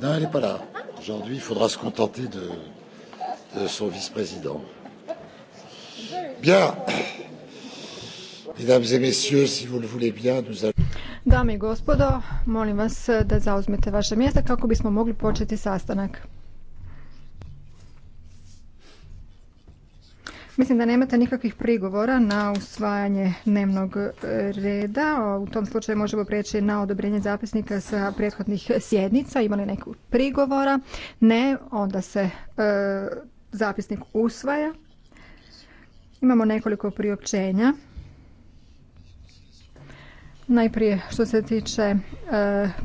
Non, elle n'est pas là. Aujourd'hui, il faudra se contenter de, de son vice-président. Bien. Mesdames et messieurs, si vous le voulez bien, nous allons... Dame i gospodo, molim vas da zauzmete vaše mjesta kako bismo mogli početi sastanak. Mislim da nemate nikakvih prigovora na usvajanje dnevnog e, reda. U tom slučaju možemo preći na odobrenje zapisnika sa prethodnih sjednica. Imali nekog prigovora? Ne, onda se e, zapisnik usvaja. Imamo nekoliko priopćenja. Najprije što se tiče e,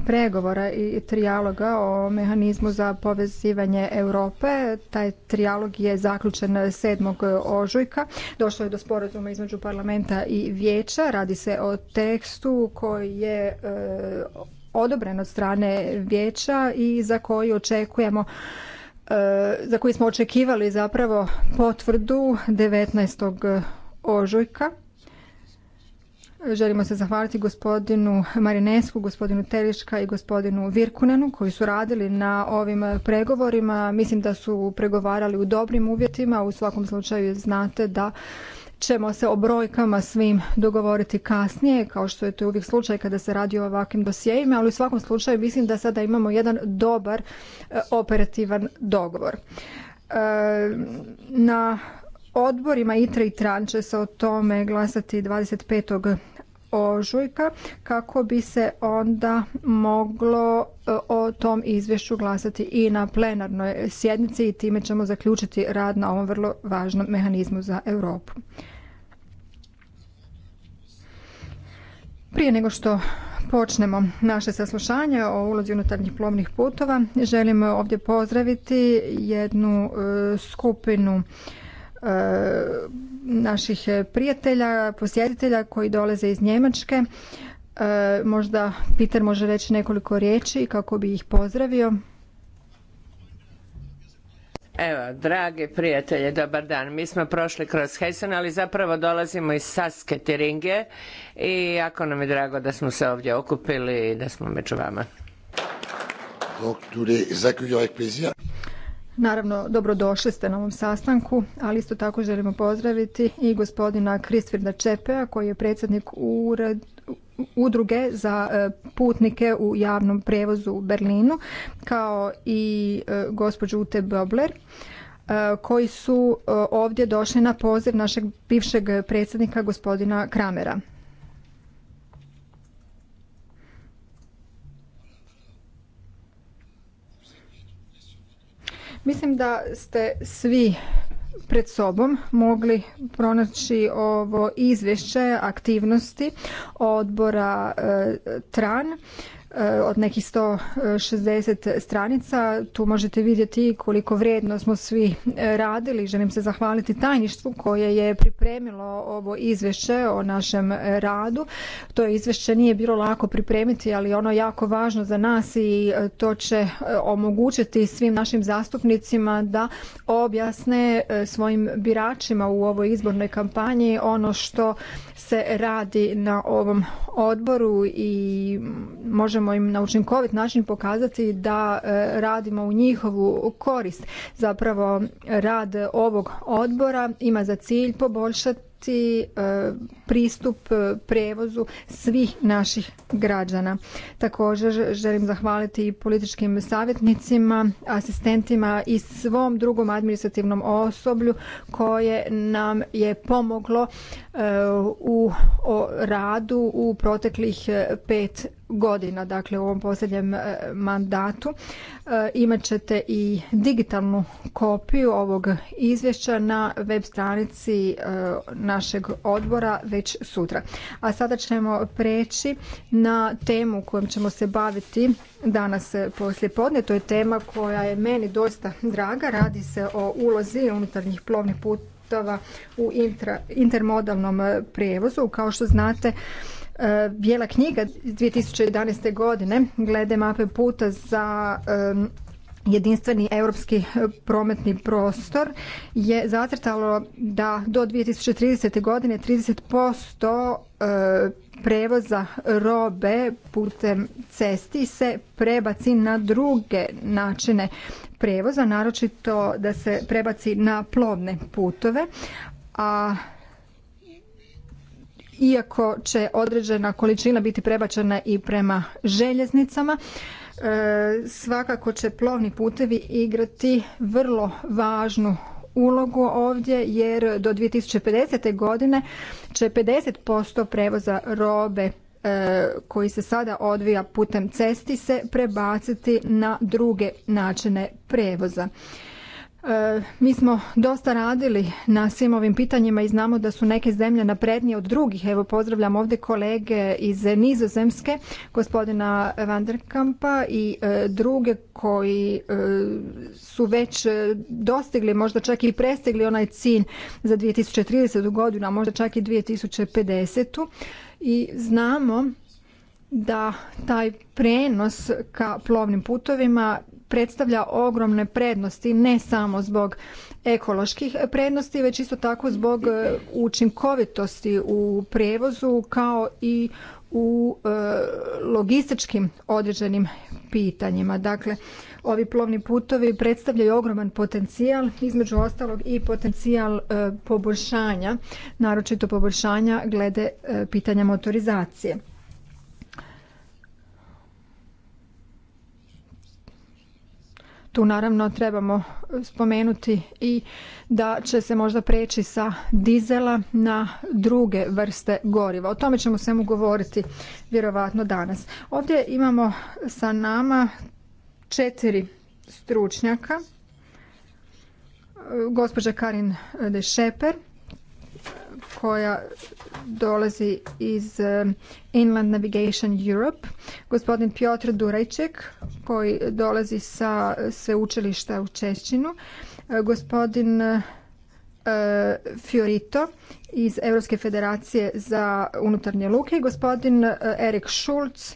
pregovora i trijaloga o mehanizmu za povezivanje Europe, taj trijalog je zaključen 7. ožujka. Došlo je do sporazuma između parlamenta i vijeća. Radi se o tekstu koji je e, odobren od strane vijeća i za koji očekujemo e, za koji smo očekivali zapravo potvrdu 19. ožujka. Želimo se zahvaliti gospodinu Marinesku, gospodinu Teliška i gospodinu Virkunenu koji su radili na ovim pregovorima. Mislim da su pregovarali u dobrim uvjetima. U svakom slučaju znate da ćemo se o brojkama svim dogovoriti kasnije, kao što je to uvijek slučaj kada se radi o ovakvim dosjejima, ali u svakom slučaju mislim da sada imamo jedan dobar e, operativan dogovor. E, na Odborima ITRE i TRAN će se o tome glasati 25 ožujka kako bi se onda moglo e, o tom izvješću glasati i na plenarnoj sjednici i time ćemo zaključiti rad na ovom vrlo važnom mehanizmu za Europu. Prije nego što počnemo naše saslušanje o ulozi unutarnjih plovnih putova, želimo ovdje pozdraviti jednu e, skupinu E, naših prijatelja, posjetitelja koji dolaze iz Njemačke. E, možda Peter može reći nekoliko riječi kako bi ih pozdravio. Evo, drage prijatelje, dobar dan. Mi smo prošli kroz Hessen, ali zapravo dolazimo iz Saske Tiringe i jako nam je drago da smo se ovdje okupili i da smo među vama. Naravno, dobrodošli ste na ovom sastanku, ali isto tako želimo pozdraviti i gospodina Kristvirda Čepea koji je predsjednik udruge za e, putnike u javnom prevozu u Berlinu, kao i e, gospođu Ute Bobler e, koji su ovdje došli na poziv našeg bivšeg predsjednika gospodina Kramera. Mislim da ste svi pred sobom mogli pronaći ovo izvješće aktivnosti odbora e, TRAN E, od nekih 160 e, stranica. Tu možete vidjeti koliko vrijedno smo svi e, radili. Želim se zahvaliti tajništvu koje je pripremilo ovo izvješće o našem radu. To izvješće nije bilo lako pripremiti, ali ono je jako važno za nas i to će omogućiti svim našim zastupnicima da objasne svojim biračima u ovoj izbornoj kampanji ono što se radi na ovom odboru i možemo možemo im na učinkovit način pokazati da e, radimo u njihovu korist. Zapravo rad ovog odbora ima za cilj poboljšati e, pristup e, prevozu svih naših građana. Također želim zahvaliti političkim savjetnicima, asistentima i svom drugom administrativnom osoblju koje nam je pomoglo u radu u proteklih pet godina, dakle u ovom posljednjem e, mandatu. E, imat ćete i digitalnu kopiju ovog izvješća na web stranici e, našeg odbora već sutra. A sada ćemo preći na temu kojom ćemo se baviti danas poslije podne. To je tema koja je meni dosta draga. Radi se o ulozi unutarnjih plovnih putova u intermodalnom prijevozu. Kao što znate, E, bijela knjiga iz 2011. godine glede mape puta za jedinstveni europski prometni prostor je zacrtalo da do 2030. godine 30% e, prevoza robe putem cesti se prebaci na druge načine prevoza, naročito da se prebaci na plovne putove, a iako će određena količina biti prebačena i prema željeznicama e, svakako će plovni putevi igrati vrlo važnu ulogu ovdje jer do 2050. godine će 50% prevoza robe e, koji se sada odvija putem cesti se prebaciti na druge načine prevoza. E, mi smo dosta radili na svim ovim pitanjima i znamo da su neke zemlje naprednije od drugih. Evo pozdravljam ovdje kolege iz Nizozemske, gospodina Van der i e, druge koji e, su već dostigli, možda čak i prestigli onaj cilj za 2030. godinu, a možda čak i 2050. I znamo da taj prenos ka plovnim putovima predstavlja ogromne prednosti ne samo zbog ekoloških prednosti već isto tako zbog e, učinkovitosti u prijevozu kao i u e, logističkim određenim pitanjima. Dakle, ovi plovni putovi predstavljaju ogroman potencijal, između ostalog i potencijal e, poboljšanja, naročito poboljšanja glede pitanja motorizacije. Tu naravno trebamo e, spomenuti i da će se možda preći sa dizela na druge vrste goriva. O tome ćemo svemu govoriti vjerovatno danas. Ovdje imamo sa nama četiri stručnjaka. E, gospođa Karin Šeper koja dolazi iz eh, Inland Navigation Europe, gospodin Piotr Durajček koji dolazi sa sveučilišta u Češćinu, eh, gospodin eh, Fiorito iz Europske federacije za unutarnje luke i gospodin Erik Schulz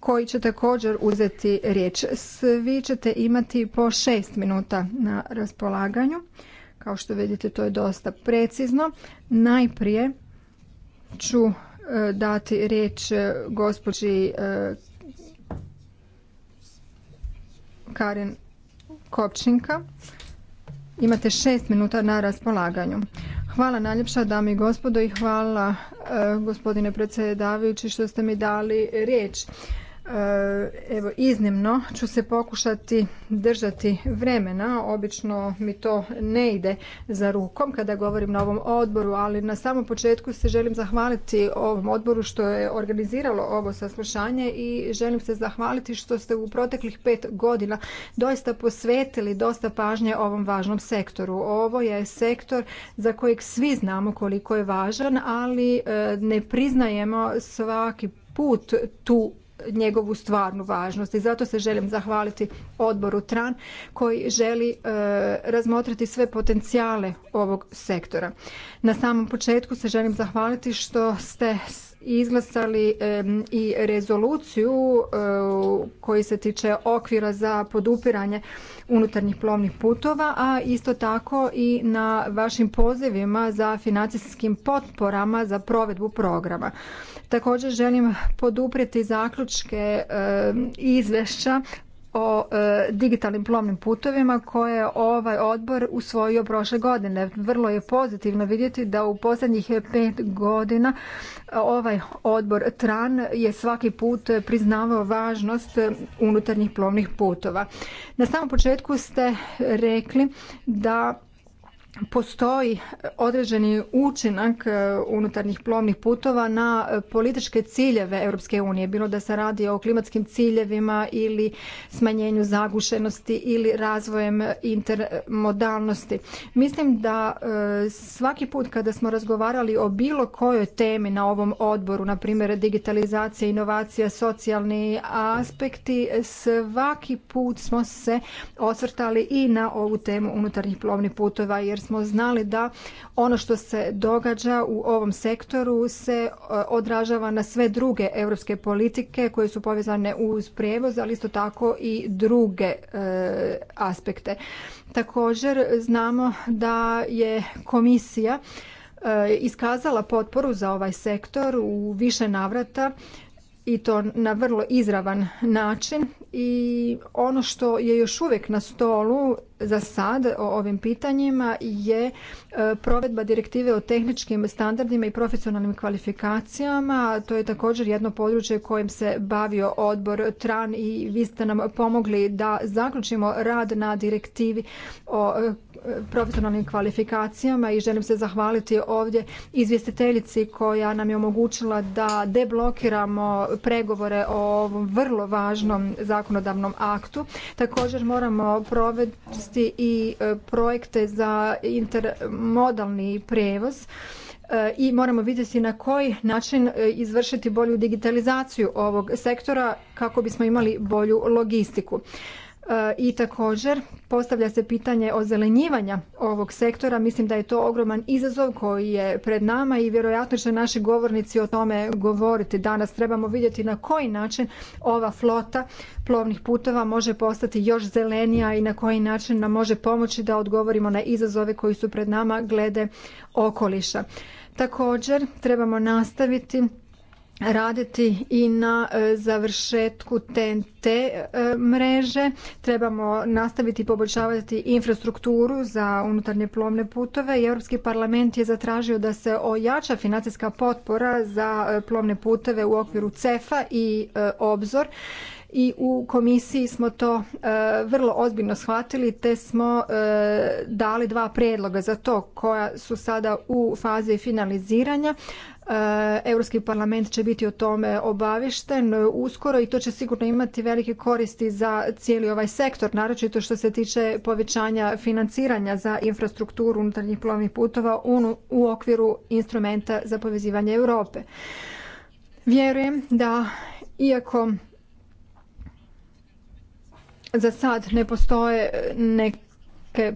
koji će također uzeti riječ. Svi ćete imati po šest minuta na raspolaganju. Kao što vidite to je dosta precizno. Najprije ću e, dati riječ e, gospođi e, Karin Kopčinka. Imate šest minuta na raspolaganju. Hvala najljepša dame i gospodo i hvala gospodine predsjedavajući što ste mi dali riječ. E, evo, iznimno ću se pokušati držati vremena, obično mi to ne ide za rukom kada govorim na ovom odboru, ali na samom početku se želim zahvaliti ovom odboru što je organiziralo ovo saslušanje i želim se zahvaliti što ste u proteklih pet godina doista posvetili dosta pažnje ovom važnom sektoru. Ovo je sektor za kojeg svi znamo koliko je važan, ali e, ne priznajemo svaki put tu njegovu stvarnu važnost i zato se želim zahvaliti odboru TRAN koji želi e, razmotriti sve potencijale ovog sektora. Na samom početku se želim zahvaliti što ste izglasali i rezoluciju e, koji se tiče okvira za podupiranje unutarnjih plovnih putova, a isto tako i na vašim pozivima za financijskim potporama za provedbu programa. Također želim poduprijeti zaključke e, izvješća o e, digitalnim plovnim putovima koje je ovaj odbor usvojio prošle godine. Vrlo je pozitivno vidjeti da u posljednjih pet godina e, ovaj odbor TRAN je svaki put priznavao važnost unutarnjih plovnih putova. Na samom početku ste rekli da postoji određeni učinak e, unutarnjih plovnih putova na e, političke ciljeve Europske unije, bilo da se radi o klimatskim ciljevima ili smanjenju zagušenosti ili razvojem intermodalnosti. Mislim da e, svaki put kada smo razgovarali o bilo kojoj temi na ovom odboru, na primjer digitalizacija, inovacija, socijalni aspekti, svaki put smo se osvrtali i na ovu temu unutarnjih plovnih putova jer smo znali da ono što se događa u ovom sektoru se e, odražava na sve druge europske politike koje su povezane uz prijevoz, ali isto tako i druge e, aspekte. Također znamo da je komisija e, iskazala potporu za ovaj sektor u više navrata i to na vrlo izravan način i ono što je još uvijek na stolu za sad o ovim pitanjima je e, provedba direktive o tehničkim standardima i profesionalnim kvalifikacijama. To je također jedno područje kojim se bavio odbor TRAN i vi ste nam pomogli da zaključimo rad na direktivi o e, profesionalnim kvalifikacijama i želim se zahvaliti ovdje izvjestiteljici koja nam je omogućila da deblokiramo pregovore o ovom vrlo važnom zakonodavnom aktu. Također moramo provesti i e, projekte za intermodalni prijevoz e, i moramo vidjeti na koji način e, izvršiti bolju digitalizaciju ovog sektora kako bismo imali bolju logistiku. E, i također postavlja se pitanje ozelenjivanja ovog sektora. Mislim da je to ogroman izazov koji je pred nama i vjerojatno će naši govornici o tome govoriti. Danas trebamo vidjeti na koji način ova flota plovnih putova može postati još zelenija i na koji način nam može pomoći da odgovorimo na izazove koji su pred nama glede okoliša. Također trebamo nastaviti raditi i na e, završetku TNT e, mreže. Trebamo nastaviti i poboljšavati infrastrukturu za unutarnje plovne putove i Europski parlament je zatražio da se ojača financijska potpora za e, plovne puteve u okviru CEFA i obzor i u komisiji smo to vrlo ozbiljno shvatili te smo dali dva predloga za to koja su sada u fazi finaliziranja E, Europski parlament će biti o tome obavišten uskoro i to će sigurno imati velike koristi za cijeli ovaj sektor, naročito što se tiče povećanja financiranja za infrastrukturu unutarnjih plovnih putova u okviru instrumenta za povezivanje Europe. Vjerujem da iako za sad ne postoje neke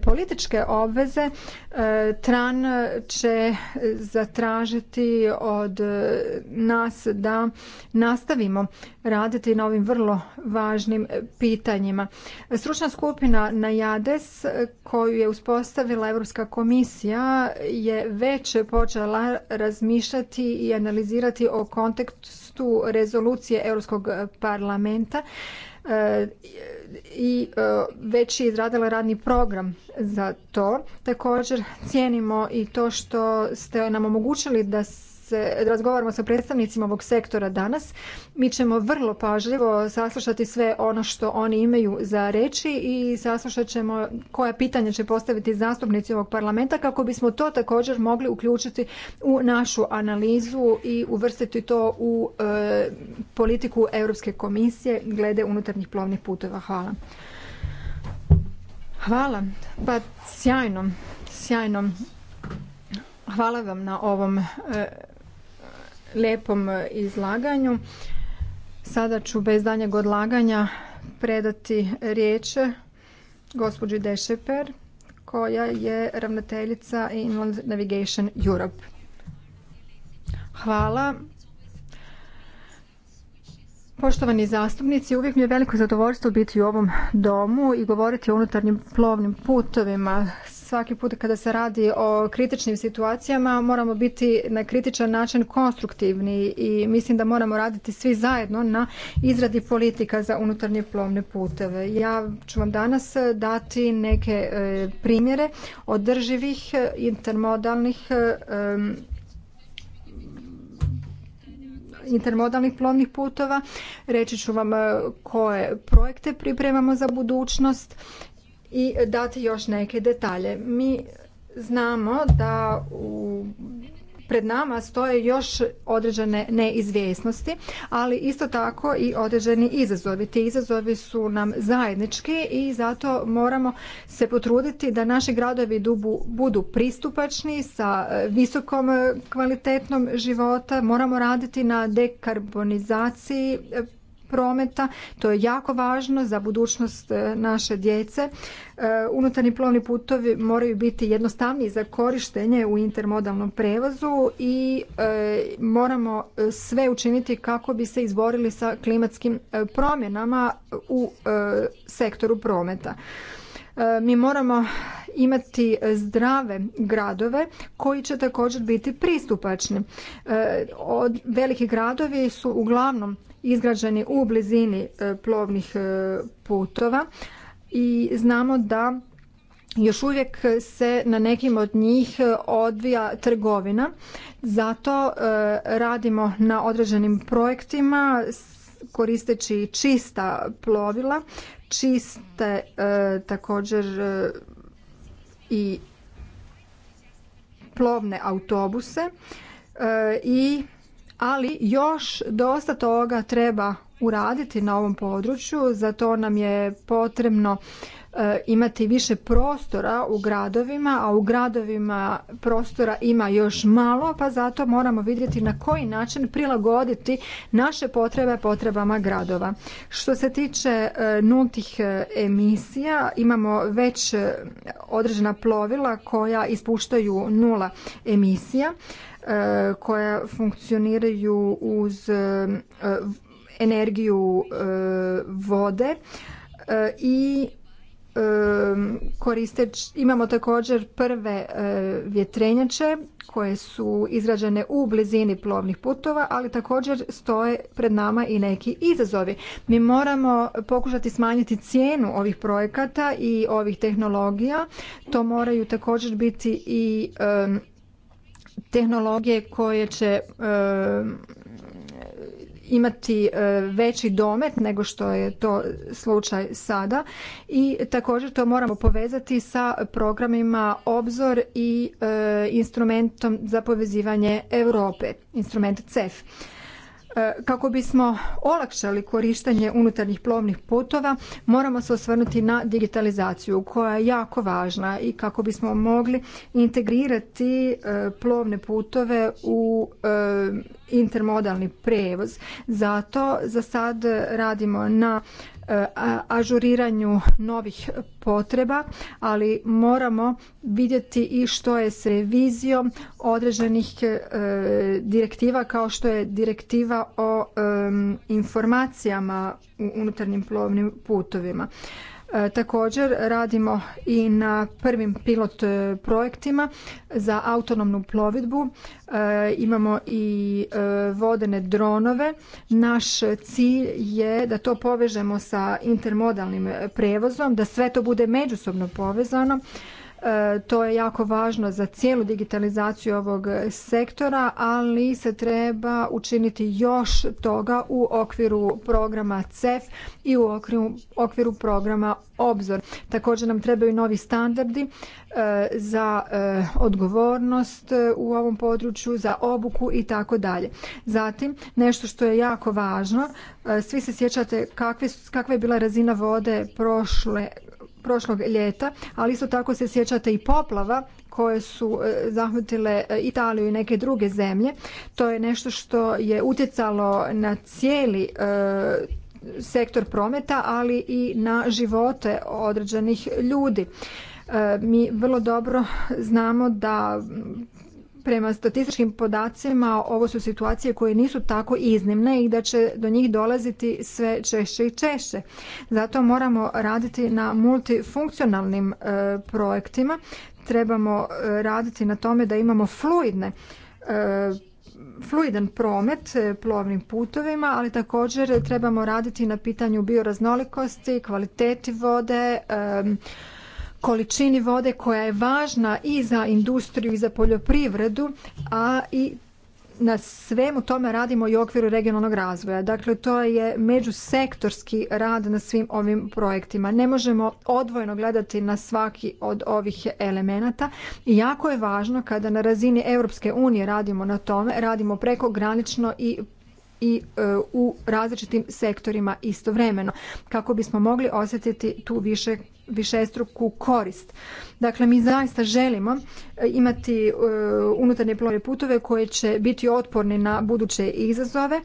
političke obveze, e, Tran će zatražiti od nas da nastavimo raditi na ovim vrlo važnim pitanjima. Stručna skupina na JADES koju je uspostavila Europska komisija je već počela razmišljati i analizirati o kontekstu rezolucije Europskog parlamenta E, i e, već je izradila radni program za to. Također cijenimo i to što ste nam omogućili da se, razgovaramo sa predstavnicima ovog sektora danas. Mi ćemo vrlo pažljivo saslušati sve ono što oni imaju za reći i saslušat ćemo koja pitanja će postaviti zastupnici ovog parlamenta kako bismo to također mogli uključiti u našu analizu i uvrstiti to u e, politiku Europske komisije glede unutarnjih plovnih puteva. Hvala. Hvala. Pa sjajno, sjajno. Hvala vam na ovom e, lijepom e, izlaganju. Sada ću bez daljnjeg odlaganja predati riječ gospođi Dešeper koja je ravnateljica Inland Navigation Europe. Hvala. Poštovani zastupnici, uvijek mi je veliko zadovoljstvo biti u ovom domu i govoriti o unutarnjim plovnim putovima svaki put kada se radi o kritičnim situacijama moramo biti na kritičan način konstruktivni i mislim da moramo raditi svi zajedno na izradi politika za unutarnje plovne puteve. Ja ću vam danas dati neke e, primjere održivih e, intermodalnih e, intermodalnih plovnih putova. Reći ću vam koje projekte pripremamo za budućnost i dati još neke detalje. Mi znamo da u pred nama stoje još određene neizvjesnosti, ali isto tako i određeni izazovi. Ti izazovi su nam zajednički i zato moramo se potruditi da naši gradovi dubu, budu pristupačni sa visokom kvalitetnom života. Moramo raditi na dekarbonizaciji prometa. To je jako važno za budućnost e, naše djece. E, unutarnji plovni putovi moraju biti jednostavniji za korištenje u intermodalnom prevozu i e, moramo sve učiniti kako bi se izborili sa klimatskim promjenama u sektoru prometa. Mi moramo imati e, zdrave gradove koji će također biti pristupačni. E, od veliki gradovi su uglavnom izgrađeni u blizini e, plovnih putova i znamo da još uvijek se na nekim od njih odvija trgovina. Zato radimo na određenim projektima koristeći čista plovila, čiste također i plovne autobuse e, i ali još dosta toga treba uraditi na ovom području, za to nam je potrebno E, imati više prostora u gradovima, a u gradovima prostora ima još malo, pa zato moramo vidjeti na koji način prilagoditi naše potrebe potrebama gradova. Što se tiče e, nultih e, emisija, imamo već određena plovila koja ispuštaju nula emisija, koja funkcioniraju uz energiju vode i koristeć, imamo također prve e, vjetrenjače koje su izrađene u blizini plovnih putova, ali također stoje pred nama i neki izazovi. Mi moramo pokušati smanjiti cijenu ovih projekata i ovih tehnologija. To moraju također biti i tehnologije koje će imati e, veći domet nego što je to slučaj sada i također to moramo povezati sa programima Obzor i e, instrumentom za povezivanje Europe, instrument CEF. E, kako bismo olakšali korištenje unutarnjih plovnih putova, moramo se osvrnuti na digitalizaciju koja je jako važna i kako bismo mogli integrirati e, plovne putove u e, intermodalni prevoz. Zato za sad radimo na E, ažuriranju novih potreba, ali moramo vidjeti i što je s revizijom određenih e, direktiva kao što je direktiva o informacijama u unutarnjim plovnim putovima. E, također radimo i na prvim pilot e, projektima za autonomnu plovidbu. E, imamo i vodene dronove. Naš cilj je da to povežemo sa intermodalnim prevozom, da sve to bude međusobno povezano E, to je jako važno za cijelu digitalizaciju ovog sektora, ali se treba učiniti još toga u okviru programa CEF i u okviru, programa Obzor. Također nam trebaju novi standardi e, za e, odgovornost u ovom području, za obuku i tako dalje. Zatim, nešto što je jako važno, svi se sjećate kakve, kakva je bila razina vode prošle prošlog ljeta, ali isto tako se sjećate i poplava koje su e, zahvatile e, Italiju i neke druge zemlje. To je nešto što je utjecalo na cijeli e, sektor prometa, ali i na živote određenih ljudi. Mi vrlo dobro znamo da prema statističkim podacima ovo su situacije koje nisu tako iznimne i da će do njih dolaziti sve češće i češće. Zato moramo raditi na multifunkcionalnim e, projektima, trebamo e, raditi na tome da imamo fluidne e, fluidan promet plovnim putovima, ali također trebamo raditi na pitanju bioraznolikosti, kvaliteti vode, količini vode koja je važna i za industriju i za poljoprivredu, a i na svemu tome radimo i u okviru regionalnog razvoja. Dakle, to je međusektorski rad na svim ovim projektima. Ne možemo odvojno gledati na svaki od ovih elemenata. I jako je važno kada na razini Europske unije radimo na tome, radimo preko granično i i e, u različitim sektorima istovremeno kako bismo mogli osjetiti tu više višestruku korist. Dakle, mi zaista želimo e, imati e, unutarnje plovne putove koje će biti otporni na buduće izazove,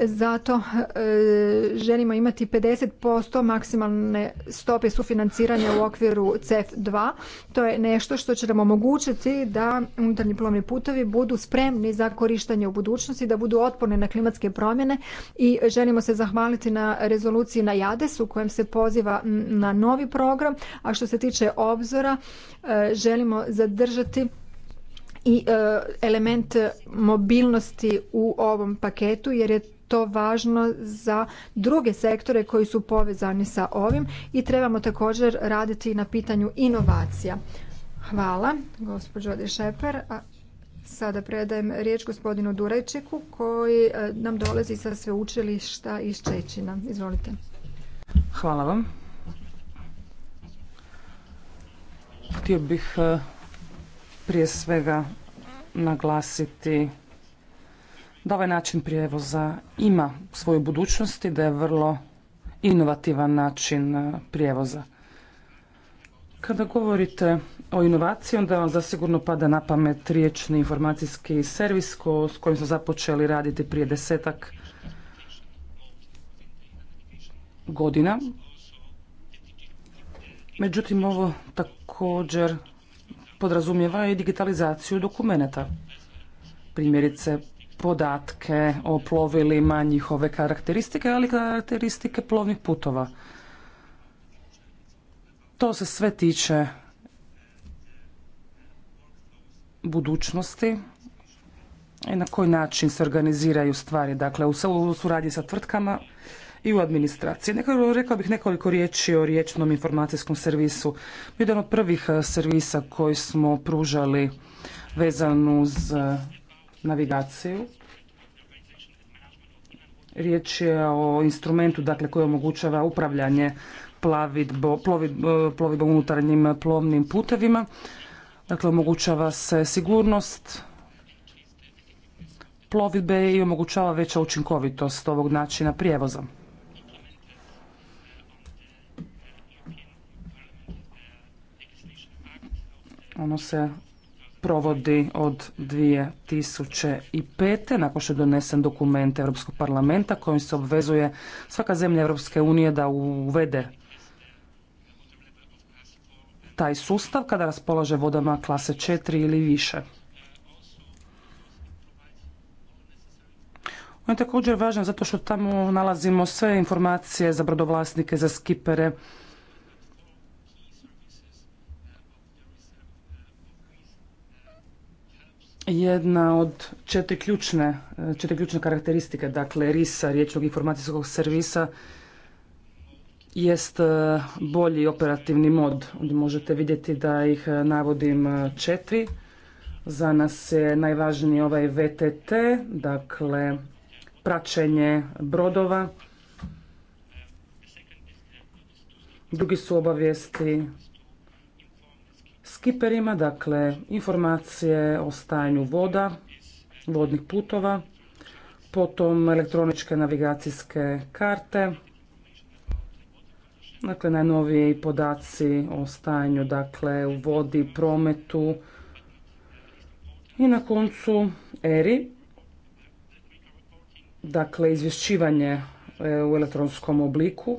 zato e, želimo imati 50% maksimalne stope sufinanciranja u okviru CEF2. To je nešto što će nam omogućiti da unutarnji plovni putovi budu spremni za korištenje u budućnosti, da budu otporni na klimatske promjene i želimo se zahvaliti na rezoluciji na JADES kojem se poziva na novi program, a što se tiče obzora e, želimo zadržati i e, element mobilnosti u ovom paketu jer je to važno za druge sektore koji su povezani sa ovim i trebamo također raditi na pitanju inovacija. Hvala, gospođo Dešeper. Sada predajem riječ gospodinu Durajčiku koji e, nam dolazi sa sveučilišta iz Čečina. Izvolite. Hvala vam. Htio bih e, prije svega naglasiti da ovaj način prijevoza ima svoju budućnost i da je vrlo inovativan način e, prijevoza. Kada govorite o inovaciji, onda vam zasigurno pada na pamet riječni informacijski servis s kojim smo započeli raditi prije desetak godina. Međutim, ovo također podrazumijeva i digitalizaciju dokumenta. Primjerice, podatke o plovilima, njihove karakteristike, ali karakteristike plovnih putova. To se sve tiče budućnosti i na koji način se organiziraju stvari, dakle u suradnji sa tvrtkama i u administraciji. rekao bih nekoliko riječi o riječnom informacijskom servisu. Jedan od prvih e, servisa koji smo pružali vezan uz e, navigaciju. Riječ je o instrumentu dakle, koji omogućava upravljanje e, plovidbom unutarnjim plovnim putevima. Dakle, omogućava se sigurnost plovidbe i omogućava veća učinkovitost ovog načina prijevoza. Ono se provodi od 2005. nakon što je donesen dokument Europskog parlamenta kojim se obvezuje svaka zemlja Europske unije da uvede taj sustav kada raspolaže vodama klase 4 ili više. On je također važan zato što tamo nalazimo sve informacije za brodovlasnike, za skipere, jedna od četiri ključne, četiri ključne karakteristike, dakle RISA, riječnog informacijskog servisa, jest e, bolji operativni mod. Ovdje možete vidjeti da ih e, navodim e, četiri. Za nas je najvažniji ovaj VTT, dakle praćenje brodova. Drugi su obavijesti skiperima, dakle informacije o stanju voda, vodnih putova, potom elektroničke navigacijske karte, dakle najnoviji podaci o stanju dakle u vodi, prometu i na koncu ERI, dakle izvješćivanje e, u elektronskom obliku,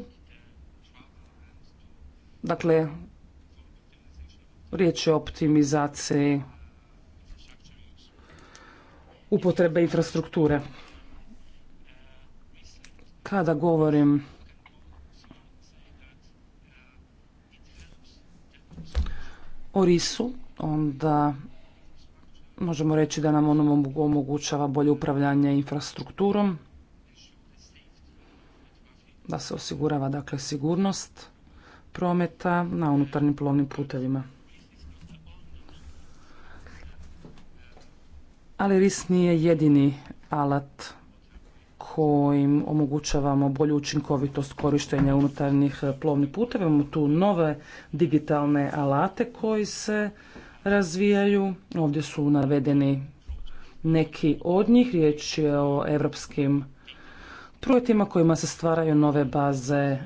dakle Riječ je o optimizaciji upotrebe infrastrukture. Kada govorim o risu, onda možemo reći da nam ono omogućava bolje upravljanje infrastrukturom, da se osigurava dakle sigurnost prometa na unutarnjim plovnim putevima. ali RIS nije jedini alat kojim omogućavamo bolju učinkovitost korištenja unutarnjih plovnih puteva. Imamo tu nove digitalne alate koji se razvijaju. Ovdje su navedeni neki od njih. Riječ je o europskim projektima kojima se stvaraju nove baze e,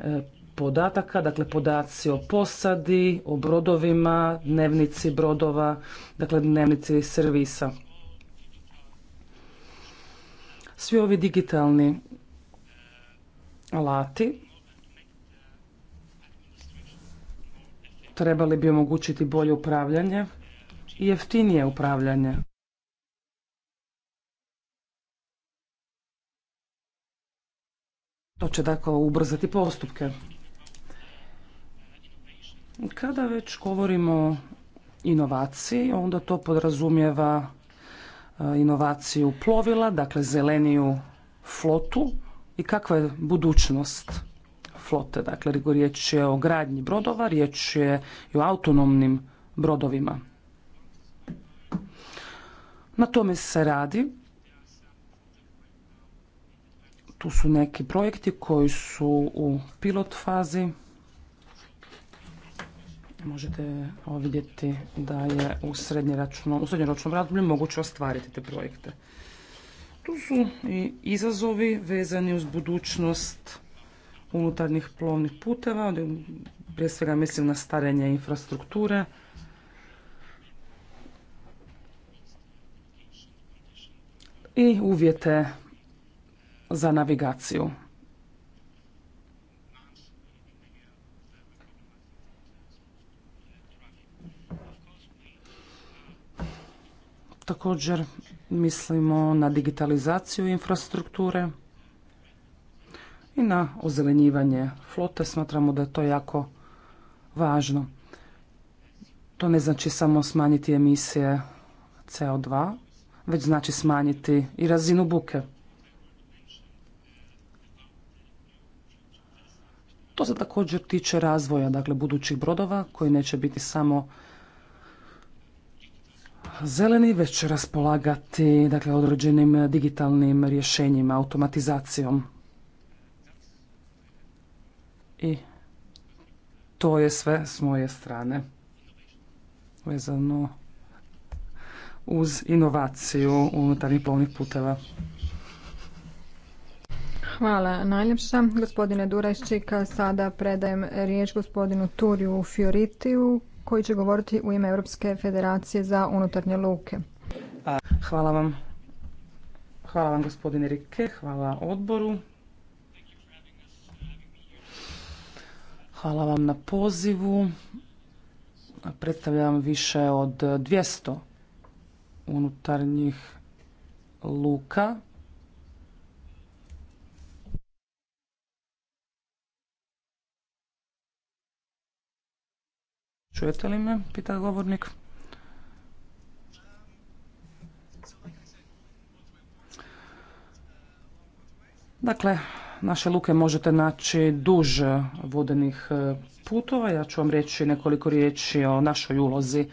podataka, dakle podaci o posadi, o brodovima, dnevnici brodova, dakle dnevnici servisa. Svi ovi digitalni alati trebali bi omogućiti bolje upravljanje i jeftinije upravljanje. To će dakle ubrzati postupke. Kada već govorimo o inovaciji, onda to podrazumijeva E, inovaciju plovila, dakle zeleniju flotu i kakva je budućnost flote. Dakle, riječ je o gradnji brodova, riječ je i o autonomnim brodovima. Na tome se radi. Tu su neki projekti koji su u pilot fazi možete vidjeti da je u srednjoročnom razdoblju moguće ostvariti te projekte. Tu su i izazovi vezani uz budućnost unutarnjih plovnih puteva, prije svega mislim na starenje infrastrukture, i uvjete za navigaciju. Također mislimo na digitalizaciju infrastrukture i na ozelenjivanje flote. Smatramo da je to jako važno. To ne znači samo smanjiti emisije CO2, već znači smanjiti i razinu buke. To se također tiče razvoja dakle, budućih brodova koji neće biti samo zeleni već raspolagati dakle, određenim digitalnim rješenjima, automatizacijom. I to je sve s moje strane vezano uz inovaciju unutarnjih plovnih puteva. Hvala najljepša. Gospodine Durajščika, sada predajem riječ gospodinu Turiju Fioritiju koji će govoriti u ime Europske federacije za unutarnje luke. Hvala vam. Hvala vam gospodine Rike, hvala odboru. Hvala vam na pozivu. Predstavljam više od 200 unutarnjih luka Čujete li me? Pita govornik. Dakle, naše luke možete naći duž vodenih e, putova. Ja ću vam reći nekoliko riječi o našoj ulozi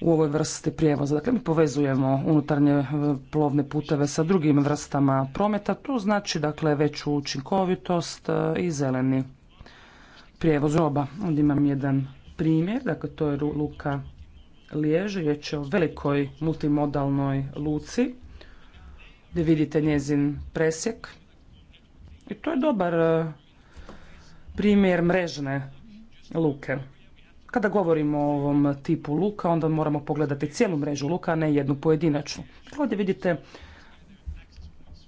u ovoj vrsti prijevoza. Dakle, mi povezujemo unutarnje e, plovne puteve sa drugim vrstama prometa. To znači, dakle, veću učinkovitost e, i zeleni prijevoz roba. Ovdje imam jedan primjer, dakle to je luka liježe, riječ je o velikoj multimodalnoj luci gdje vidite njezin presjek. I to je dobar e, primjer mrežne luke. Kada govorimo o ovom tipu luka, onda moramo pogledati cijelu mrežu luka, a ne jednu pojedinačnu. Dakle, ovdje vidite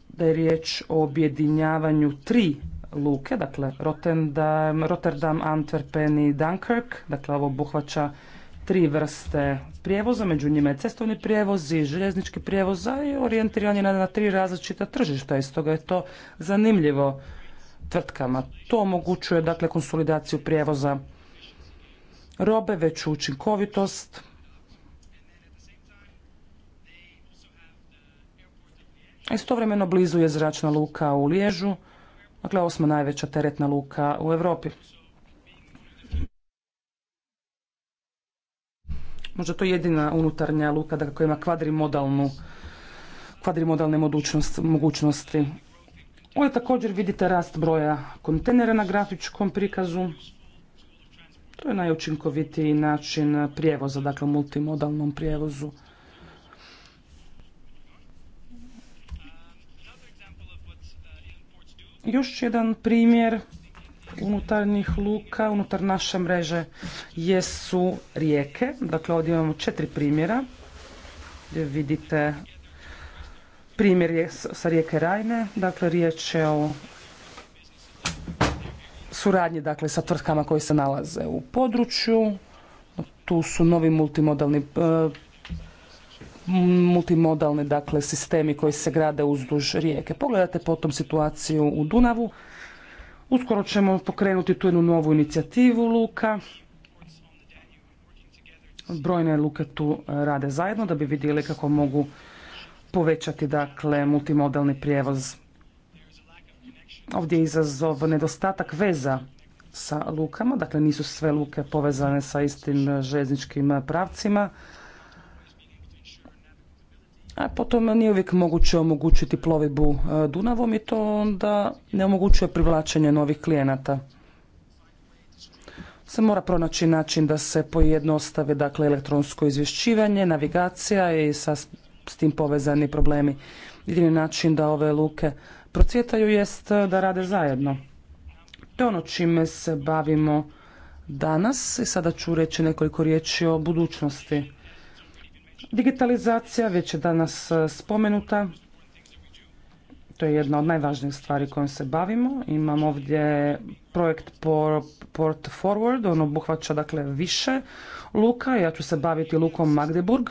da je riječ o objedinjavanju tri luke, dakle Rotterdam, Rotterdam, Antwerpen i Dunkirk, dakle ovo obuhvaća tri vrste prijevoza, među njima je cestovni prijevoz i željeznički prijevoz i orijentiran na tri različita tržišta i stoga je to zanimljivo tvrtkama. To omogućuje dakle konsolidaciju prijevoza robe, veću učinkovitost, Istovremeno blizu je zračna luka u Liježu Dakle, osma najveća teretna luka u Europi. Možda to je jedina unutarnja luka dakle, koja ima kvadrimodalne mogućnosti. Ovdje također vidite rast broja kontejnera na grafičkom prikazu. To je najučinkovitiji način prijevoza, dakle multimodalnom prijevozu. Još jedan primjer unutarnjih luka, unutar naše mreže jesu rijeke. Dakle, ovdje imamo četiri primjera gdje vidite primjer je sa rijeke Rajne. Dakle, riječ je o suradnji dakle, sa tvrtkama koji se nalaze u području. Tu su novi multimodalni e, multimodalni dakle sistemi koji se grade uzduž rijeke. Pogledajte potom situaciju u Dunavu. Uskoro ćemo pokrenuti tu jednu novu inicijativu luka. Brojne luke tu e, rade zajedno da bi vidjeli kako mogu povećati dakle multimodalni prijevoz. Ovdje je izazov nedostatak veza sa lukama, dakle nisu sve luke povezane sa istim željezničkim pravcima a potom nije uvijek moguće omogućiti plovibu e, Dunavom i to onda ne omogućuje privlačenje novih klijenata. Se mora pronaći način da se pojednostave dakle, elektronsko izvješćivanje, navigacija i sa s tim povezani problemi. Jedini način da ove luke procvjetaju jest e, da rade zajedno. To je ono čime se bavimo danas i sada ću reći nekoliko riječi o budućnosti. Digitalizacija već je danas e, spomenuta. To je jedna od najvažnijih stvari kojom se bavimo. Imam ovdje projekt Port Forward, on obuhvaća dakle više luka. Ja ću se baviti lukom Magdeburg,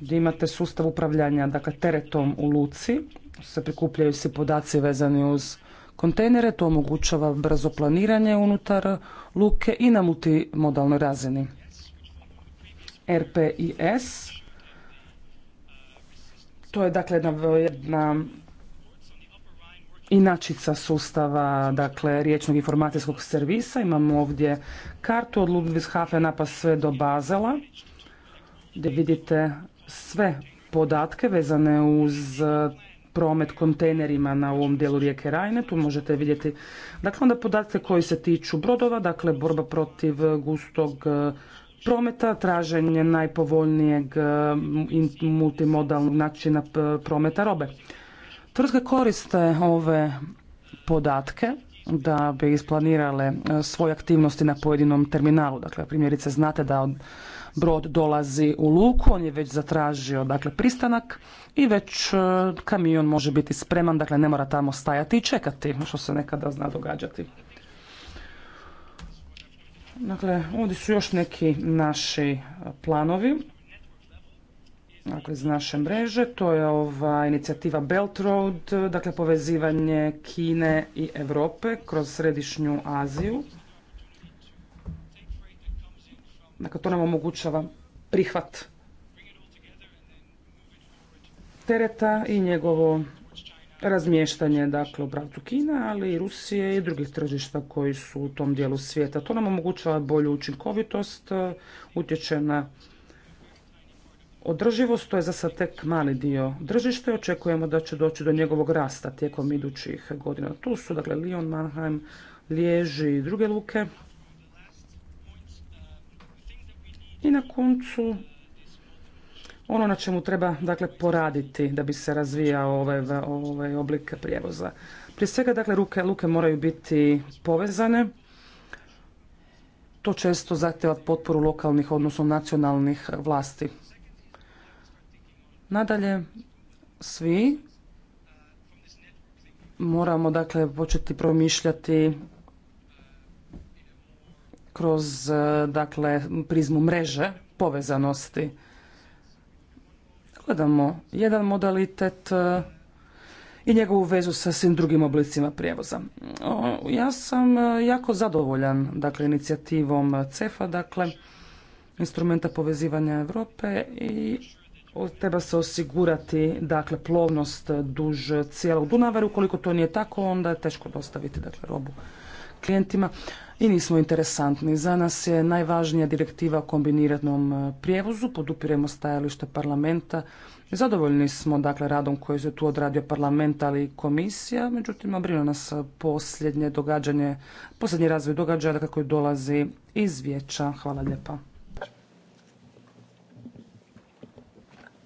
gdje imate sustav upravljanja dakle, teretom u luci. Se prikupljaju se podaci vezani uz kontejnere, to omogućava brzo planiranje unutar luke i na multimodalnoj razini. RPIS. To je dakle jedna, jedna inačica sustava dakle riječnog informacijskog servisa. Imamo ovdje kartu od Ludwigshafena pa sve do Bazela gdje vidite sve podatke vezane uz promet kontejnerima na ovom dijelu rijeke Rajne. Tu možete vidjeti dakle onda podatke koji se tiču brodova, dakle borba protiv gustog prometa, traženje najpovoljnijeg eh, multimodalnog načina prometa robe. Tvrtke koriste ove podatke da bi isplanirale eh, svoje aktivnosti na pojedinom terminalu. Dakle, primjerice znate da brod dolazi u luku, on je već zatražio dakle, pristanak i već eh, kamion može biti spreman, dakle ne mora tamo stajati i čekati, što se nekada zna događati. Dakle, ovdje su još neki naši planovi dakle, iz naše mreže. To je ova inicijativa Belt Road, dakle povezivanje Kine i Europe kroz središnju Aziju. Dakle, to nam omogućava prihvat tereta i njegovo razmještanje dakle u pravcu Kina, ali i Rusije i drugih tržišta koji su u tom dijelu svijeta. To nam omogućava bolju učinkovitost, utječe na održivost, to je za sad tek mali dio držišta i očekujemo da će doći do njegovog rasta tijekom idućih godina. Tu su dakle Lyon, Mannheim, Liježi i druge luke. I na koncu ono na čemu treba dakle poraditi da bi se razvijao ovaj, ovaj oblik prijevoza. Prije svega dakle ruke, luke moraju biti povezane. To često zahtjeva potporu lokalnih odnosno nacionalnih vlasti. Nadalje svi moramo dakle početi promišljati kroz dakle prizmu mreže povezanosti gledamo jedan modalitet e, i njegovu vezu sa svim drugim oblicima prijevoza. Ja sam e, jako zadovoljan dakle, inicijativom CEFA, dakle, instrumenta povezivanja Europe i treba se osigurati dakle, plovnost duž cijelog Dunavera. Ukoliko to nije tako, onda je teško dostaviti dakle, robu klijentima i nismo interesantni. Za nas je najvažnija direktiva o kombiniranom e, prijevozu, podupiremo stajalište parlamenta. Zadovoljni smo dakle radom koji se tu odradio parlament ali i komisija, međutim obrino nas posljednje događanje, posljednji razvoj događaja kako koji dolazi iz vijeća. Hvala lijepa.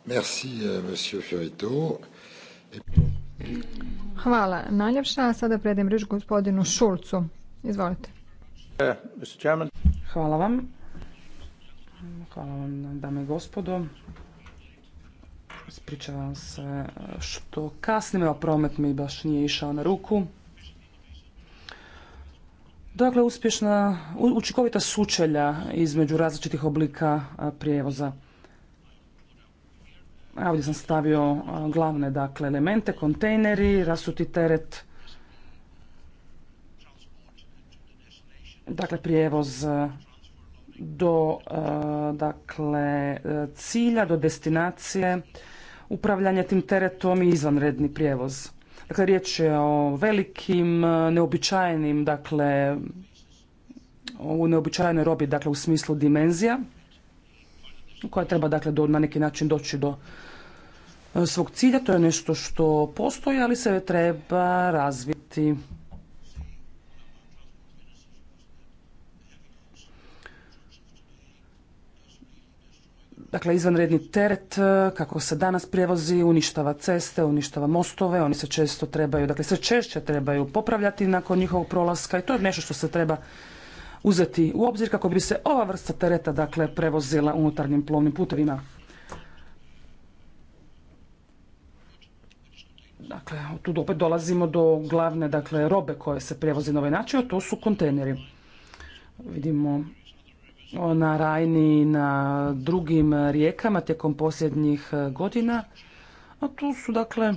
Merci, euh, Hvala najljepša. Sada predim riječ gospodinu Šulcu. Izvolite. Hvala vam. Hvala vam, dame i gospodo. Ispričavam se što kasnim, a promet mi baš nije išao na ruku. Dakle, uspješna, učinkovita sučelja između različitih oblika prijevoza. Ovdje sam stavio glavne dakle, elemente, kontejneri, rasuti teret, dakle prijevoz e, do e, dakle e, cilja, do destinacije, upravljanje tim teretom i izvanredni prijevoz. Dakle, riječ je o velikim, neobičajenim, dakle, u neobičajenoj robi, dakle, u smislu dimenzija, koja treba, dakle, do, na neki način doći do svog cilja. To je nešto što postoji, ali se treba razviti. Dakle, izvanredni teret, e, kako se danas prijevozi, uništava ceste, uništava mostove, oni se često trebaju, dakle sve češće trebaju popravljati nakon njihovog prolaska i to je nešto što se treba uzeti u obzir kako bi se ova vrsta tereta dakle prevozila unutarnjim plovnim putevima. Dakle, tu opet dolazimo do glavne dakle, robe koje se prijevozi na ovaj način, a to su kontejneri. Vidimo na Rajni i na drugim rijekama tijekom posljednjih e, godina. A tu su dakle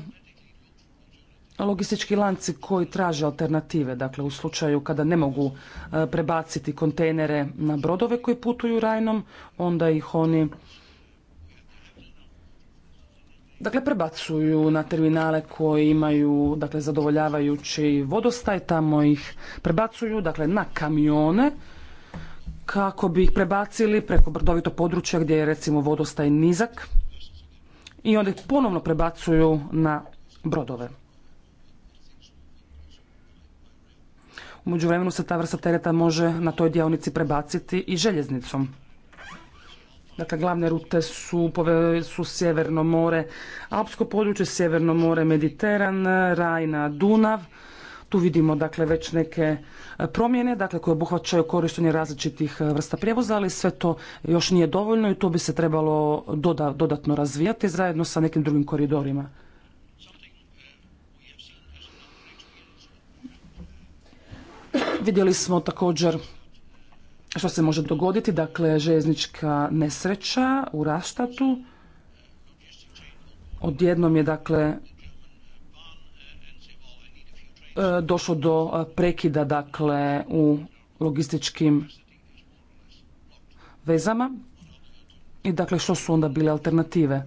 logistički lanci koji traže alternative, dakle u slučaju kada ne mogu e, prebaciti kontejnere na brodove koji putuju Rajnom, onda ih oni dakle prebacuju na terminale koji imaju dakle zadovoljavajući vodostaj, tamo ih prebacuju dakle na kamione kako bi ih prebacili preko brodovito područja gdje je recimo vodostaj nizak i onda ih ponovno prebacuju na brodove. U međuvremenu se ta vrsta tereta može na toj dionici prebaciti i željeznicom. Dakle, glavne rute su, su Sjeverno more, Alpsko područje, Sjeverno more, Mediteran, Rajna, Dunav, tu vidimo dakle već neke e, promjene dakle koje obuhvaćaju korištenje različitih e, vrsta prijevoza, ali sve to još nije dovoljno i to bi se trebalo dodatno razvijati zajedno sa nekim drugim koridorima. Vidjeli smo također što se može dogoditi, dakle željeznička nesreća u Raštatu. Odjednom je dakle E, došlo do e, prekida dakle u logističkim vezama i dakle što su onda bile alternative?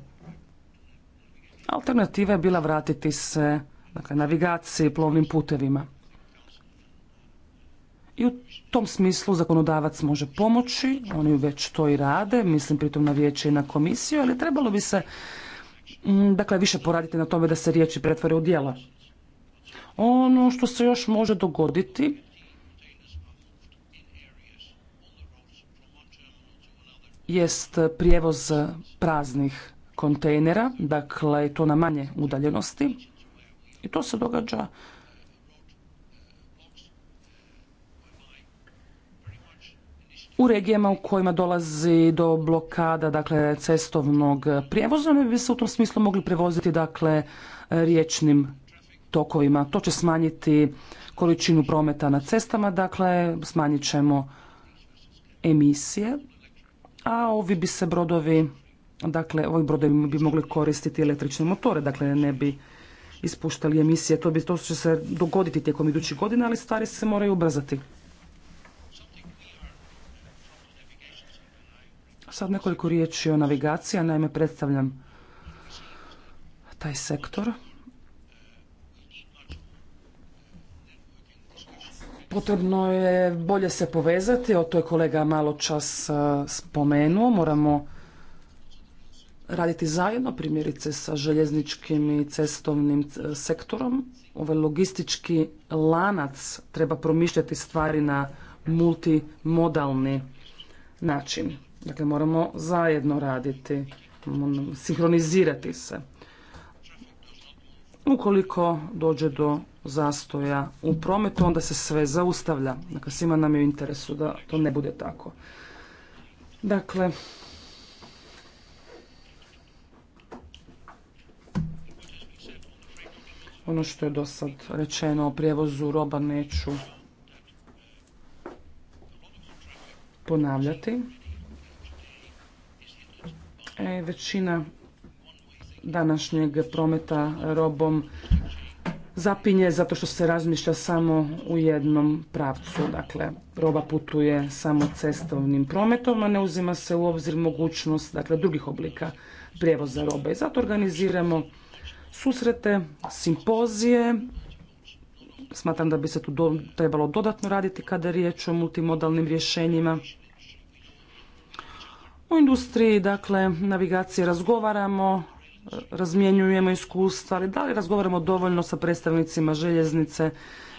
Alternativa je bila vratiti se dakle, navigaciji plovnim putevima. I u tom smislu zakonodavac može pomoći, oni već to i rade, mislim pritom na vijeće i na komisiju, ali trebalo bi se mm, dakle, više poraditi na tome da se riječi pretvore u djela. Ono što se još može dogoditi jest prijevoz praznih kontejnera, dakle to na manje udaljenosti. I to se događa u regijama u kojima dolazi do blokada dakle cestovnog prijevoza, mi bi se u tom smislu mogli prevoziti dakle riječnim tokovima. To će smanjiti količinu prometa na cestama, dakle smanjit ćemo emisije, a ovi bi se brodovi, dakle ovi brodovi bi mogli koristiti električne motore, dakle ne bi ispuštali emisije. To, bi, to će se dogoditi tijekom idućih godina, ali stvari se moraju ubrzati. Sad nekoliko riječi o navigaciji, naime predstavljam taj sektor. Potrebno je bolje se povezati, o to je kolega malo čas e, spomenuo, moramo raditi zajedno, primjerice sa željezničkim i cestovnim e, sektorom. Ovaj logistički lanac treba promišljati stvari na multimodalni način. Dakle, moramo zajedno raditi, sinhronizirati se. Ukoliko dođe do zastoja u prometu, onda se sve zaustavlja. Dakle, svima nam je u interesu da to ne bude tako. Dakle, ono što je do sad rečeno o prijevozu roba neću ponavljati. E, većina današnjeg prometa robom zapinje zato što se razmišlja samo u jednom pravcu. Dakle, roba putuje samo cestovnim prometom, a ne uzima se u obzir mogućnost dakle, drugih oblika prijevoza robe. I zato organiziramo susrete, simpozije, smatram da bi se tu trebalo dodatno raditi kada je riječ o multimodalnim rješenjima. U industriji, dakle, navigacije razgovaramo, razmjenjujemo iskustva, ali da li razgovaramo dovoljno sa predstavnicima željeznice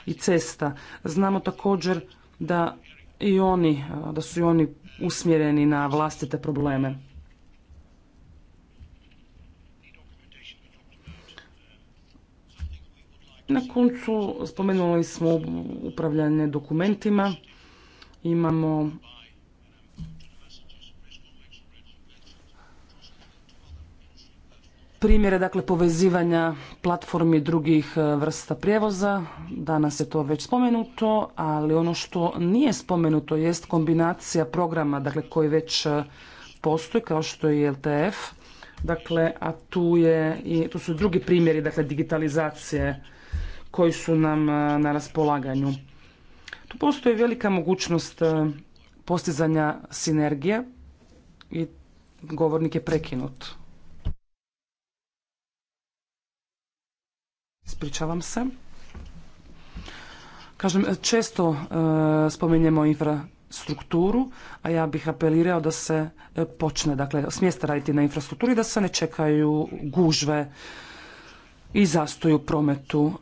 i cesta. Znamo također da i oni, da su i oni usmjereni na vlastite probleme. Na koncu spomenuli smo upravljanje dokumentima. Imamo primjere dakle povezivanja platformi drugih e, vrsta prijevoza. Danas je to već spomenuto, ali ono što nije spomenuto jest kombinacija programa dakle koji već e, postoji kao što je LTF. Dakle, a tu je i tu su drugi primjeri dakle digitalizacije koji su nam e, na raspolaganju. Tu postoji velika mogućnost postizanja sinergije i govornik je prekinut. Ispričavam se. Kažem, često e, spominjemo infrastrukturu, a ja bih apelirao da se e, počne, dakle, smjesta raditi na infrastrukturi, da se ne čekaju gužve i zastoju prometu.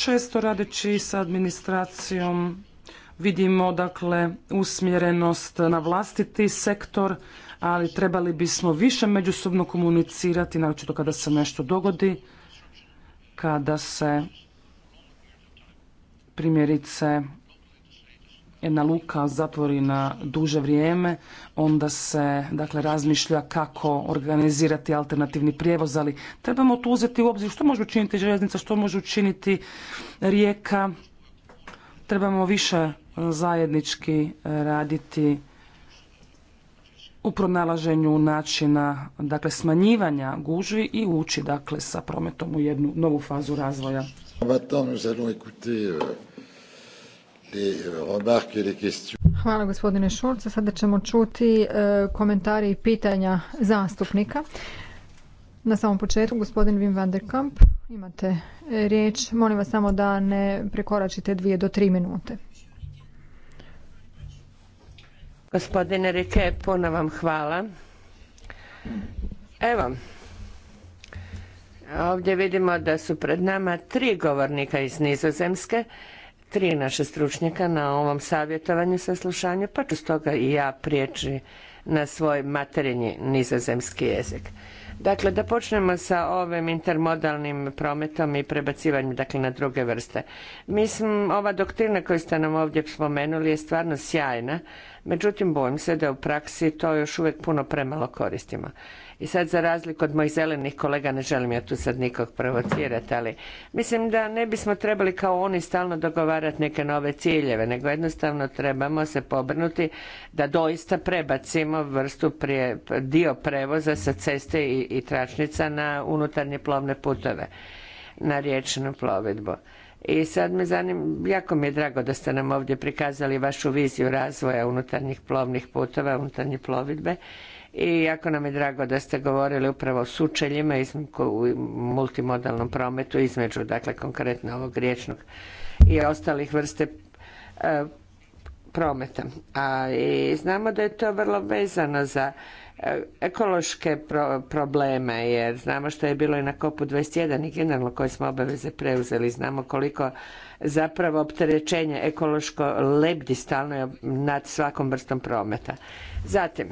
Često radeći sa administracijom Vidimo dakle usmjerenost na vlastiti sektor, ali trebali bismo više međusobno komunicirati, naročito kada se nešto dogodi, kada se primjerice jedna luka zatvori na duže vrijeme, onda se dakle razmišlja kako organizirati alternativni prijevoz, ali trebamo tu uzeti u obzir što može učiniti željeznica, što može učiniti rijeka. Trebamo više zajednički e, raditi u pronalaženju načina dakle smanjivanja gužvi i ući dakle sa prometom u jednu novu fazu razvoja. Euh, euh, Hvala gospodine Šulce. Sada ćemo čuti e, komentari i pitanja zastupnika. Na samom početku gospodin Wim van der Kamp, imate e, riječ. Molim vas samo da ne prekoračite dvije do tri minute. Gospodine Rike, puno vam hvala. Evo, ovdje vidimo da su pred nama tri govornika iz Nizozemske, tri naše stručnjaka na ovom savjetovanju saslušanju, pa ću stoga i ja prijeći na svoj materinji nizozemski jezik. Dakle, da počnemo sa ovim intermodalnim prometom i prebacivanjem dakle, na druge vrste. Mislim, ova doktrina koju ste nam ovdje spomenuli je stvarno sjajna, međutim, bojim se da u praksi to još uvijek puno premalo koristimo. I sad za razliku od mojih zelenih kolega ne želim ja tu sad nikog provocirati, ali mislim da ne bismo trebali kao oni stalno dogovarati neke nove ciljeve, nego jednostavno trebamo se pobrnuti da doista prebacimo vrstu prije, dio prevoza sa ceste i, i tračnica na unutarnje plovne putove, na riječnu plovidbu. I sad me zanim, jako mi je drago da ste nam ovdje prikazali vašu viziju razvoja unutarnjih plovnih putova, unutarnje plovidbe i jako nam je drago da ste govorili upravo o sučeljima u multimodalnom prometu između, dakle, konkretno ovog riječnog i ostalih vrste e, prometa. A i znamo da je to vrlo vezano za e, ekološke probleme, jer znamo što je bilo i na kopu 21 i generalno koje smo obaveze preuzeli, znamo koliko zapravo opterećenje ekološko lebdi stalno nad svakom vrstom prometa. Zatim,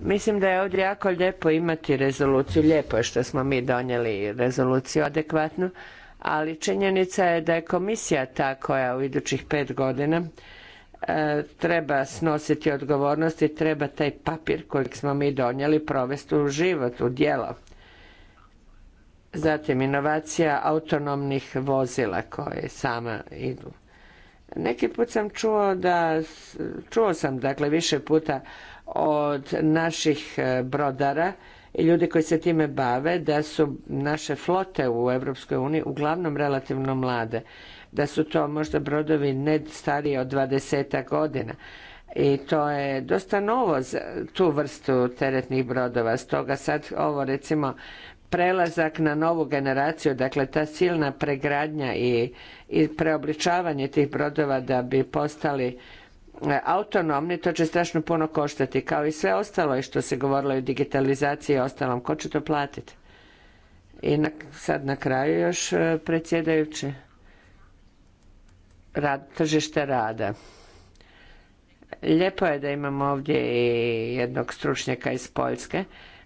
Mislim da je ovdje jako lijepo imati rezoluciju. Lijepo je što smo mi donijeli rezoluciju adekvatnu, ali činjenica je da je komisija ta koja u idućih pet godina e, treba snositi odgovornost i treba taj papir kojeg smo mi donijeli provesti u život, u djelo. Zatim inovacija autonomnih vozila koje sama idu neki put sam čuo da, čuo sam dakle više puta od naših e, brodara i ljudi koji se time bave da su naše flote u Europskoj uniji uglavnom relativno mlade, da su to možda brodovi ne stariji od 20 godina. I to je dosta novo za tu vrstu teretnih brodova. Stoga sad ovo recimo prelazak na novu generaciju, dakle ta silna pregradnja i, i preobličavanje tih brodova da bi postali e, autonomni, to će strašno puno koštati, kao i sve ostalo što se govorilo i o digitalizaciji i ostalom. Ko će to platiti? I sad na kraju još e, predsjedajući rad, tržište rada. Lijepo je da imamo ovdje i jednog stručnjaka iz Poljske,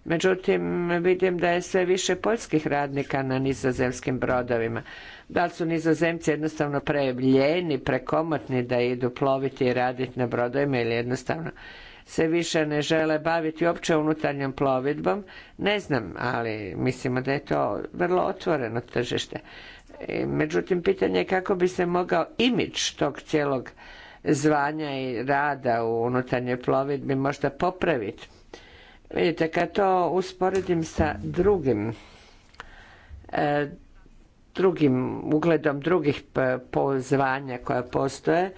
Međutim, vidim da je sve više poljskih radnika na nizozemskim brodovima. Da li su nizozemci jednostavno prejebljeni, prekomotni da idu ploviti i raditi na brodovima ili jednostavno se više ne žele baviti uopće unutarnjom plovidbom, ne znam, ali mislimo da je to vrlo otvoreno tržište. E, međutim, pitanje je kako bi se mogao imidž tog cijelog zvanja i rada u unutarnjoj plovidbi možda popraviti Vidite, kad to usporedim sa drugim e, drugim ugledom drugih pozvanja koja postoje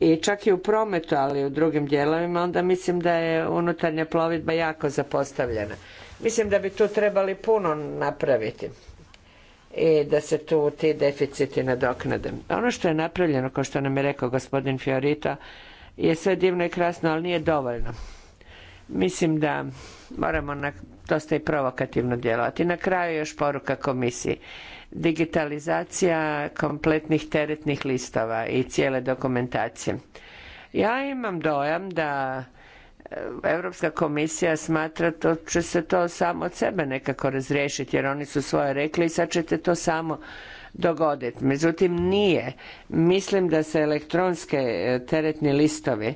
i čak i u prometu, ali i u drugim dijelovima, onda mislim da je unutarnja plovidba jako zapostavljena. Mislim da bi tu trebali puno napraviti i da se tu ti deficiti nadoknade. Ono što je napravljeno, kao što nam je rekao gospodin Fiorito, je sve divno i krasno, ali nije dovoljno. Mislim da moramo na, dosta i provokativno djelovati. Na kraju još poruka komisiji. Digitalizacija kompletnih teretnih listova i cijele dokumentacije. Ja imam dojam da e, Europska komisija smatra to će se to samo od sebe nekako razriješiti jer oni su svoje rekli i sad ćete to samo dogoditi. Međutim, nije. Mislim da se elektronske e, teretni listovi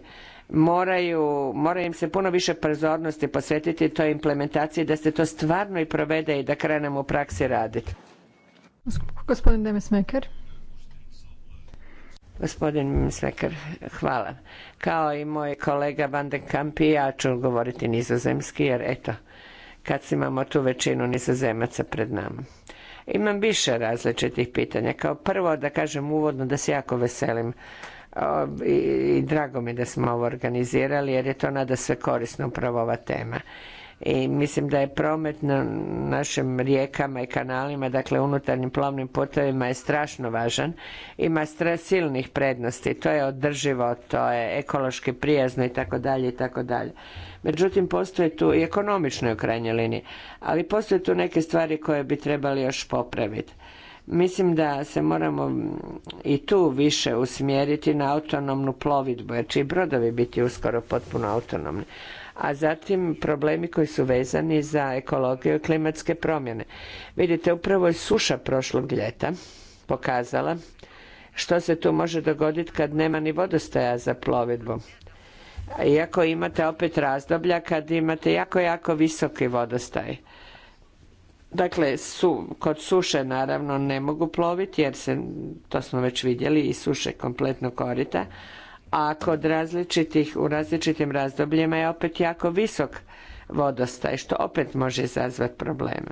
moraju, mora im se puno više pozornosti posvetiti toj implementaciji da se to stvarno i provede i da krenemo u praksi raditi. Gospodin Gospodin hvala. Kao i moj kolega Van den Kamp i ja ću govoriti nizozemski jer eto, kad imamo tu većinu nizozemaca pred nama. Imam više različitih pitanja. Kao prvo da kažem uvodno da se jako veselim i drago mi da smo ovo organizirali jer je to nada sve korisno upravo ova tema. I mislim da je promet na našim rijekama i kanalima, dakle unutarnjim plovnim putovima je strašno važan. Ima silnih prednosti, to je održivo, to je ekološki prijazno i tako dalje i tako dalje. Međutim, postoje tu i ekonomično u krajnjoj liniji, ali postoje tu neke stvari koje bi trebali još popraviti. Mislim da se moramo i tu više usmjeriti na autonomnu plovidbu, jer će i brodovi biti uskoro potpuno autonomni. A zatim problemi koji su vezani za ekologiju i klimatske promjene. Vidite, upravo je suša prošlog ljeta pokazala što se tu može dogoditi kad nema ni vodostaja za plovidbu. Iako imate opet razdoblja kad imate jako, jako visoki vodostaj Dakle, su, kod suše naravno ne mogu ploviti jer se, to smo već vidjeli, i suše kompletno korita, a kod različitih, u različitim razdobljima je opet jako visok vodostaj, što opet može izazvati probleme.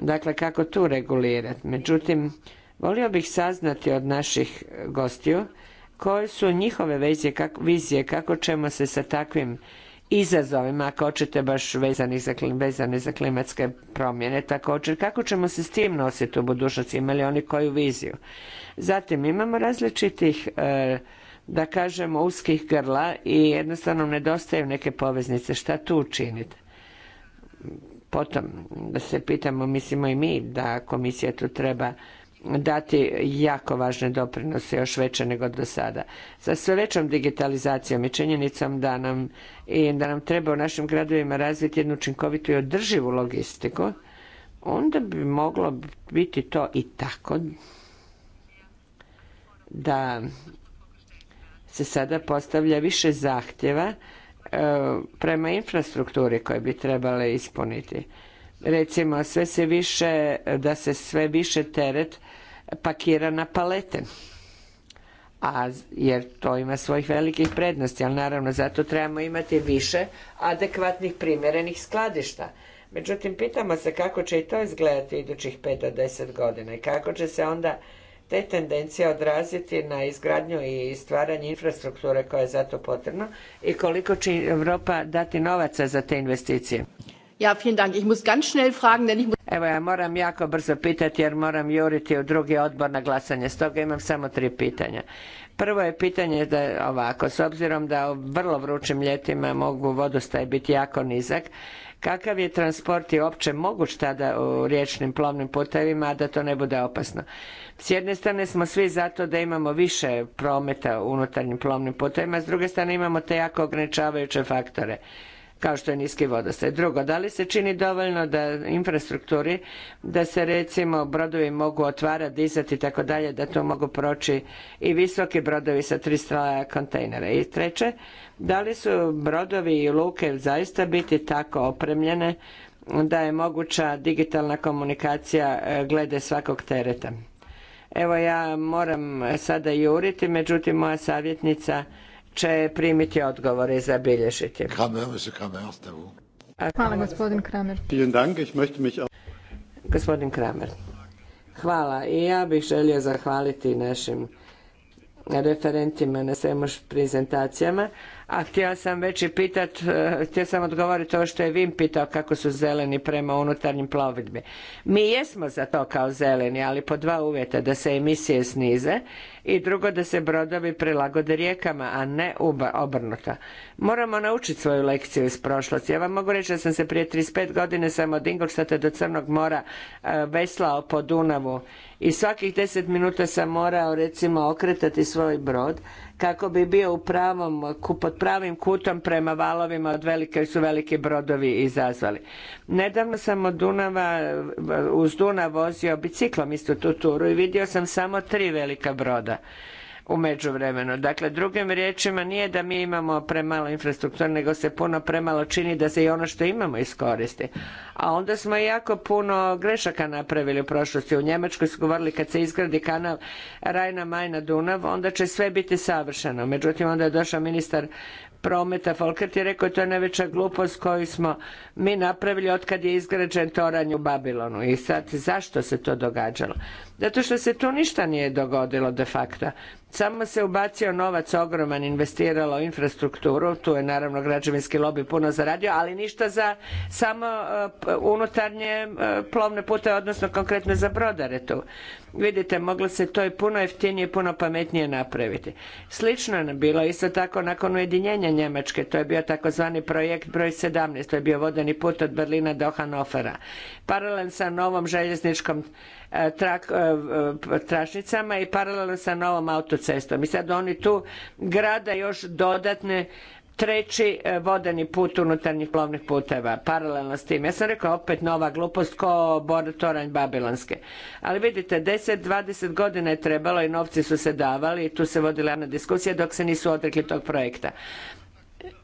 Dakle, kako tu regulirati? Međutim, volio bih saznati od naših gostiju koje su njihove vizije, kako, vizije, kako ćemo se sa takvim izazovima, ako hoćete baš vezani za, vezani za klimatske promjene također. Kako ćemo se s tim nositi u budućnosti? Imali oni koju viziju? Zatim imamo različitih e, da kažemo uskih grla i jednostavno nedostaju neke poveznice. Šta tu učiniti? Potom da se pitamo, mislimo i mi da komisija tu treba dati jako važne doprinose, još veće nego do sada. Sa sve većom digitalizacijom i činjenicom da nam, i da nam treba u našim gradovima razviti jednu učinkovitu i održivu logistiku, onda bi moglo biti to i tako da se sada postavlja više zahtjeva e, prema infrastrukturi koje bi trebale ispuniti recimo sve se više, da se sve više teret pakira na palete. A, jer to ima svojih velikih prednosti, ali naravno zato trebamo imati više adekvatnih primjerenih skladišta. Međutim, pitamo se kako će i to izgledati idućih 5 do 10 godina i kako će se onda te tendencije odraziti na izgradnju i stvaranje infrastrukture koja je zato potrebna i koliko će Europa dati novaca za te investicije. Ja, Evo ja moram jako brzo pitati jer moram juriti u drugi odbor na glasanje. Stoga imam samo tri pitanja. Prvo je pitanje da ovako, s obzirom da u vrlo vrućim ljetima mogu vodostaje biti jako nizak, kakav je transport i uopće moguć tada u riječnim plovnim putevima, a da to ne bude opasno. S jedne strane smo svi zato da imamo više prometa u unutarnjim plovnim putevima, s druge strane imamo te jako ograničavajuće faktore kao što je niski vodostaj. Drugo, da li se čini dovoljno da infrastrukturi, da se recimo brodovi mogu otvarati, dizati i tako dalje, da to mogu proći i visoki brodovi sa tri straja kontejnera. I treće, da li su brodovi i luke zaista biti tako opremljene da je moguća digitalna komunikacija e, glede svakog tereta. Evo ja moram sada juriti, međutim moja savjetnica će primiti odgovore i zabilješiti. Hvala gospodin Kramer. Gospodin Kramer. Hvala i ja bih želio zahvaliti našim referentima na svemu prezentacijama, a htio sam već i pitat, eh, htio sam odgovoriti ovo što je Vim pitao kako su zeleni prema unutarnjim plovidbi. Mi jesmo za to kao zeleni, ali po dva uvjeta, da se emisije snize i drugo da se brodovi prilagode rijekama, a ne obrnuta. Moramo naučiti svoju lekciju iz prošlosti. Ja vam mogu reći da sam se prije 35 godine sam od Ingolstata do Crnog mora e, veslao po Dunavu i svakih 10 minuta sam morao recimo okretati svoj brod kako bi bio u pravom, pod pravim kutom prema valovima od velike su veliki brodovi izazvali. Nedavno sam od Dunava, uz Dunav vozio biciklom istu tu turu i vidio sam samo tri velika broda u međuvremenu. Dakle, drugim riječima nije da mi imamo premalo infrastrukture, nego se puno premalo čini da se i ono što imamo iskoristi. A onda smo jako puno grešaka napravili u prošlosti. U Njemačkoj su govorili kad se izgradi kanal Rajna Majna Dunav, onda će sve biti savršeno. Međutim, onda je došao ministar prometa Folkert je rekao to je najveća glupost koju smo mi napravili otkad je izgrađen toranj u Babilonu. I sad zašto se to događalo? Zato što se tu ništa nije dogodilo de facto. Samo se ubacio novac ogroman, investiralo u infrastrukturu, tu je naravno građevinski lobby puno zaradio, ali ništa za samo e, unutarnje e, plovne pute, odnosno konkretno za brodare tu. Vidite, moglo se to i puno jeftinije i puno pametnije napraviti. Slično je bilo isto tako nakon ujedinjenja Njemačke, to je bio takozvani projekt broj 17, to je bio vodeni put od Berlina do Hanofera. Paralel sa novom željezničkom trak, e, tračnicama i paralelno sa novom autocestom. I sad oni tu grada još dodatne treći e, vodeni put unutarnjih plovnih puteva, paralelno s tim. Ja sam rekao opet nova glupost ko Bor Toranj Babilonske. Ali vidite, 10-20 godina je trebalo i novci su se davali i tu se vodila jedna diskusija dok se nisu odrekli tog projekta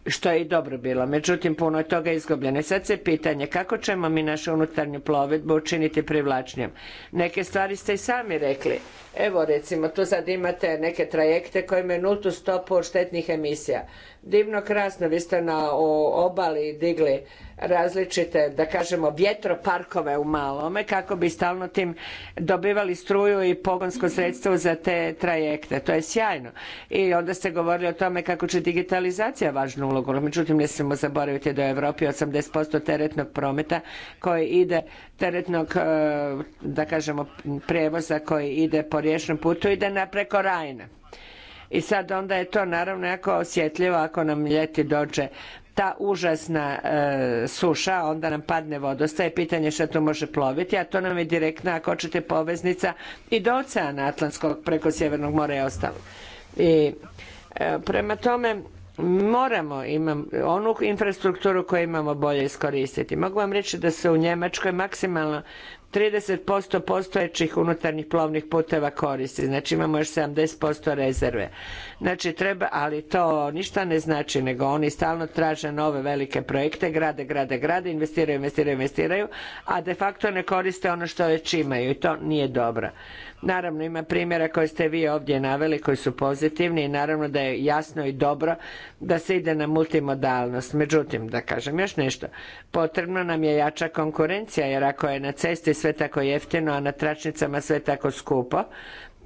što je i dobro bilo. Međutim, puno je toga izgubljeno. I sad se pitanje kako ćemo mi našu unutarnju plovidbu učiniti privlačnijom. Neke stvari ste i sami rekli. Evo recimo, tu sad imate neke trajekte koje imaju nultu stopu štetnih emisija. Divno krasno, vi ste na obali digli različite, da kažemo, vjetroparkove u malome kako bi stalno tim dobivali struju i pogonsko sredstvo za te trajekte. To je sjajno. I onda ste govorili o tome kako će digitalizacija važnu ulogu. Međutim, ne smijemo zaboraviti da je u Europi 80% teretnog prometa koji ide teretnog, e, da kažemo, prijevoza koji ide po riješnom putu ide na preko Rajna. I sad onda je to naravno jako osjetljivo ako nam ljeti dođe ta užasna e, suša, onda nam padne vodostaje, pitanje što to može ploviti, a to nam je direktna, ako hoćete, poveznica i do oceana Atlantskog preko Sjevernog mora i ostalo. I e, prema tome, moramo imam, onu infrastrukturu koju imamo bolje iskoristiti. Mogu vam reći da se u Njemačkoj maksimalno 30% postojećih unutarnjih plovnih puteva koristi, znači imamo još 70% rezerve. Znači treba, ali to ništa ne znači, nego oni stalno traže nove velike projekte, grade, grade, grade, investiraju, investiraju, investiraju, a de facto ne koriste ono što već imaju i to nije dobro. Naravno ima primjera koje ste vi ovdje naveli koji su pozitivni i naravno da je jasno i dobro da se ide na multimodalnost. Međutim, da kažem još nešto, potrebno nam je jača konkurencija jer ako je na cesti sve tako jeftino, a na tračnicama sve tako skupo,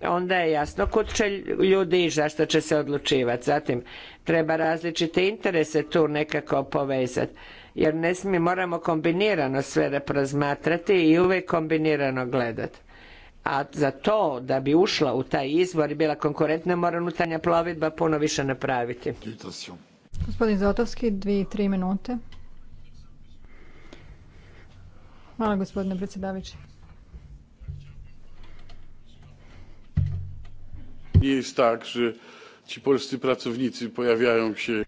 onda je jasno kud će ljudi i zašto će se odlučivati. Zatim, treba različite interese tu nekako povezati, jer ne smije, moramo kombinirano sve razmatrati i uvijek kombinirano gledati. A za to da bi ušla u taj izvor i bila konkurentna, mora unutarnja plovidba puno više napraviti. Gospodin Zotovski, dvije, tri minute. Hvala gospodine predsjedavajući. nie jest tak, że ci polscy pracownicy pojawiają się.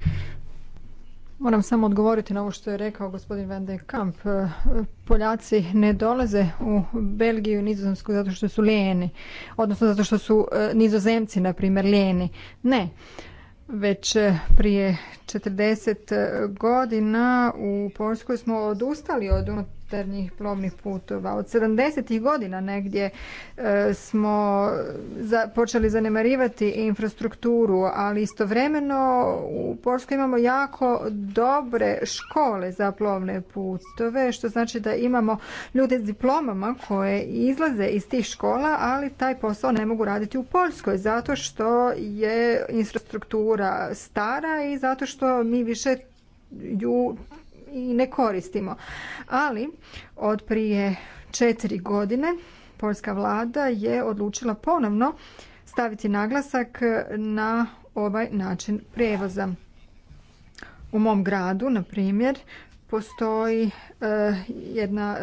Moram samo odgovoriti na ovo što je rekao gospodin Van de Kamp. E, Poljaci ne dolaze u Belgiju i Nizozemsku zato što su lijeni, odnosno zato što su e, nizozemci, na primjer, lijeni. Ne, već e, prije 40 godina u Poljskoj smo odustali od unutarnjih plovnih putova. Od 70. godina negdje e, smo počeli zanemarivati infrastrukturu, ali istovremeno u Polskoj imamo jako dobre škole za plovne putove, što znači da imamo ljude s diplomama koje izlaze iz tih škola, ali taj posao ne mogu raditi u Poljskoj, zato što je infrastruktura stara i zato što mi više ju i ne koristimo. Ali od prije četiri godine poljska vlada je odlučila ponovno staviti naglasak na ovaj način prijevoza. U mom gradu, na primjer, postoji e, jedna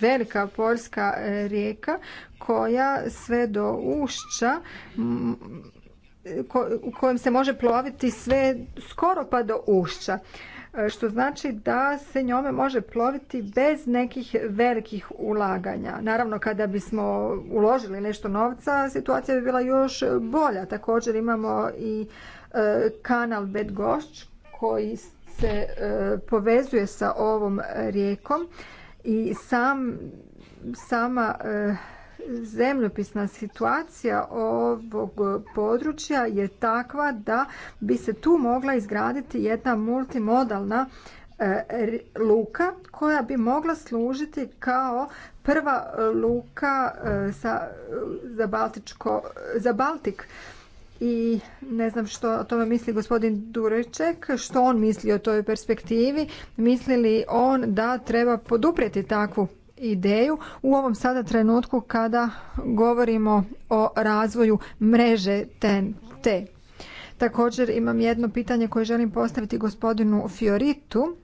velika poljska rijeka koja sve do ušća u kojem se može ploviti sve skoro pa do ušća što znači da se njome može ploviti bez nekih velikih ulaganja. Naravno, kada bismo uložili nešto novca, situacija bi bila još bolja. Također imamo i e, kanal Bedgošć koji se e, povezuje sa ovom rijekom i sam, sama e, zemljopisna situacija ovog područja je takva da bi se tu mogla izgraditi jedna multimodalna e, luka koja bi mogla služiti kao prva luka e, za, za Baltik i ne znam što o tome misli gospodin Dureček, što on misli o toj perspektivi, misli li on da treba poduprijeti takvu ideju u ovom sada trenutku kada govorimo o razvoju mreže TNT. Također imam jedno pitanje koje želim postaviti gospodinu Fioritu.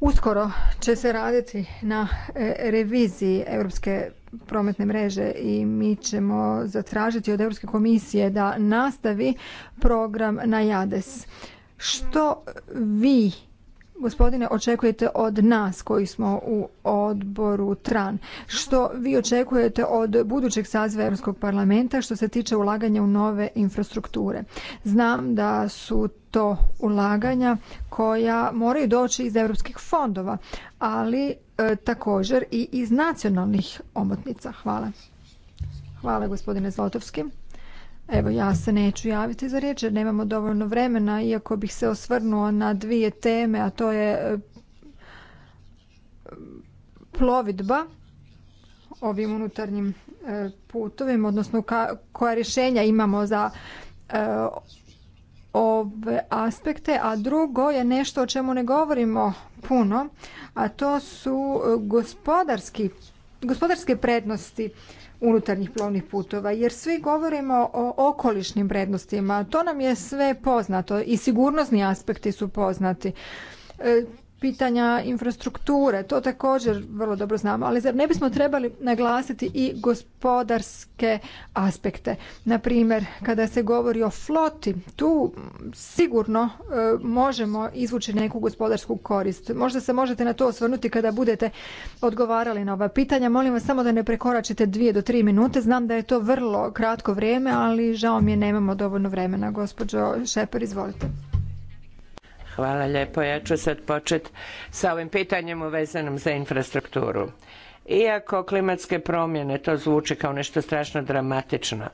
Uskoro će se raditi na e, reviziji Europske prometne mreže i mi ćemo zatražiti od Europske komisije da nastavi program na JADES. Što vi gospodine očekujete od nas koji smo u odboru TRAN? Što vi očekujete od budućeg saziva Europskog parlamenta što se tiče ulaganja u nove infrastrukture? Znam da su to ulaganja koja moraju doći iz europskih fondova, ali e, također i iz nacionalnih omotnica. Hvala. Hvala gospodine Zlotovski. Evo ja se neću javiti za riječ jer nemamo dovoljno vremena iako bih se osvrnuo na dvije teme, a to je e, plovidba ovim unutarnjim e, putovima, odnosno koja rješenja imamo za e, ove aspekte, a drugo je nešto o čemu ne govorimo puno, a to su gospodarske prednosti unutarnjih plovnih putova jer svi govorimo o okolišnim vrednostima to nam je sve poznato i sigurnosni aspekti su poznati e, pitanja infrastrukture, to također vrlo dobro znamo, ali zar ne bismo trebali naglasiti i gospodarske aspekte. Na primjer, kada se govori o floti, tu sigurno e, možemo izvući neku gospodarsku korist. Možda se možete na to osvrnuti kada budete odgovarali na ova pitanja. Molim vas samo da ne prekoračite dvije do tri minute. Znam da je to vrlo kratko vrijeme, ali žao mi je nemamo dovoljno vremena. Gospođo Šeper, izvolite. Hvala lijepo. Ja ću sad početi sa ovim pitanjem uvezanom za infrastrukturu. Iako klimatske promjene to zvuči kao nešto strašno dramatično,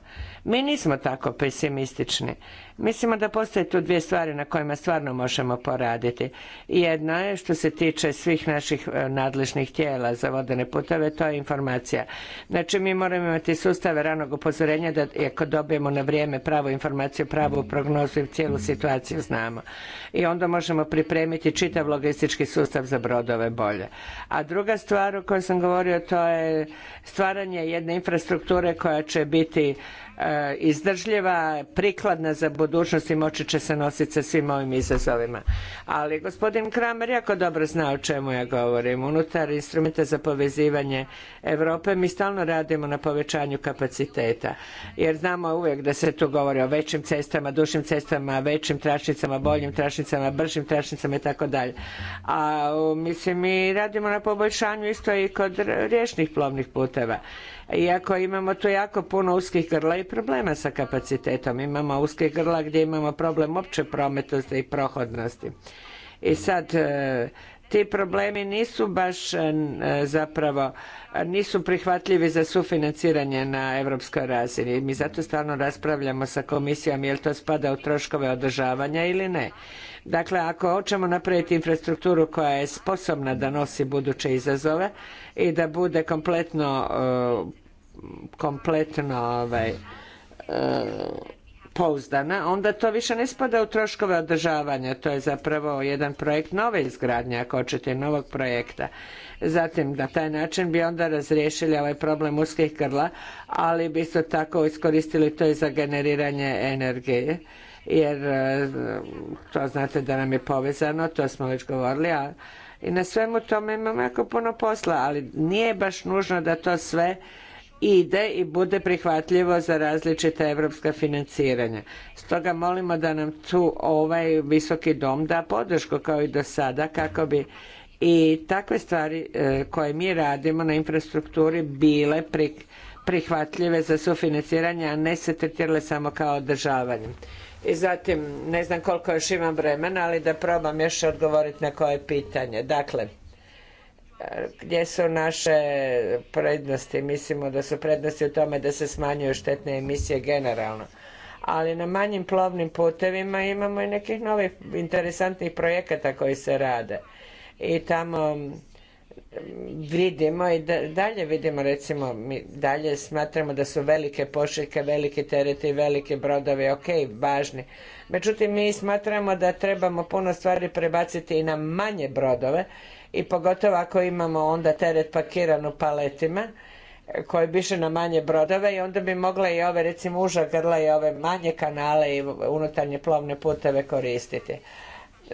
mi nismo tako pesimistični Mislimo da postoje tu dvije stvari na kojima stvarno možemo poraditi. Jedna je što se tiče svih naših e, nadležnih tijela za vodene putove, to je informacija. Znači mi moramo imati sustave ranog upozorenja da ako dobijemo na vrijeme pravu informaciju, pravu prognozu i cijelu situaciju znamo. I onda možemo pripremiti čitav logistički sustav za brodove bolje. A druga stvar o kojoj sam govorio to je stvaranje jedne infrastrukture koja će biti e, izdržljiva, prikladna za budućnost budućnosti moći će se nositi sa svim ovim izazovima. Ali gospodin Kramer jako dobro zna o čemu ja govorim. Unutar instrumenta za povezivanje Europe mi stalno radimo na povećanju kapaciteta. Jer znamo uvijek da se tu govori o većim cestama, dušim cestama, većim tračnicama, boljim tračnicama, bržim tračnicama i tako dalje. A mislim mi radimo na poboljšanju isto i kod riječnih plovnih puteva iako imamo tu jako puno uskih grla i problema sa kapacitetom. Imamo uskih grla gdje imamo problem opće prometnosti i prohodnosti. I sad, e, ti problemi nisu baš e, e, zapravo nisu prihvatljivi za sufinanciranje na europskoj razini. Mi zato stvarno raspravljamo sa komisijom jel to spada u troškove održavanja ili ne. Dakle, ako hoćemo napraviti infrastrukturu koja je sposobna da nosi buduće izazove i da bude kompletno kompletno ovaj, e, pouzdana, onda to više ne spada u troškove održavanja. To je zapravo jedan projekt nove izgradnje, ako hoćete, novog projekta. Zatim, na taj način bi onda razriješili ovaj problem uskih grla, ali bi isto tako iskoristili to i za generiranje energije, jer e, to znate da nam je povezano, to smo već govorili, a i na svemu tome imamo jako puno posla, ali nije baš nužno da to sve ide i bude prihvatljivo za različita europska financiranja. Stoga molimo da nam tu ovaj visoki dom da podršku kao i do sada kako bi i takve stvari e, koje mi radimo na infrastrukturi bile prihvatljive za sufinanciranje, a ne se tretirale samo kao održavanje. I zatim, ne znam koliko još imam vremena, ali da probam još odgovoriti na koje pitanje. Dakle, gdje su naše prednosti. Mislimo da su prednosti u tome da se smanjuju štetne emisije generalno. Ali na manjim plovnim putevima imamo i nekih novih interesantnih projekata koji se rade. I tamo vidimo i dalje vidimo recimo mi dalje smatramo da su velike pošiljke, veliki tereti, veliki brodovi ok, važni. Međutim mi smatramo da trebamo puno stvari prebaciti i na manje brodove i pogotovo ako imamo onda teret pakiran u paletima koji bi išli na manje brodove i onda bi mogle i ove recimo uža grla i ove manje kanale i unutarnje plovne puteve koristiti.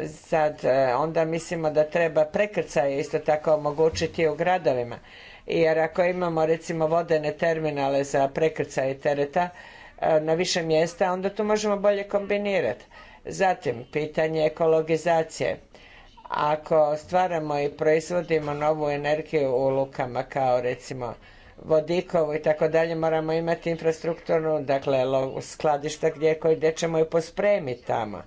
Sad e, onda mislimo da treba prekrcaje isto tako omogućiti u gradovima jer ako imamo recimo vodene terminale za prekrcaje tereta e, na više mjesta onda to možemo bolje kombinirati. Zatim pitanje ekologizacije ako stvaramo i proizvodimo novu energiju u lukama kao recimo vodikovu i tako dalje moramo imati infrastrukturnu, dakle skladišta gdje, koji, gdje ćemo ju pospremiti tamo.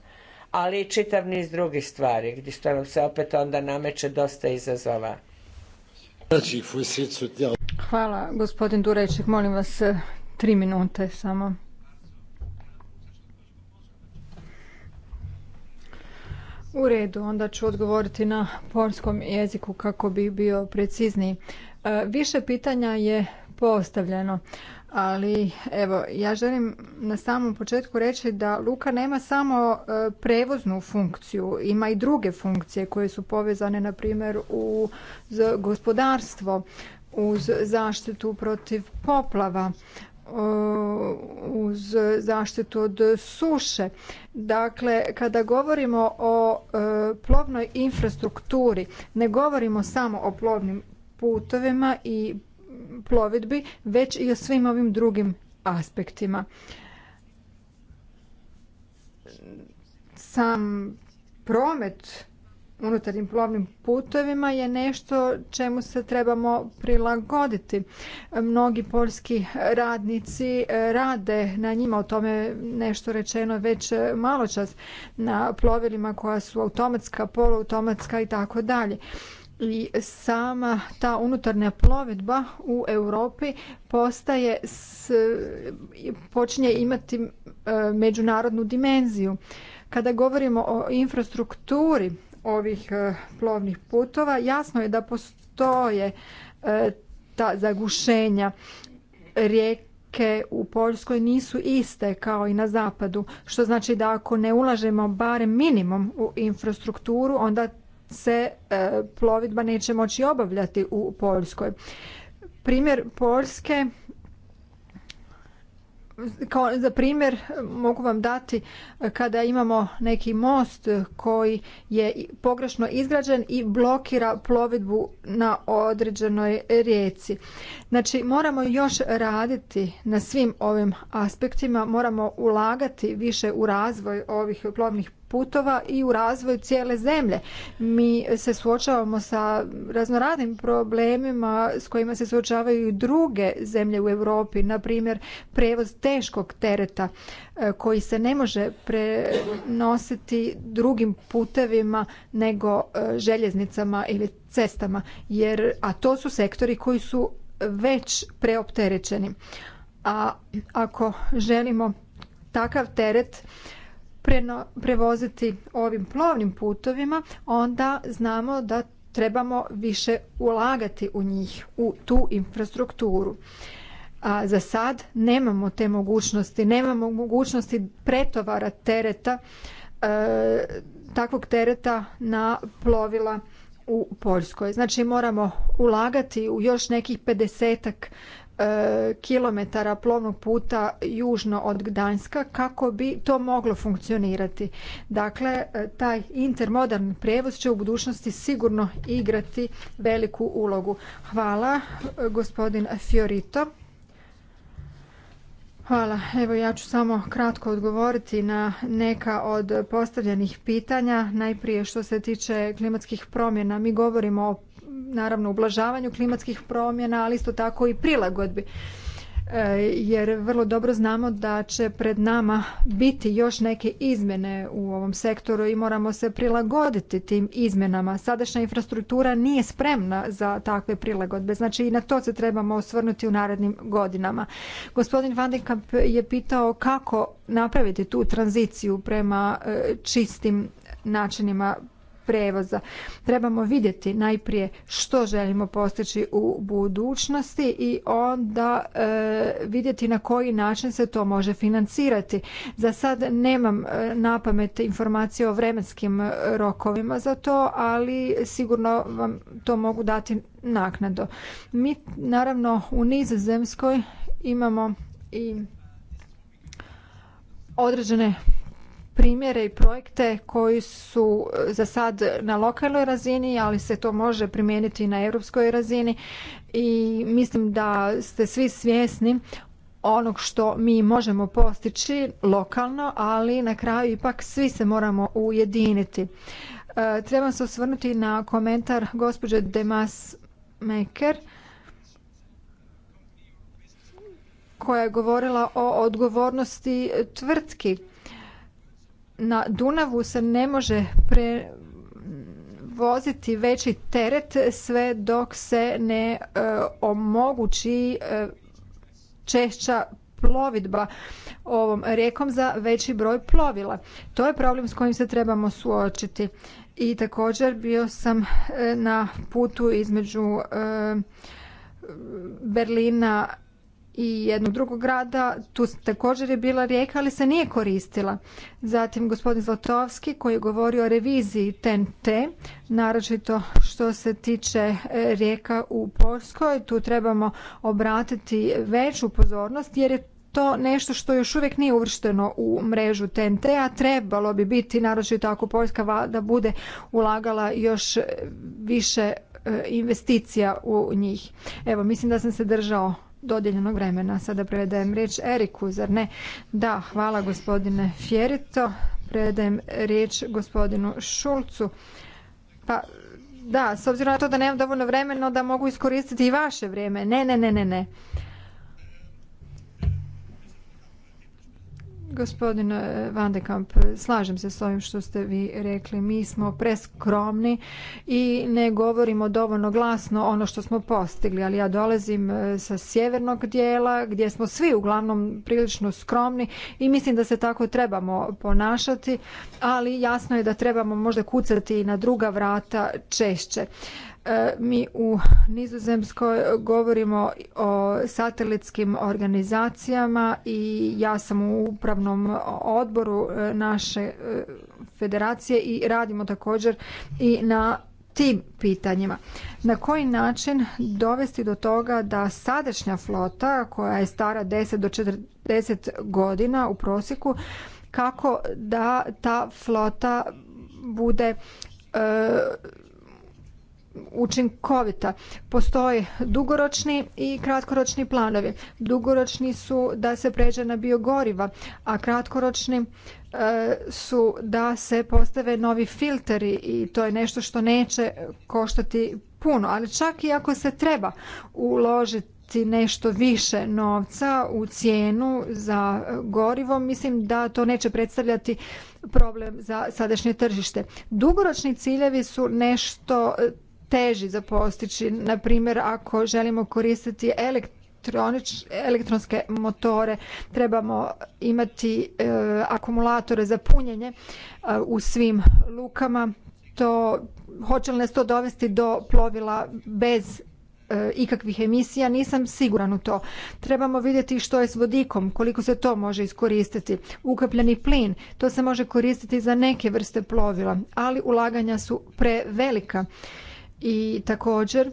Ali i čitav niz drugih stvari gdje što nam se opet onda nameće dosta izazova. Znači, Hvala gospodin Dureček, molim vas e, tri minute samo. U redu, onda ću odgovoriti na polskom jeziku kako bi bio precizniji. E, više pitanja je postavljeno, ali evo, ja želim na samom početku reći da luka nema samo e, prevoznu funkciju, ima i druge funkcije koje su povezane, na primjer, uz gospodarstvo, uz zaštitu protiv poplava, E, uz zaštitu od suše. Dakle, kada govorimo o e, plovnoj infrastrukturi, ne govorimo samo o plovnim putovima i plovidbi, već i o svim ovim drugim aspektima. Sam promet unutarnjim plovnim putovima je nešto čemu se trebamo prilagoditi. Mnogi poljski radnici e, rade na njima, o tome nešto rečeno već e, malo čas, na plovilima koja su automatska, poluautomatska i tako dalje. I sama ta unutarnja plovidba u Europi postaje, s, počinje imati e, međunarodnu dimenziju. Kada govorimo o infrastrukturi ovih e, plovnih putova. Jasno je da postoje e, ta zagušenja rijeke u Poljskoj nisu iste kao i na zapadu, što znači da ako ne ulažemo barem minimum u infrastrukturu, onda se e, plovidba neće moći obavljati u Poljskoj. Primjer Poljske kao za primjer mogu vam dati kada imamo neki most koji je pogrešno izgrađen i blokira plovidbu na određenoj rijeci. Znači moramo još raditi na svim ovim aspektima, moramo ulagati više u razvoj ovih plovnih putova i u razvoju cijele zemlje. Mi se suočavamo sa raznoradnim problemima s kojima se suočavaju i druge zemlje u Europi, na primjer prevoz teškog tereta e, koji se ne može prenositi drugim putevima nego e, željeznicama ili cestama, jer, a to su sektori koji su već preopterećeni. A ako želimo takav teret prevoziti ovim plovnim putovima, onda znamo da trebamo više ulagati u njih, u tu infrastrukturu. A za sad nemamo te mogućnosti, nemamo mogućnosti pretovara tereta, e, takvog tereta na plovila u Poljskoj. Znači moramo ulagati u još nekih pedesetak E, kilometara plovnog puta južno od Gdanska kako bi to moglo funkcionirati. Dakle, e, taj intermodern prijevoz će u budućnosti sigurno igrati veliku ulogu. Hvala e, gospodin Fiorito. Hvala. Evo ja ću samo kratko odgovoriti na neka od postavljenih pitanja. Najprije što se tiče klimatskih promjena. Mi govorimo o naravno ublažavanju klimatskih promjena, ali isto tako i prilagodbi e, jer vrlo dobro znamo da će pred nama biti još neke izmjene u ovom sektoru i moramo se prilagoditi tim izmjenama. Sadašnja infrastruktura nije spremna za takve prilagodbe, znači i na to se trebamo osvrnuti u narednim godinama. Gospodin Van je pitao kako napraviti tu tranziciju prema e, čistim načinima prijevoza. Trebamo vidjeti najprije što želimo postići u budućnosti i onda e, vidjeti na koji način se to može financirati. Za sad nemam e, na pamet informacije o vremenskim e, rokovima za to, ali sigurno vam to mogu dati naknado. Mi naravno u Nizozemskoj imamo i određene primjere i projekte koji su e, za sad na lokalnoj razini, ali se to može primijeniti i na europskoj razini i mislim da ste svi svjesni onog što mi možemo postići lokalno, ali na kraju ipak svi se moramo ujediniti. E, trebam se osvrnuti na komentar gospođe Demas Meker koja je govorila o odgovornosti tvrtki na Dunavu se ne može pre voziti veći teret sve dok se ne e, omogući e, češća plovidba ovom rijekom za veći broj plovila. To je problem s kojim se trebamo suočiti. I također bio sam e, na putu između Berlina i jednog drugog grada, tu također je bila rijeka, ali se nije koristila. Zatim gospodin Zlatovski koji je govorio o reviziji TNT, naročito što se tiče e, rijeka u Poljskoj, tu trebamo obratiti veću pozornost jer je to nešto što još uvijek nije uvršteno u mrežu TNT, a trebalo bi biti, naročito ako Poljska vlada bude ulagala još više e, investicija u njih. Evo, mislim da sam se držao dodijeljenog vremena. Sada predajem riječ Eriku, zar ne? Da, hvala gospodine Fjerito. Predajem riječ gospodinu Šulcu. Pa da, s obzirom na to da nemam dovoljno vremena, da mogu iskoristiti i vaše vrijeme. Ne, ne, ne, ne, ne. Gospodin Van de Kamp, slažem se s ovim što ste vi rekli. Mi smo preskromni i ne govorimo dovoljno glasno ono što smo postigli, ali ja dolazim e, sa sjevernog dijela gdje smo svi uglavnom prilično skromni i mislim da se tako trebamo ponašati, ali jasno je da trebamo možda kucati i na druga vrata češće. E, mi u Nizozemskoj govorimo o satelitskim organizacijama i ja sam u upravnom odboru e, naše e, federacije i radimo također i na tim pitanjima. Na koji način dovesti do toga da sadašnja flota koja je stara 10 do 40 godina u prosjeku kako da ta flota bude učinkovita. Postoje dugoročni i kratkoročni planovi. Dugoročni su da se pređe na biogoriva, a kratkoročni e, su da se postave novi filteri i to je nešto što neće koštati puno. Ali čak i ako se treba uložiti nešto više novca u cijenu za gorivo, mislim da to neće predstavljati problem za sadašnje tržište. Dugoročni ciljevi su nešto teži za postići. Na primjer, ako želimo koristiti elektronske motore, trebamo imati e, akumulatore za punjenje e, u svim lukama. To, hoće li nas to dovesti do plovila bez e, ikakvih emisija, nisam siguran u to. Trebamo vidjeti što je s vodikom, koliko se to može iskoristiti. Ukapljeni plin, to se može koristiti za neke vrste plovila, ali ulaganja su prevelika i također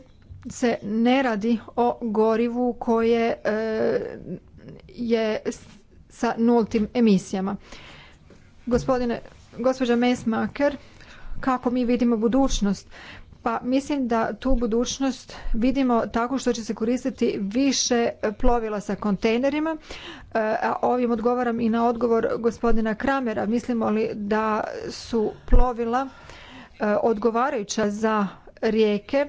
se ne radi o gorivu koje e, je sa nultim emisijama. Gospodine, gospođa Mesmaker, kako mi vidimo budućnost? Pa mislim da tu budućnost vidimo tako što će se koristiti više plovila sa kontejnerima. E, a ovim odgovaram i na odgovor gospodina Kramera. Mislimo li da su plovila e, odgovarajuća za rijeke.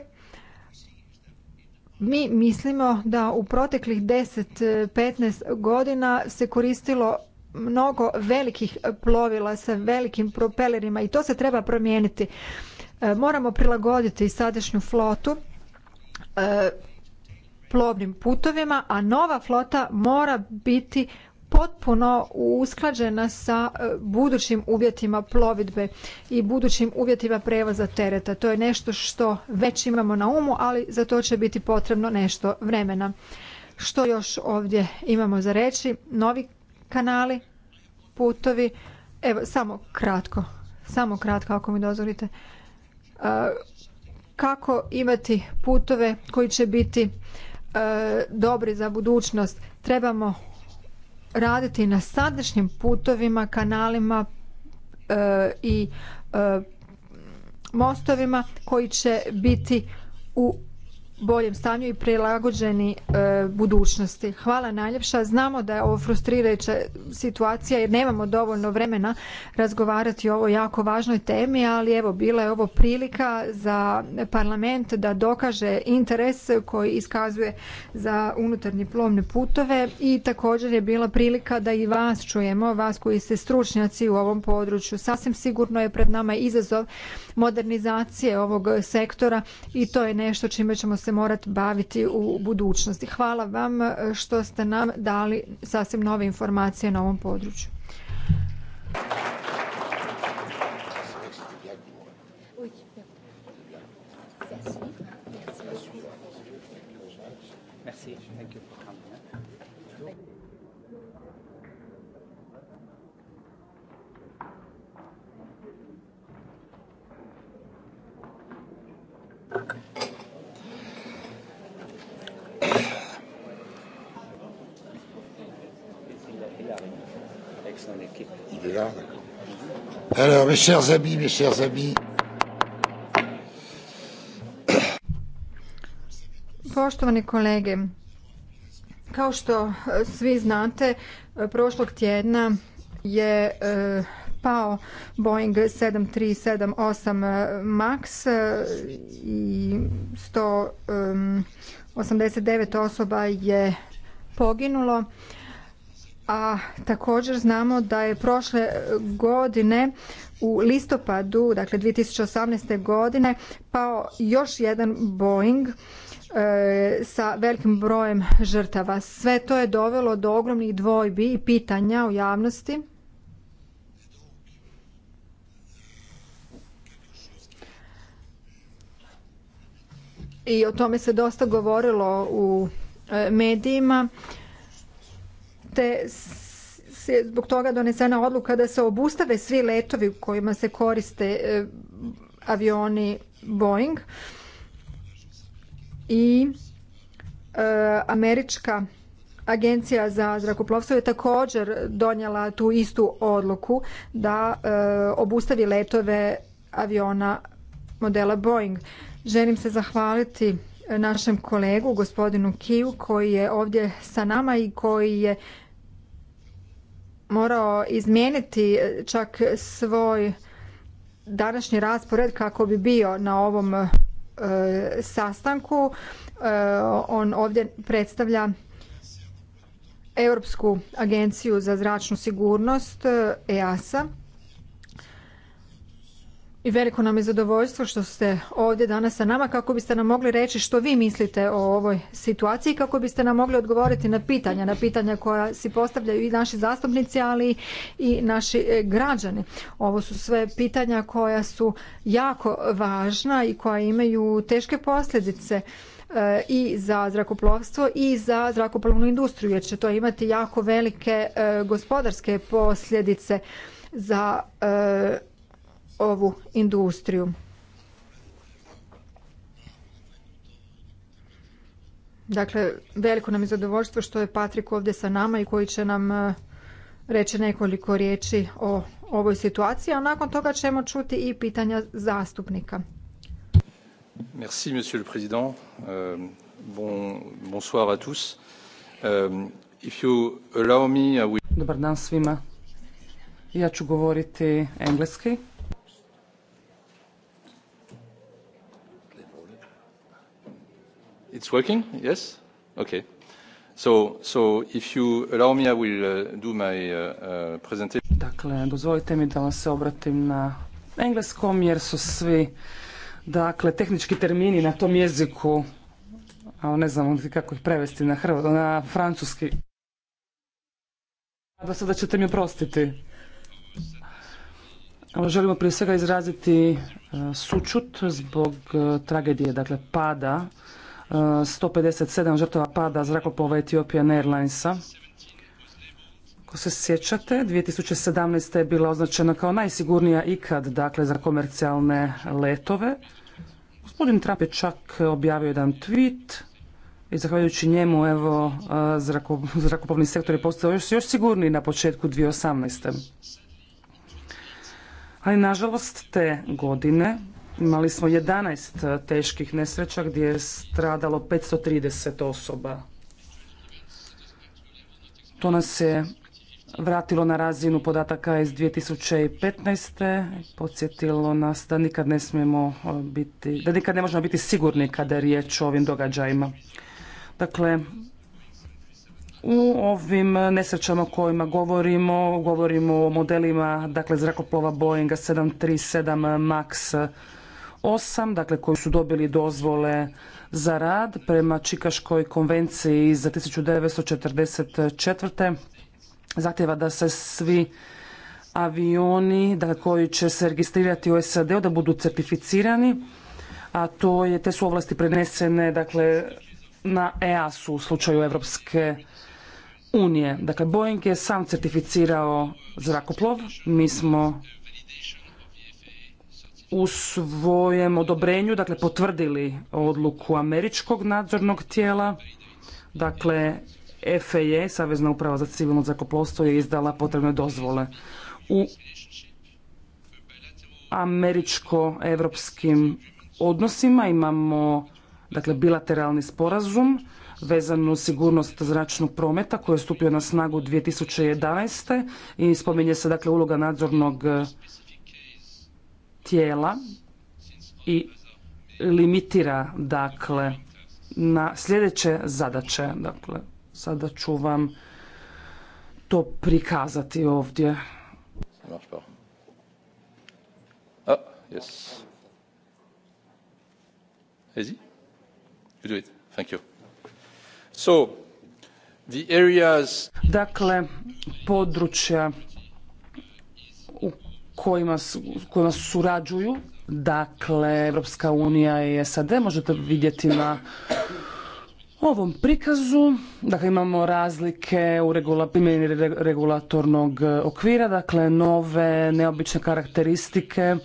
Mi mislimo da u proteklih 10-15 godina se koristilo mnogo velikih plovila sa velikim propelerima i to se treba promijeniti. E, moramo prilagoditi sadašnju flotu e, plovnim putovima, a nova flota mora biti potpuno usklađena sa e, budućim uvjetima plovidbe i budućim uvjetima prevoza tereta. To je nešto što već imamo na umu, ali za to će biti potrebno nešto vremena. Što još ovdje imamo za reći? Novi kanali, putovi. Evo, samo kratko. Samo kratko, ako mi dozvolite. E, kako imati putove koji će biti e, dobri za budućnost? Trebamo raditi na sadašnjim putovima, kanalima e, i e, mostovima koji će biti u boljem stanju i prilagođeni e, budućnosti. Hvala najljepša. Znamo da je ovo frustrirajuća situacija jer nemamo dovoljno vremena razgovarati o ovoj jako važnoj temi, ali evo bila je ovo prilika za parlament da dokaže interes koji iskazuje za unutarnje plovne putove i također je bila prilika da i vas čujemo, vas koji ste stručnjaci u ovom području. Sasvim sigurno je pred nama izazov modernizacije ovog sektora i to je nešto čime ćemo se se morati baviti u budućnosti. Hvala vam e, što ste nam dali sasvim nove informacije na ovom području. Alors, mes chers amis, mes chers amis. Poštovani kolege, kao što e, svi znate, e, prošlog tjedna je e, pao Boeing 7378 MAX i 189 osoba je poginulo a također znamo da je prošle godine u listopadu, dakle 2018. godine, pao još jedan Boeing e, sa velikim brojem žrtava. Sve to je dovelo do ogromnih dvojbi i pitanja u javnosti. I o tome se dosta govorilo u e, medijima te se zbog toga donesena odluka da se obustave svi letovi u kojima se koriste e, avioni Boeing i e, američka Agencija za zrakoplovstvo je također donijela tu istu odluku da e, obustavi letove aviona modela Boeing. Želim se zahvaliti našem kolegu gospodinu Kiju koji je ovdje sa nama i koji je morao izmijeniti e, čak svoj današnji raspored kako bi bio na ovom e, sastanku. E, on ovdje predstavlja Europsku agenciju za zračnu sigurnost EASA i veliko nam je zadovoljstvo što ste ovdje danas sa nama kako biste nam mogli reći što vi mislite o ovoj situaciji kako biste nam mogli odgovoriti na pitanja, na pitanja koja si postavljaju i naši zastupnici, ali i naši e, građani. Ovo su sve pitanja koja su jako važna i koja imaju teške posljedice e, i za zrakoplovstvo i za zrakoplovnu industriju jer će to imati jako velike e, gospodarske posljedice za ovu industriju. Dakle, veliko nam je zadovoljstvo što je Patrik ovdje sa nama i koji će nam e, reći nekoliko riječi o ovoj situaciji, a nakon toga ćemo čuti i pitanja zastupnika. Merci, monsieur le président. Euh, bonsoir à tous. Euh, Dobar dan svima. Ja ću govoriti engleski. It's working? Yes? Okay. So, so if you allow me, I will uh, do my uh, uh, Dakle, dozvolite mi da vam se obratim na engleskom, jer su svi dakle, tehnički termini na tom jeziku, a ne znam kako ih prevesti na, hrv... na francuski. Nadam se da ćete mi oprostiti. Želimo prije svega izraziti sučut zbog tragedije, dakle pada 157 žrtava pada zrakoplova etiopija Airlinesa. Ako se sjećate, 2017. je bila označena kao najsigurnija ikad, dakle, za komercijalne letove. Gospodin Trump je čak objavio jedan tweet i zahvaljujući njemu, evo, zrakoplovni sektor je postao još, još sigurniji na početku 2018. Ali, nažalost, te godine Imali smo 11 e, teških nesreća gdje je stradalo 530 osoba. To nas je vratilo na razinu podataka iz 2015. Podsjetilo nas da nikad ne smijemo e, biti, da nikad ne možemo biti sigurni kada je riječ o ovim događajima. Dakle, u ovim nesrećama o kojima govorimo, govorimo o modelima dakle, zrakoplova Boeinga 737 MAX 8, dakle koji su dobili dozvole za rad prema Čikaškoj konvenciji za 1944. zahtjeva da se svi avioni da dakle, koji će se registrirati u sad da budu certificirani, a to je, te su ovlasti prenesene dakle na EAS-u u slučaju Europske unije. Dakle, Boeing je sam certificirao zrakoplov, mi smo u svojem odobrenju, dakle potvrdili odluku američkog nadzornog tijela, dakle FAA, e, Savezna uprava za civilno zakoplostvo, je izdala potrebne dozvole. U američko-evropskim odnosima imamo dakle bilateralni sporazum vezanu sigurnost zračnog prometa koji je stupio na snagu 2011. i spominje se dakle uloga nadzornog tijela i limitira dakle na sljedeće zadaće. Dakle, sada ću vam to prikazati ovdje. Ah, dakle, područja kojima, kojima surađuju. Dakle, Evropska unija i SAD možete vidjeti na ovom prikazu. Dakle, imamo razlike u primjeni regulatornog okvira, dakle, nove neobične karakteristike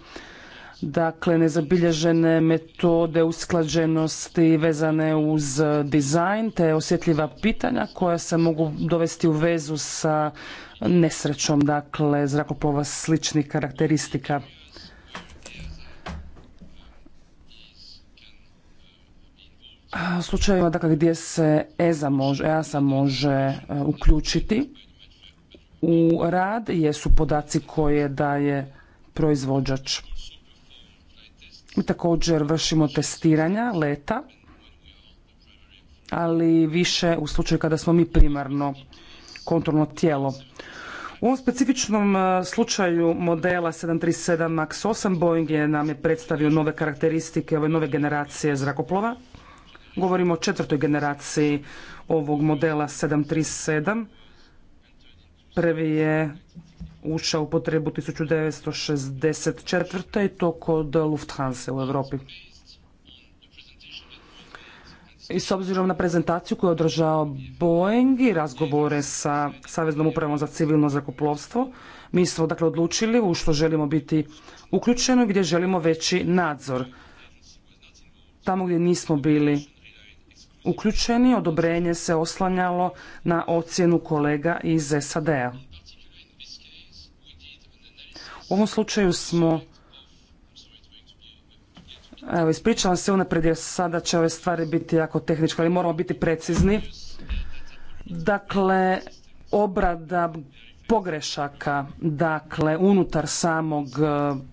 dakle nezabilježene metode usklađenosti vezane uz dizajn te osjetljiva pitanja koja se mogu dovesti u vezu sa nesrećom dakle zrakoplova sličnih karakteristika. U slučajevima dakle, gdje se EZA može, EASA može e, uključiti u rad jesu podaci koje daje proizvođač. Također vršimo testiranja leta, ali više u slučaju kada smo mi primarno kontrolno tijelo. U ovom specifičnom e, slučaju modela 737 MAX 8 Boeing je nam je predstavio nove karakteristike ove nove generacije zrakoplova. Govorimo o četvrtoj generaciji ovog modela 737. Prvi je ušao u potrebu 1964. i to kod Lufthansa u Europi. I s obzirom na prezentaciju koju je održao Boeing i razgovore sa Saveznom upravom za civilno zrakoplovstvo, mi smo dakle odlučili u što želimo biti uključeno i gdje želimo veći nadzor. Tamo gdje nismo bili uključeni, odobrenje se oslanjalo na ocjenu kolega iz SAD-a. U ovom slučaju smo Evo, ispričavam se unaprijed jer sada će ove stvari biti jako tehničke, ali moramo biti precizni. Dakle, obrada pogrešaka, dakle, unutar samog e,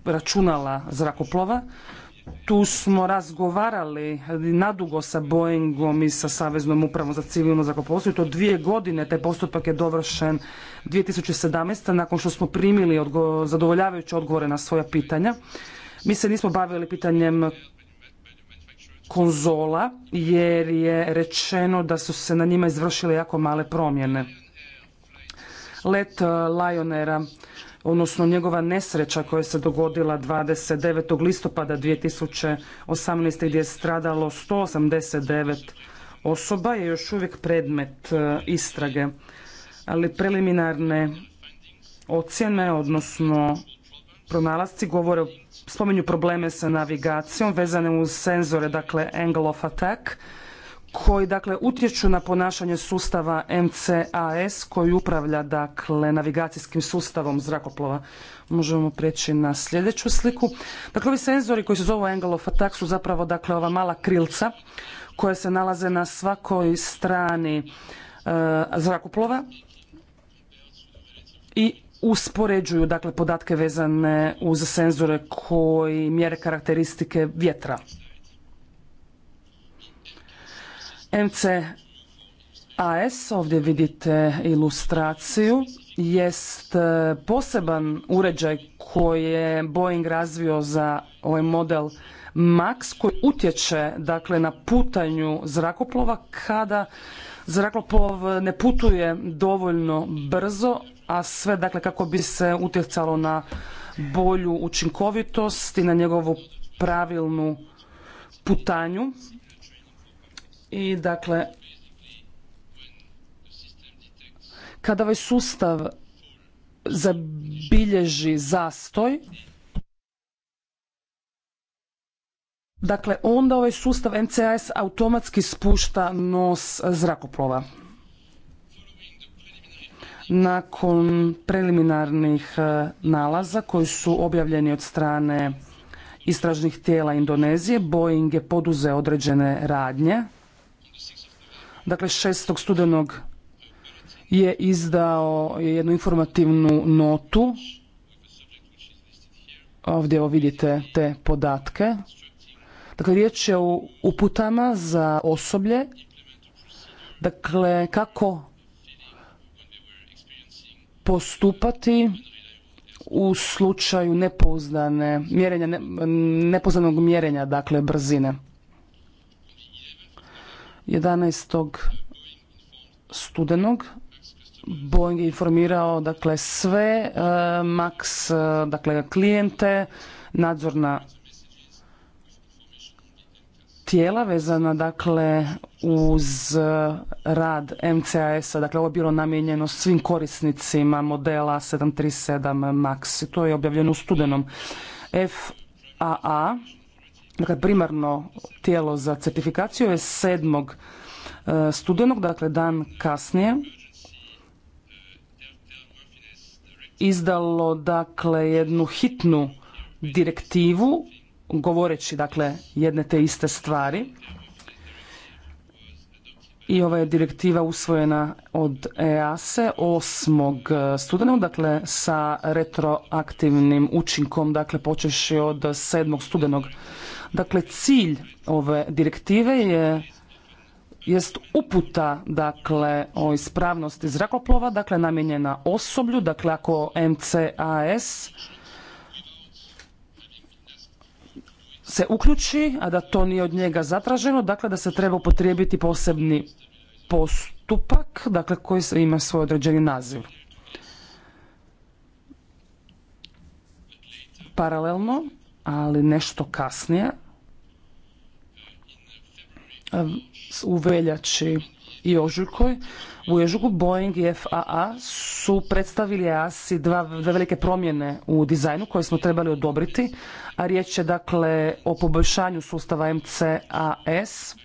računala zrakoplova, tu smo razgovarali nadugo sa Boeingom i sa Saveznom upravom za civilno zrakoplovstvo to dvije godine taj postupak je dovršen 2017. nakon što smo primili zadovoljavajuće odgovore na svoja pitanja. Mi se nismo bavili pitanjem konzola jer je rečeno da su se na njima izvršile jako male promjene. Let uh, Lionera odnosno njegova nesreća koja se dogodila 29. listopada 2018. gdje je stradalo 189 osoba je još uvijek predmet e, istrage, ali preliminarne ocjene, odnosno pronalazci govore, spominju probleme sa navigacijom vezane uz senzore, dakle angle of attack, koji dakle utječu na ponašanje sustava MCAS koji upravlja dakle navigacijskim sustavom zrakoplova. Možemo preći na sljedeću sliku. Dakle ovi senzori koji se zovu angle of attack su zapravo dakle ova mala krilca koja se nalaze na svakoj strani e, zrakoplova i uspoređuju dakle podatke vezane uz senzore koji mjere karakteristike vjetra. MCAS, ovdje vidite ilustraciju, jest e, poseban uređaj koji je Boeing razvio za ovaj model MAX koji utječe dakle, na putanju zrakoplova kada zrakoplov ne putuje dovoljno brzo, a sve dakle kako bi se utjecalo na bolju učinkovitost i na njegovu pravilnu putanju i dakle, kada ovaj sustav zabilježi zastoj, dakle onda ovaj sustav NCIS automatski spušta nos zrakoplova. Nakon preliminarnih e, nalaza koji su objavljeni od strane istražnih tijela Indonezije, Boeing je poduzeo određene radnje Dakle, 6. studenog je izdao jednu informativnu notu. Ovdje ovo vidite te podatke. Dakle, riječ je o uputama za osoblje. Dakle, kako postupati u slučaju mjerenja, nepoznanog mjerenja, dakle, brzine. 11. studenog Boeing je informirao dakle sve e, Max e, dakle klijente nadzorna tijela vezana dakle uz e, rad MCAS-a, dakle ovo je bilo namijenjeno svim korisnicima modela 737 MAX to je objavljeno u studenom FAA Dakle, primarno tijelo za certifikaciju je 7. E, studenog, dakle dan kasnije, izdalo dakle jednu hitnu direktivu govoreći dakle jedne te iste stvari. I ova je direktiva usvojena od EASE 8. E, studenog, dakle sa retroaktivnim učinkom, dakle počeši od 7. studenog Dakle, cilj ove direktive je jest uputa dakle o ispravnosti zrakoplova, dakle namijenjena osoblju, dakle ako MCAS se uključi, a da to nije od njega zatraženo, dakle da se treba upotrijebiti posebni postupak, dakle koji ima svoj određeni naziv. Paralelno, ali nešto kasnije, u veljači i ožujkoj. U ožujku Boeing i FAA su predstavili ASI dva, velike promjene u dizajnu koje smo trebali odobriti, a riječ je dakle o poboljšanju sustava MCAS.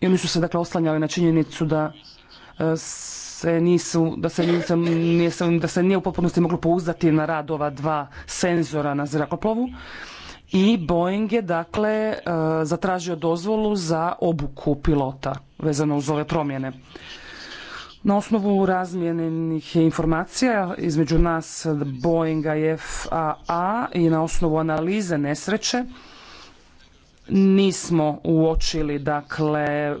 I oni su se dakle oslanjali na činjenicu da e, se nisu, da se, nije, da se nije u potpunosti moglo pouzdati na rad ova dva senzora na zrakoplovu i Boeing je dakle e, zatražio dozvolu za obuku pilota vezano uz ove promjene. Na osnovu razmijenjenih informacija između nas Boeinga i FAA i na osnovu analize nesreće nismo uočili dakle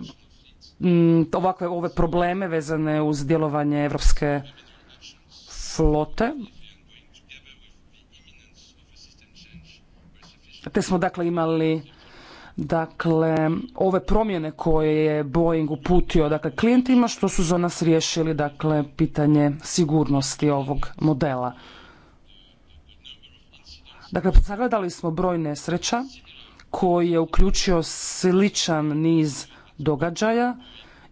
ovakve ove probleme vezane uz djelovanje europske flote te smo dakle imali dakle ove promjene koje je Boeing uputio dakle klijentima što su za nas riješili dakle pitanje sigurnosti ovog modela. Dakle, sagledali smo broj nesreća koji je uključio sličan niz događaja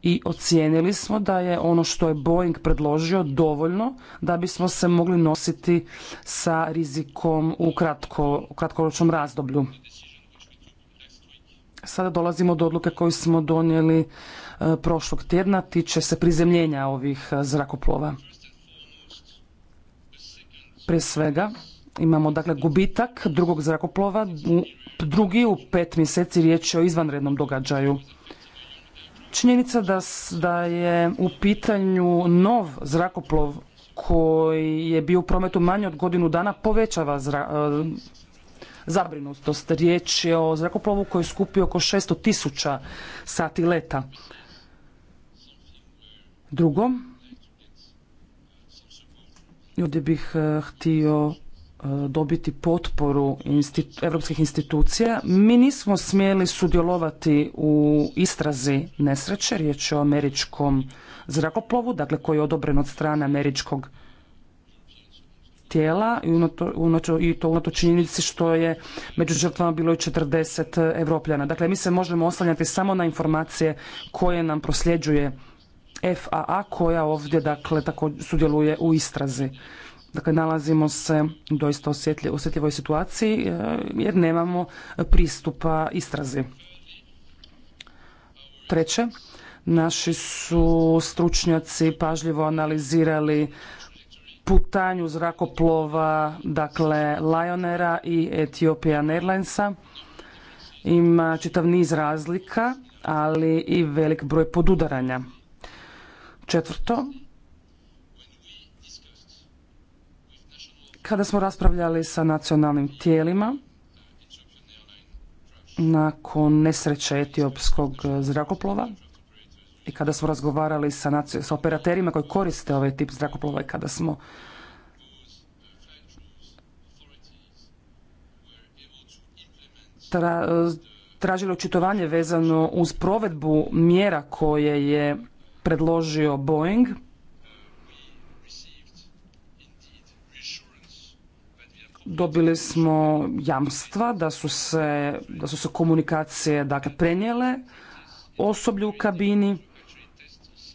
i ocijenili smo da je ono što je Boeing predložio dovoljno da bismo se mogli nositi sa rizikom u, kratkoročnom razdoblju. Sada dolazimo do odluke koju smo donijeli e, prošlog tjedna, tiče se prizemljenja ovih e, zrakoplova. Prije svega imamo dakle gubitak drugog zrakoplova, drugi u pet mjeseci riječ je o izvanrednom događaju. Činjenica da, da je u pitanju nov zrakoplov koji je bio u prometu manje od godinu dana povećava e, zabrinutost. Riječ je o zrakoplovu koji je skupio oko 600 tisuća sati leta. Drugo, ovdje bih e, htio dobiti potporu europskih institucija. Mi nismo smjeli sudjelovati u istrazi nesreće, riječ je o američkom zrakoplovu, dakle koji je odobren od strane američkog tijela i, i to unato činjenici što je među žrtvama bilo i 40 evropljana. Dakle, mi se možemo oslanjati samo na informacije koje nam prosljeđuje FAA koja ovdje dakle tako sudjeluje u istrazi. Dakle, nalazimo se u doista osjetljivoj situaciji e, jer nemamo pristupa istrazi. Treće, naši su stručnjaci pažljivo analizirali putanju zrakoplova, dakle Lionera i Ethiopian Airlinesa. Ima čitav niz razlika, ali i velik broj podudaranja. Četvrto, kada smo raspravljali sa nacionalnim tijelima nakon nesreće etiopskog zrakoplova i kada smo razgovarali sa, sa operaterima koji koriste ovaj tip zrakoplova i kada smo tra, tražili očitovanje vezano uz provedbu mjera koje je predložio Boeing dobili smo jamstva da su se, da su komunikacije dakle prenijele osoblju u kabini,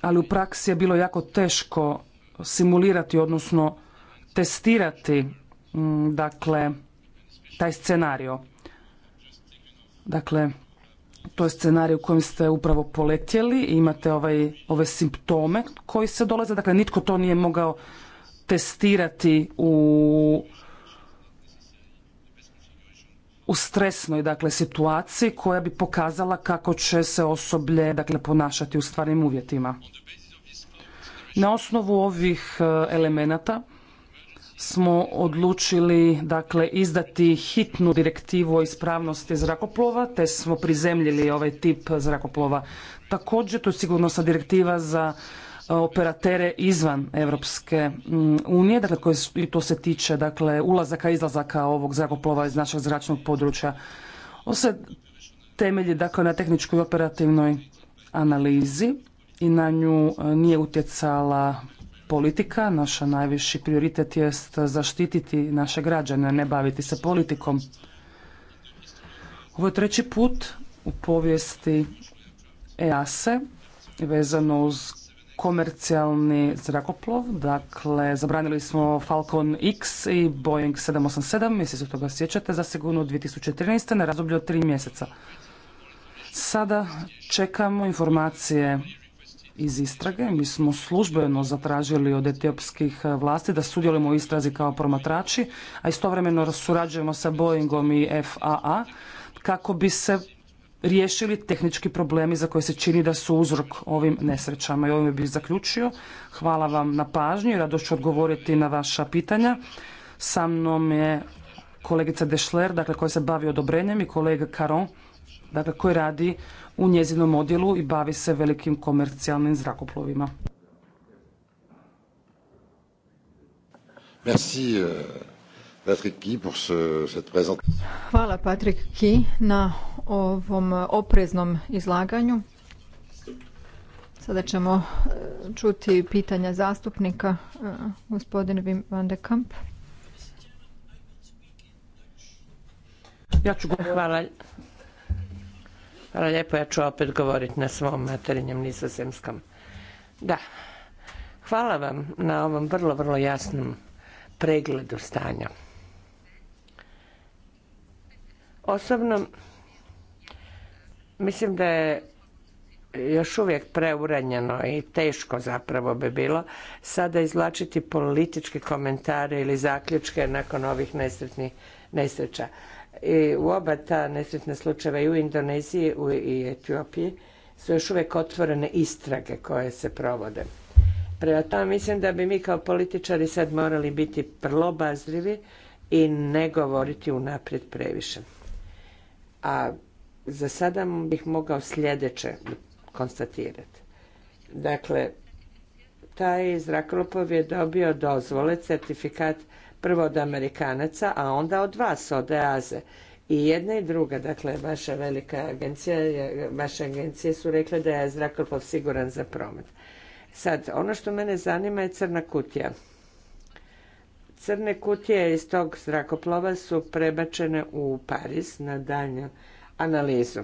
ali u praksi je bilo jako teško simulirati odnosno testirati mm, dakle taj scenario. Dakle, to je scenarij u kojem ste upravo poletjeli i imate ovaj, ove simptome koji se dolaze. Dakle, nitko to nije mogao testirati u u stresnoj dakle situaciji koja bi pokazala kako će se osoblje dakle ponašati u stvarnim uvjetima. Na osnovu ovih e, elemenata smo odlučili dakle izdati hitnu direktivu o ispravnosti zrakoplova te smo prizemljili ovaj tip zrakoplova. Također to je sigurnosna direktiva za operatere izvan Europske mm, unije, dakle i to se tiče dakle ulazaka i izlazaka ovog zrakoplova iz našeg zračnog područja. On se temelji dakle na tehničkoj i operativnoj analizi i na nju e, nije utjecala politika. Naša najviši prioritet jest zaštititi naše građane, ne baviti se politikom. Ovo je treći put u povijesti EASE vezano uz komercijalni zrakoplov, dakle zabranili smo Falcon X i Boeing 787, mislim se toga sjećate, za sigurno 2013. na razdoblju od tri mjeseca. Sada čekamo informacije iz istrage. Mi smo službeno zatražili od etiopskih vlasti da sudjelujemo u istrazi kao promatrači, a istovremeno surađujemo sa Boeingom i FAA kako bi se riješili tehnički problemi za koje se čini da su uzrok ovim nesrećama. I ovim bih zaključio. Hvala vam na pažnji, rado ću odgovoriti na vaša pitanja. Sa mnom je kolegica Dešler, dakle koja se bavi odobrenjem i kolega Caron, dakle koji radi u njezinom odjelu i bavi se velikim komercijalnim zrakoplovima. Merci, euh, Hvala Patrick Key na ovom opreznom izlaganju. Sada ćemo e, čuti pitanja zastupnika e, gospodin Wim van de Kamp. Ja ću Hvala. Hvala lijepo, ja ću opet govoriti na svom materinjem nizozemskom. Da, hvala vam na ovom vrlo, vrlo jasnom pregledu stanja. Osobno mislim da je još uvijek preuranjeno i teško zapravo bi bilo sada izvlačiti političke komentare ili zaključke nakon ovih nesretnih nesreća. I u oba ta nesretna slučajeva i u Indoneziji i Etiopiji su još uvijek otvorene istrage koje se provode. Prema tome mislim da bi mi kao političari sad morali biti vrlo i ne govoriti unaprijed previše. A za sada bih mogao sljedeće konstatirati. Dakle, taj zrakoplov je dobio dozvole, certifikat prvo od Amerikanaca, a onda od vas, od EAZE. I jedna i druga, dakle, vaša velika agencija, vaše agencije su rekle da je zrakoplov siguran za promet. Sad, ono što mene zanima je crna kutija. Crne kutije iz tog zrakoplova su prebačene u Pariz na daljnju analizu.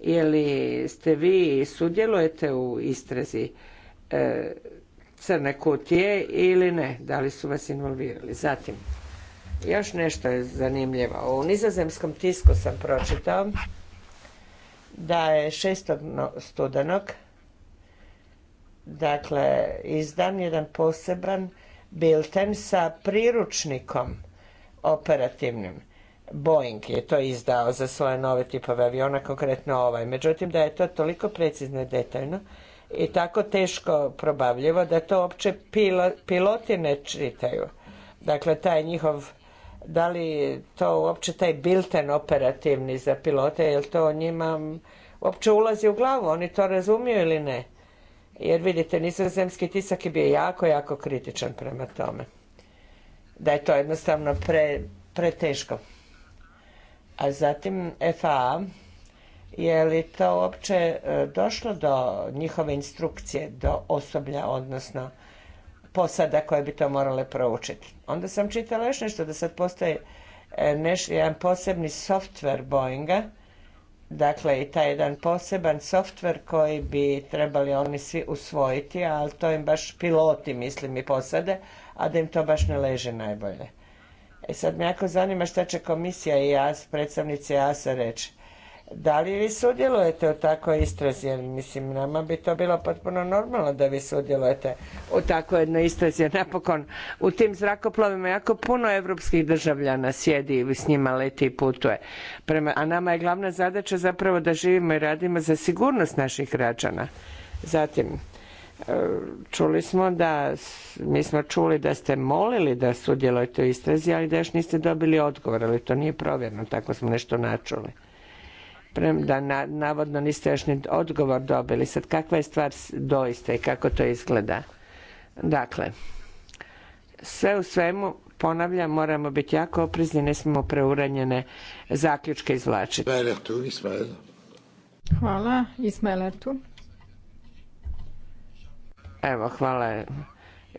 Je li ste vi sudjelujete u istrazi e, crne kutije ili ne? Da li su vas involvirali? Zatim, još nešto je zanimljivo. U nizozemskom tisku sam pročitao da je šestog studenog dakle, izdan jedan poseban Biltem sa priručnikom operativnim. Boeing je to izdao za svoje nove tipove aviona, konkretno ovaj. Međutim, da je to toliko precizno i detaljno i tako teško probavljivo da to uopće piloti ne čitaju. Dakle, taj njihov da li to uopće taj bilten operativni za pilote, jel to njima uopće ulazi u glavu, oni to razumiju ili ne jer vidite nizozemski tisak je bio jako, jako kritičan prema tome. Da je to jednostavno preteško. A zatim FAA, je li to uopće e, došlo do njihove instrukcije, do osoblja, odnosno posada koje bi to morale proučiti. Onda sam čitala još nešto, da sad postoji e, jedan posebni software Boeinga, Dakle, i taj jedan poseban softver koji bi trebali oni svi usvojiti, ali to im baš piloti, mislim, i posade, a da im to baš ne leže najbolje. E sad me jako zanima šta će komisija i jas, predstavnici jas reći. Da li vi sudjelujete u takvoj istrazi? Jer mislim, nama bi to bilo potpuno normalno da vi sudjelujete u takvoj jednoj istrazi. Jer napokon u tim zrakoplovima jako puno evropskih državljana sjedi i s njima leti i putuje. Prema, a nama je glavna zadaća zapravo da živimo i radimo za sigurnost naših građana. Zatim, e, čuli smo da, mi smo čuli da ste molili da sudjelujete u istrazi, ali da još niste dobili odgovor, ali to nije provjerno, tako smo nešto načuli premda na, navodno niste još ni odgovor dobili. Sad kakva je stvar doista i kako to izgleda? Dakle, sve u svemu, ponavljam, moramo biti jako oprezni, ne smijemo preuranjene zaključke izvlačiti. Hvala, Ismail Evo, hvala.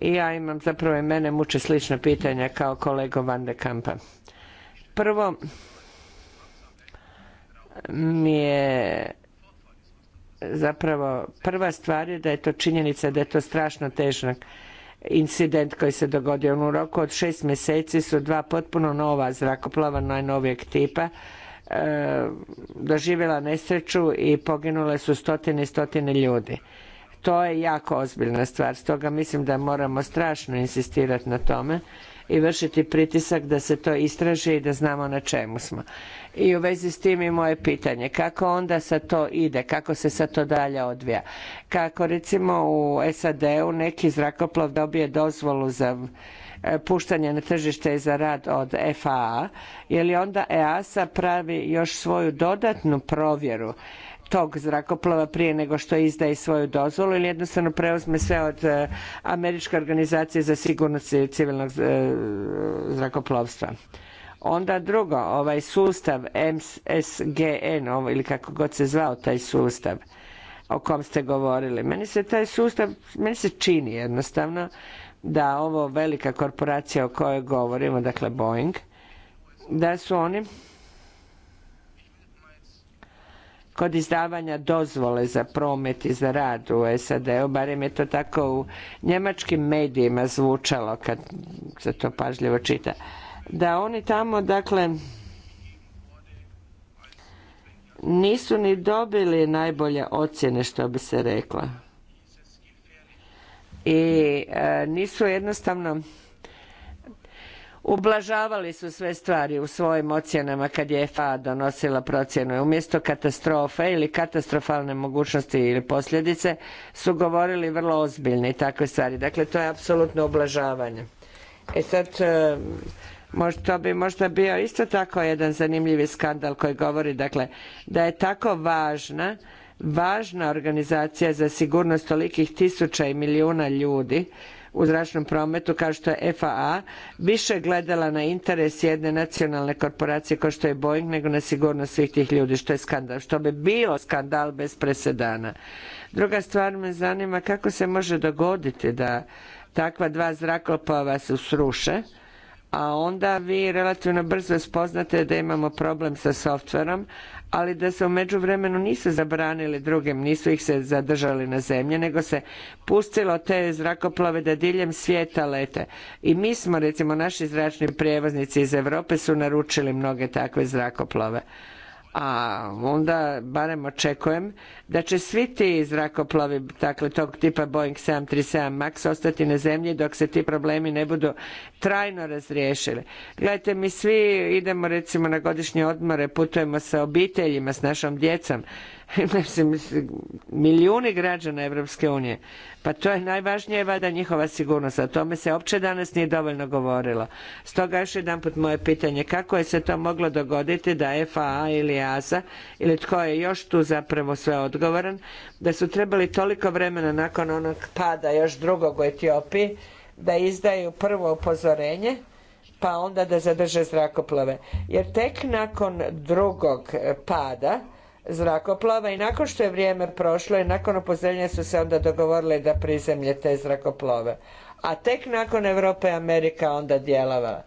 I ja imam, zapravo i mene muče slična pitanja kao kolego Van de Kampa. Prvo, mi je zapravo prva stvar je da je to činjenica da je to strašno težak incident koji se dogodio. U roku od šest mjeseci su dva potpuno nova zrakoplova najnovijeg tipa e, doživjela nesreću i poginule su stotine i stotine ljudi. To je jako ozbiljna stvar, stoga mislim da moramo strašno insistirati na tome i vršiti pritisak da se to istraži i da znamo na čemu smo. I u vezi s tim i moje pitanje, kako onda sa to ide, kako se sa to dalje odvija? Kako recimo u SAD-u neki zrakoplov dobije dozvolu za e, puštanje na tržište za rad od FAA, je li onda EASA pravi još svoju dodatnu provjeru tog zrakoplova prije nego što izdaje svoju dozvolu ili jednostavno preuzme sve od e, Američke organizacije za sigurnost civilnog e, zrakoplovstva. Onda drugo, ovaj sustav MSGN ili kako god se zvao taj sustav o kom ste govorili. Meni se taj sustav, meni se čini jednostavno da ovo velika korporacija o kojoj govorimo, dakle Boeing, da su oni kod izdavanja dozvole za promet i za rad u SAD-u, barem je to tako u njemačkim medijima zvučalo kad se to pažljivo čita, da oni tamo dakle nisu ni dobili najbolje ocjene što bi se rekla i e, nisu jednostavno ublažavali su sve stvari u svojim ocjenama kad je FA donosila procjenu. Umjesto katastrofe ili katastrofalne mogućnosti ili posljedice su govorili vrlo ozbiljne i takve stvari. Dakle, to je apsolutno ublažavanje. E sad, e, to bi možda bio isto tako jedan zanimljivi skandal koji govori dakle, da je tako važna važna organizacija za sigurnost tolikih tisuća i milijuna ljudi u zračnom prometu kao što je FAA više gledala na interes jedne nacionalne korporacije kao što je Boeing nego na sigurnost svih tih ljudi što je skandal, što bi bio skandal bez presedana. Druga stvar me zanima kako se može dogoditi da takva dva zrakoplova se sruše a onda vi relativno brzo spoznate da imamo problem sa softverom, ali da se u međuvremenu nisu zabranili drugim, nisu ih se zadržali na zemlji, nego se pustilo te zrakoplove da diljem svijeta lete. I mi smo, recimo, naši zračni prijevoznici iz Europe su naručili mnoge takve zrakoplove a onda barem očekujem da će svi ti zrakoplovi, dakle tog tipa Boeing 737 MAX ostati na zemlji dok se ti problemi ne budu trajno razriješili. Gledajte, mi svi idemo recimo na godišnje odmore, putujemo sa obiteljima, s našom djecom, milijuni građana Europske unije. Pa to je najvažnije vada njihova sigurnost. O tome se opće danas nije dovoljno govorilo. Stoga još jedan put moje pitanje. Kako je se to moglo dogoditi da FAA ili ASA ili tko je još tu zapravo sve odgovoran da su trebali toliko vremena nakon onog pada još drugog u Etiopiji da izdaju prvo upozorenje pa onda da zadrže zrakoplove. Jer tek nakon drugog pada zrakoplova i nakon što je vrijeme prošlo i nakon upozorenja su se onda dogovorile da prizemlje te zrakoplove. A tek nakon Europe Amerika onda djelovala.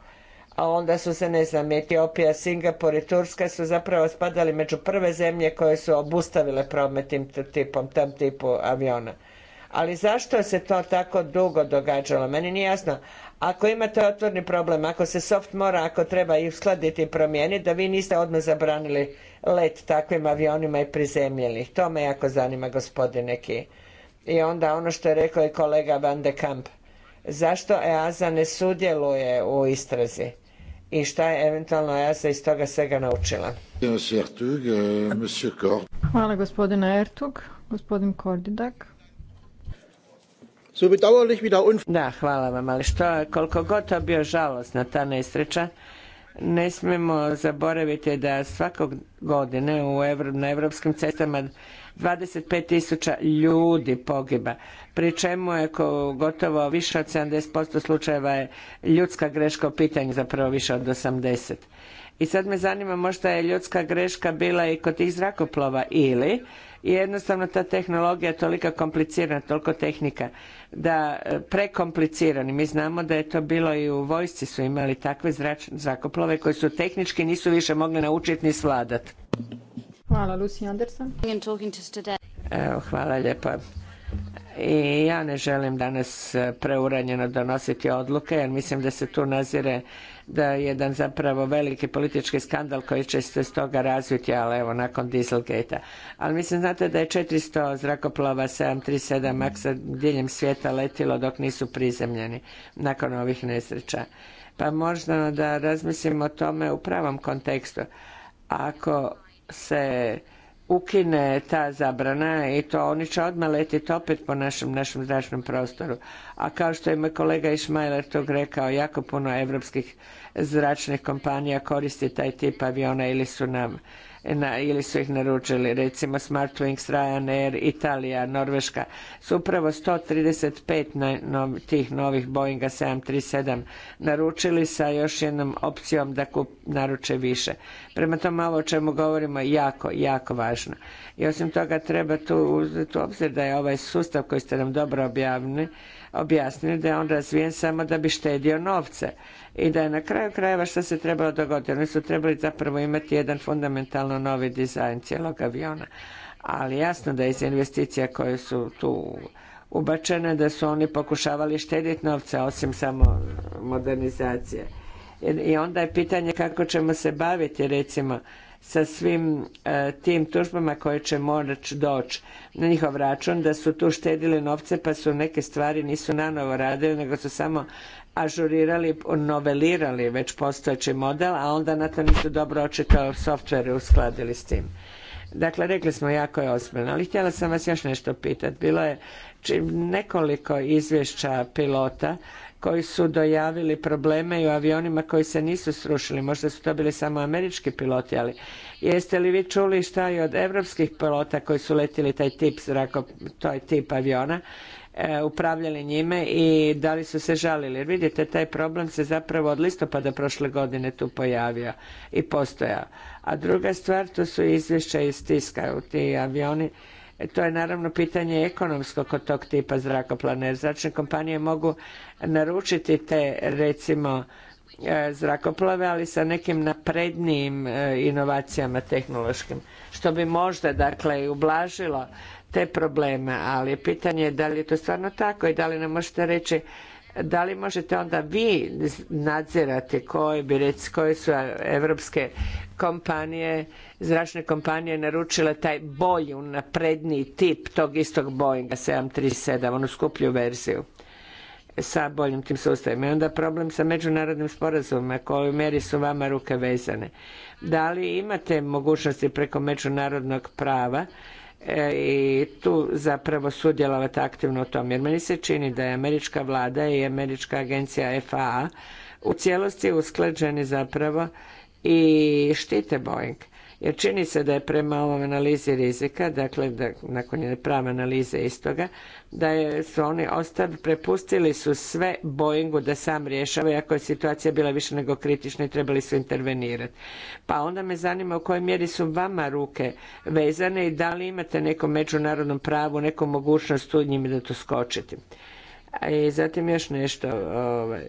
A onda su se, ne znam, Etiopija, Singapur i Turska su zapravo spadali među prve zemlje koje su obustavile promet tim tipom, tam tipu aviona. Ali zašto se to tako dugo događalo? Meni nije jasno. Ako imate otvorni problem, ako se soft mora, ako treba i uskladiti i promijeniti, da vi niste odmah zabranili let takvim avionima i prizemljili. To me jako zanima, gospodine Ki. I onda ono što je rekao i kolega Van de Kamp. Zašto EASA ne sudjeluje u istrazi? I šta je eventualno EASA iz toga svega naučila? Euh, Hvala gospodine Ertug, gospodin Kordidak. So bedauerlich Da, hvala vam, ali što, koliko god to bio žalostna ta nesreća, ne smijemo zaboraviti da svakog godine na evropskim cestama 25.000 tisuća ljudi pogiba, pri čemu je gotovo više od 70% slučajeva je ljudska greška u pitanju, zapravo više od 80%. I sad me zanima možda je ljudska greška bila i kod tih zrakoplova ili jednostavno ta tehnologija je toliko komplicirana, toliko tehnika da e, prekomplicirani. Mi znamo da je to bilo i u vojsci su imali takve zračne zakoplove koji su tehnički nisu više mogli naučiti ni svladati. Hvala, Lucy Anderson. hvala lijepa. I ja ne želim danas e, preuranjeno donositi odluke, jer mislim da se tu nazire da je jedan zapravo veliki politički skandal koji će se stoga razviti, ali evo nakon Dieselgate-a. Ali mislim, znate da je 400 zrakoplova 737 maksa diljem svijeta letilo dok nisu prizemljeni nakon ovih nesreća. Pa možda da razmislimo o tome u pravom kontekstu. Ako se ukine ta zabrana i to oni će odmah letjeti opet po našem, našem zračnom prostoru. A kao što je moj kolega Išmajler tog rekao, jako puno evropskih zračnih kompanija koristi taj tip aviona ili su nam na, ili su ih naručili, recimo Smartwings, Ryanair, Italija, Norveška, su upravo 135 na, no, tih novih Boeinga 737 naručili sa još jednom opcijom da kup, naruče više. Prema tome malo o čemu govorimo je jako, jako važno. I osim toga treba tu uzeti u obzir da je ovaj sustav koji ste nam dobro objavili, objasnili da je on razvijen samo da bi štedio novce i da je na kraju krajeva što se trebalo dogoditi. Oni su trebali zapravo imati jedan fundamentalno novi dizajn cijelog aviona. Ali jasno da iz investicija koje su tu ubačene, da su oni pokušavali štediti novce osim samo modernizacije. I onda je pitanje kako ćemo se baviti recimo sa svim e, tim tužbama koje će moći doći na njihov račun, da su tu štedili novce pa su neke stvari nisu nanovo radili, nego su samo ažurirali, novelirali već postojeći model, a onda na to nisu dobro očito softvere uskladili s tim. Dakle, rekli smo jako je ozbiljno, ali htjela sam vas još nešto pitati. Bilo je nekoliko izvješća pilota koji su dojavili probleme i u avionima koji se nisu srušili. Možda su to bili samo američki piloti, ali jeste li vi čuli šta je od evropskih pilota koji su letili taj tip, zrako, taj tip aviona, e, upravljali njime i da li su se žalili? Jer vidite, taj problem se zapravo od listopada prošle godine tu pojavio i postojao. A druga stvar, to su izvješća iz tiska. Ti avioni E, to je naravno pitanje ekonomsko kod tog tipa zrakoplana jer zračne kompanije mogu naručiti te recimo e, zrakoplove, ali sa nekim naprednijim e, inovacijama tehnološkim, što bi možda dakle i ublažilo te probleme, ali pitanje je da li je to stvarno tako i da li nam možete reći da li možete onda vi nadzirati koje bi rec, koje su evropske kompanije, zračne kompanije naručile taj bolji, napredniji tip tog istog Boeinga 737, onu skuplju verziju sa boljim tim sustavima. I onda problem sa međunarodnim sporazumima koji u meri su vama ruke vezane. Da li imate mogućnosti preko međunarodnog prava E, i tu zapravo sudjelovati aktivno u tom. Jer meni se čini da je američka vlada i američka agencija FAA u cijelosti usklađeni zapravo i štite Boeing. Jer čini se da je prema ovom analizi rizika, dakle da, nakon jedne prave analize istoga, da je, su oni ostali, prepustili su sve Boeingu da sam rješava, iako je situacija bila više nego kritična i trebali su intervenirati. Pa onda me zanima u kojoj mjeri su vama ruke vezane i da li imate neko međunarodnom pravu, neku mogućnost u njima da to skočite. I zatim još nešto, ovaj,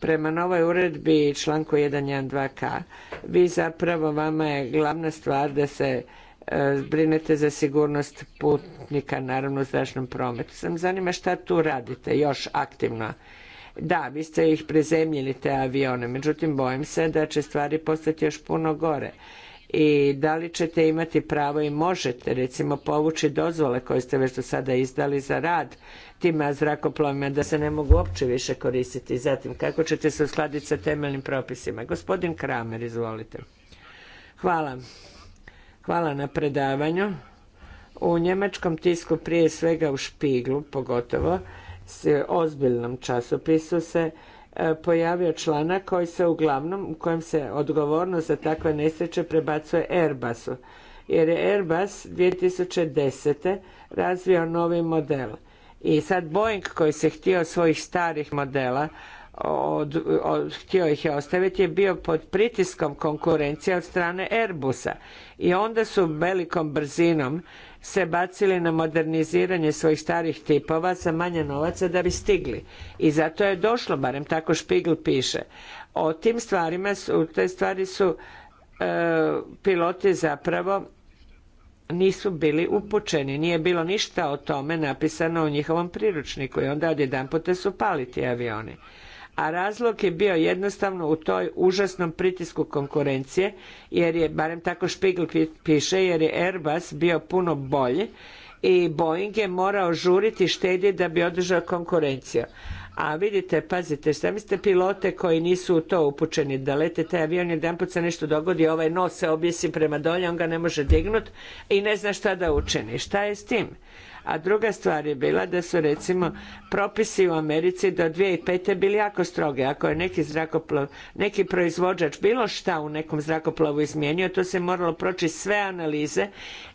Prema novoj uredbi članku 112K vi zapravo vama je glavna stvar da se e, brinete za sigurnost putnika, naravno u zračnom prometu. Sam zanima šta tu radite još aktivno. Da, vi ste ih prezemljili te avione, međutim bojim se da će stvari postati još puno gore i da li ćete imati pravo i možete recimo povući dozvole koje ste već do sada izdali za rad tima zrakoplovima da se ne mogu uopće više koristiti. Zatim, kako ćete se uskladiti sa temeljnim propisima? Gospodin Kramer, izvolite. Hvala. Hvala na predavanju. U njemačkom tisku, prije svega u Špiglu, pogotovo, s ozbiljnom časopisu se E, pojavio članak koji se uglavnom, u kojem se odgovornost za takve nesreće prebacuje Airbusu. Jer je Airbus 2010. razvio novi model. I sad Boeing koji se htio svojih starih modela od, htio ih je ostaviti, je bio pod pritiskom konkurencije od strane Airbusa. I onda su velikom brzinom se bacili na moderniziranje svojih starih tipova za manje novaca da bi stigli. I zato je došlo, barem tako Špigl piše. O tim stvarima, su, te stvari su e, piloti zapravo nisu bili upućeni. Nije bilo ništa o tome napisano u njihovom priručniku i onda odjedanput su pali ti avioni a razlog je bio jednostavno u toj užasnom pritisku konkurencije jer je barem tako Špigl piše jer je Airbus bio puno bolji i Boeing je morao žuriti štedjeti da bi održao konkurenciju. A vidite, pazite, šta mislite pilote koji nisu u to upućeni da lete taj avion, jedan put se nešto dogodi, ovaj nos se objesi prema dolje, on ga ne može dignut i ne zna šta da učini. Šta je s tim? A druga stvar je bila da su recimo propisi u Americi do 2005. bili jako stroge. Ako je neki zrakoplov, neki proizvođač bilo šta u nekom zrakoplovu izmijenio, to se moralo proći sve analize,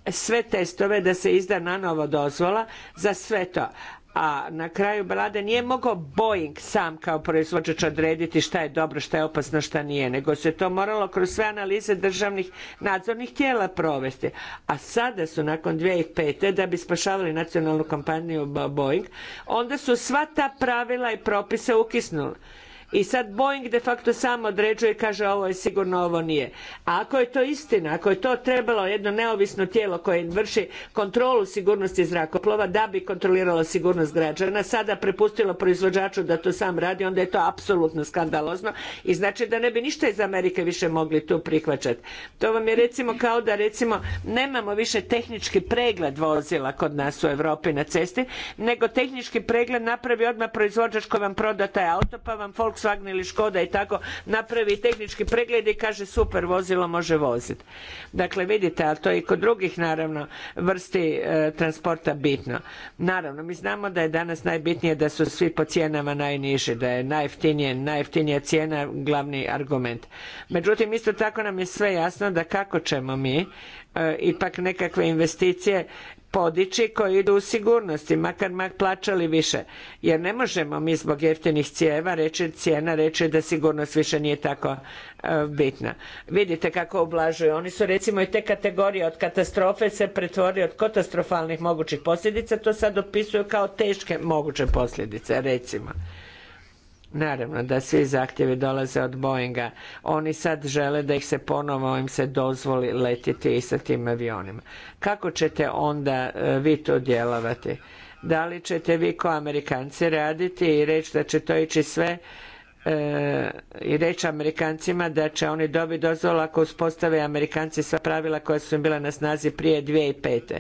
sve testove da se izda na novo dozvola za sve to a na kraju balade nije mogao Boeing sam kao proizvođač odrediti šta je dobro, šta je opasno, šta nije, nego se to moralo kroz sve analize državnih nadzornih tijela provesti. A sada su nakon 2005. da bi spašavali nacionalnu kompaniju Boeing, onda su sva ta pravila i propise ukisnuli. I sad Boeing de facto sam određuje i kaže ovo je sigurno, ovo nije. A ako je to istina, ako je to trebalo jedno neovisno tijelo koje vrši kontrolu sigurnosti zrakoplova da bi kontroliralo sigurnost građana, sada prepustilo proizvođaču da to sam radi, onda je to apsolutno skandalozno i znači da ne bi ništa iz Amerike više mogli tu prihvaćati. To vam je recimo kao da recimo nemamo više tehnički pregled vozila kod nas u Europi na cesti, nego tehnički pregled napravi odmah proizvođač koji vam proda taj auto pa vam Volkswagen Volkswagen Škoda i tako napravi tehnički pregled i kaže super vozilo može voziti. Dakle vidite, ali to je i kod drugih naravno vrsti e, transporta bitno. Naravno, mi znamo da je danas najbitnije da su svi po cijenama najniži, da je najjeftinije, najjeftinija cijena glavni argument. Međutim, isto tako nam je sve jasno da kako ćemo mi e, ipak nekakve investicije podići koji idu u sigurnosti, makar mak plaćali više. Jer ne možemo mi zbog jeftinih cijeva reći, cijena reći da sigurnost više nije tako e, bitna. Vidite kako ublažuju. Oni su recimo i te kategorije od katastrofe se pretvori od katastrofalnih mogućih posljedica, to sad opisuju kao teške moguće posljedice recimo. Naravno da svi zahtjevi dolaze od Boeinga. Oni sad žele da ih se ponovo im se dozvoli letjeti i sa tim avionima. Kako ćete onda e, vi to djelovati? Da li ćete vi kao Amerikanci raditi i reći da će to ići sve e, i reći Amerikancima da će oni dobiti dozvolu ako uspostave Amerikanci sva pravila koja su im bila na snazi prije 2005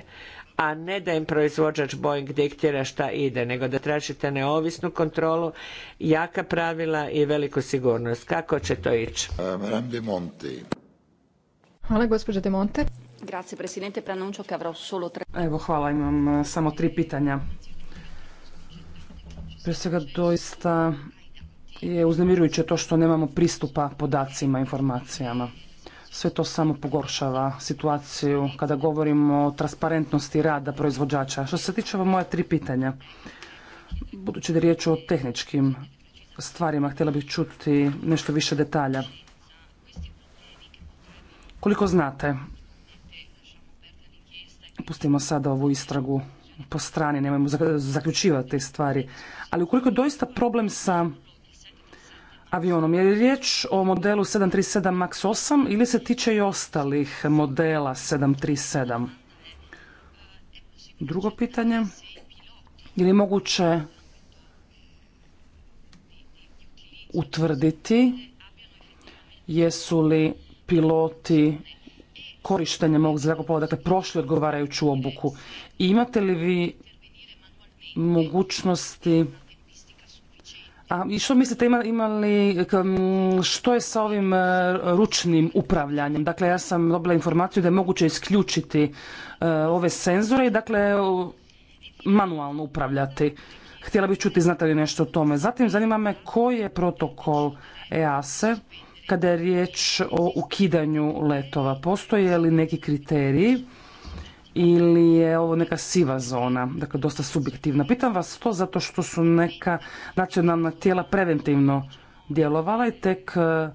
a ne da im proizvođač Boeing diktira šta ide, nego da tražite neovisnu kontrolu, jaka pravila i veliku sigurnost. Kako će to ići? Hvala, gospođa De Monte. Grazie, Evo, hvala, imam e, samo tri pitanja. Prije svega, doista je uznemirujuće to što nemamo pristupa podacima, informacijama. Sve to samo pogoršava situaciju kada govorimo o transparentnosti rada proizvođača. Što se tiče moja tri pitanja, budući da je riječ o tehničkim stvarima, htjela bih čuti nešto više detalja. Koliko znate, pustimo sada ovu istragu po strani, nemojmo zaključivati stvari, ali ukoliko je doista problem sa avionom. je li riječ o modelu 737 MAX 8 ili se tiče i ostalih modela 737? Drugo pitanje, je li moguće utvrditi jesu li piloti korištenjem ovog zrakoplova, dakle prošli odgovarajuću obuku. imate li vi mogućnosti a i što mislite, ima, li, um, što je sa ovim uh, ručnim upravljanjem? Dakle, ja sam dobila informaciju da je moguće isključiti uh, ove senzore i dakle manualno upravljati. Htjela bih čuti, znate li nešto o tome. Zatim, zanima me koji je protokol EASE kada je riječ o ukidanju letova. Postoje li neki kriteriji ili je ovo neka siva zona, dakle dosta subjektivna. Pitam vas to zato što su neka nacionalna tijela preventivno djelovala i tek e,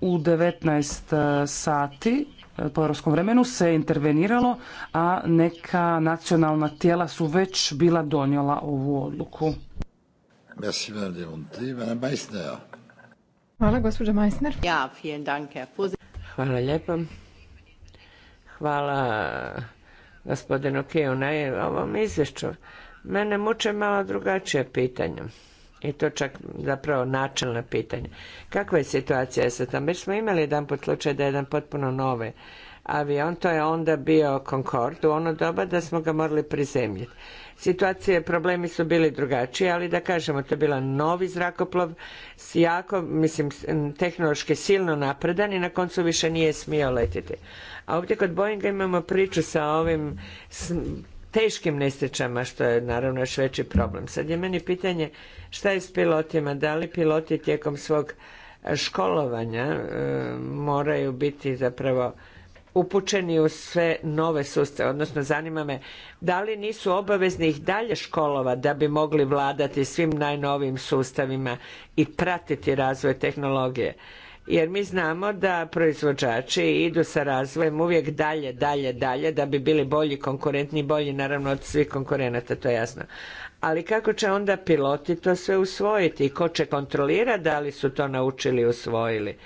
u 19 e, sati e, po europskom vremenu se interveniralo, a neka nacionalna tijela su već bila donijela ovu odluku. Hvala, gospođo. Meissner. Hvala lijepa. Hvala gospodinu Kiju na ovom izvješću. Mene muče malo drugačije pitanje. I to čak zapravo načelna pitanja. Kakva je situacija sa tam? Već smo imali jedan put slučaj da je jedan potpuno nove avion, to je onda bio Concorde u ono doba da smo ga morali prizemljiti situacije, problemi su bili drugačiji, ali da kažemo, to je bila novi zrakoplov, s jako, mislim, tehnološki silno napredan i na koncu više nije smio letiti. A ovdje kod Boeinga imamo priču sa ovim s teškim nesrećama, što je naravno još veći problem. Sad je meni pitanje šta je s pilotima, da li piloti tijekom svog e, školovanja e, moraju biti zapravo upućeni u sve nove sustave, odnosno zanima me da li nisu obavezni ih dalje školova da bi mogli vladati svim najnovim sustavima i pratiti razvoj tehnologije. Jer mi znamo da proizvođači idu sa razvojem uvijek dalje, dalje, dalje da bi bili bolji, konkurentni, bolji naravno od svih konkurenata, to je jasno ali kako će onda piloti to sve usvojiti i ko će kontrolirati da li su to naučili i usvojili.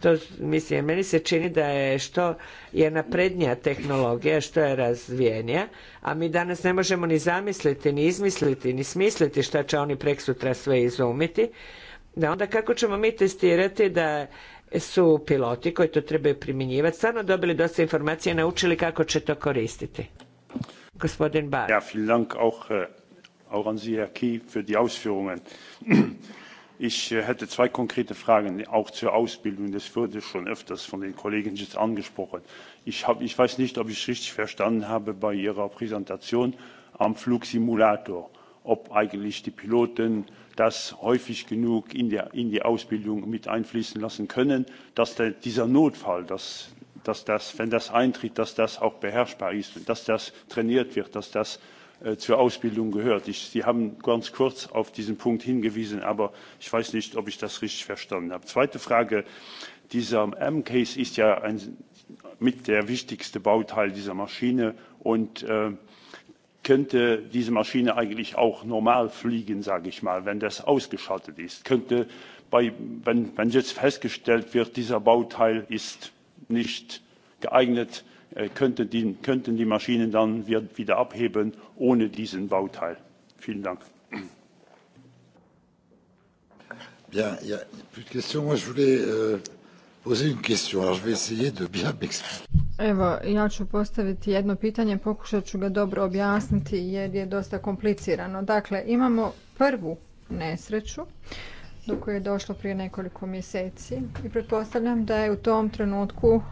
To, mislim, meni se čini da je što je naprednija tehnologija, što je razvijenija, a mi danas ne možemo ni zamisliti, ni izmisliti, ni smisliti što će oni preksutra sve izumiti, da onda kako ćemo mi testirati da su piloti koji to trebaju primjenjivati stvarno dobili dosta informacija i naučili kako će to koristiti. Gospodin Bar. Ja, auch eh, auch an Sie, Herr Key, für die Ausführungen. Ich äh, hätte zwei konkrete Fragen, auch zur Ausbildung. Das wurde schon öfters von den Kollegen jetzt angesprochen. Ich, hab, ich weiß nicht, ob ich richtig verstanden habe bei Ihrer Präsentation am Flugsimulator, ob eigentlich die Piloten das häufig genug in, der, in die Ausbildung mit einfließen lassen können, dass der, dieser Notfall, dass, dass das, wenn das eintritt, dass das auch beherrschbar ist und dass das trainiert wird, dass das Äh, zur Ausbildung gehört. Ich, Sie haben ganz kurz auf diesen Punkt hingewiesen, aber ich weiß nicht, ob ich das richtig verstanden habe. Zweite Frage. Dieser M-Case ist ja ein, mit der wichtigste Bauteil dieser Maschine und äh, könnte diese Maschine eigentlich auch normal fliegen, sage ich mal, wenn das ausgeschaltet ist. Könnte bei, wenn, wenn jetzt festgestellt wird, dieser Bauteil ist nicht geeignet Äh, könnten die, könnten die Maschinen dann wieder abheben ohne diesen Bauteil. Vielen Dank. Bien, il n'y a plus de questions. Moi, je voulais euh, poser une question. Alors, je vais essayer de bien m'expliquer. Evo, ja ću postaviti jedno pitanje, pokušat ću ga dobro objasniti jer je dosta komplicirano. Dakle, imamo prvu nesreću do koje je došlo prije nekoliko mjeseci i pretpostavljam da je u tom trenutku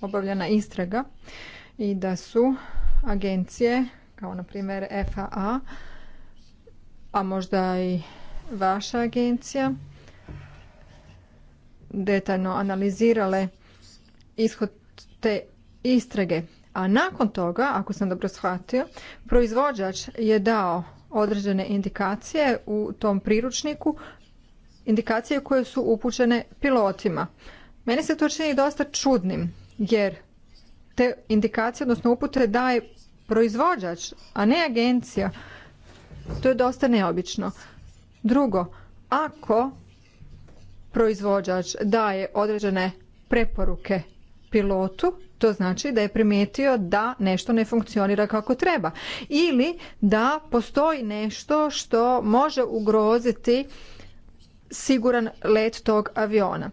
obavljena istraga i da su agencije kao na primjer FAA, a možda i vaša agencija detaljno analizirale ishod te istrage. A nakon toga, ako sam dobro shvatio, proizvođač je dao određene indikacije u tom priručniku, indikacije koje su upućene pilotima. Meni se to čini dosta čudnim jer te indikacije, odnosno upute daje proizvođač, a ne agencija. To je dosta neobično. Drugo, ako proizvođač daje određene preporuke pilotu, to znači da je primijetio da nešto ne funkcionira kako treba ili da postoji nešto što može ugroziti siguran let tog aviona.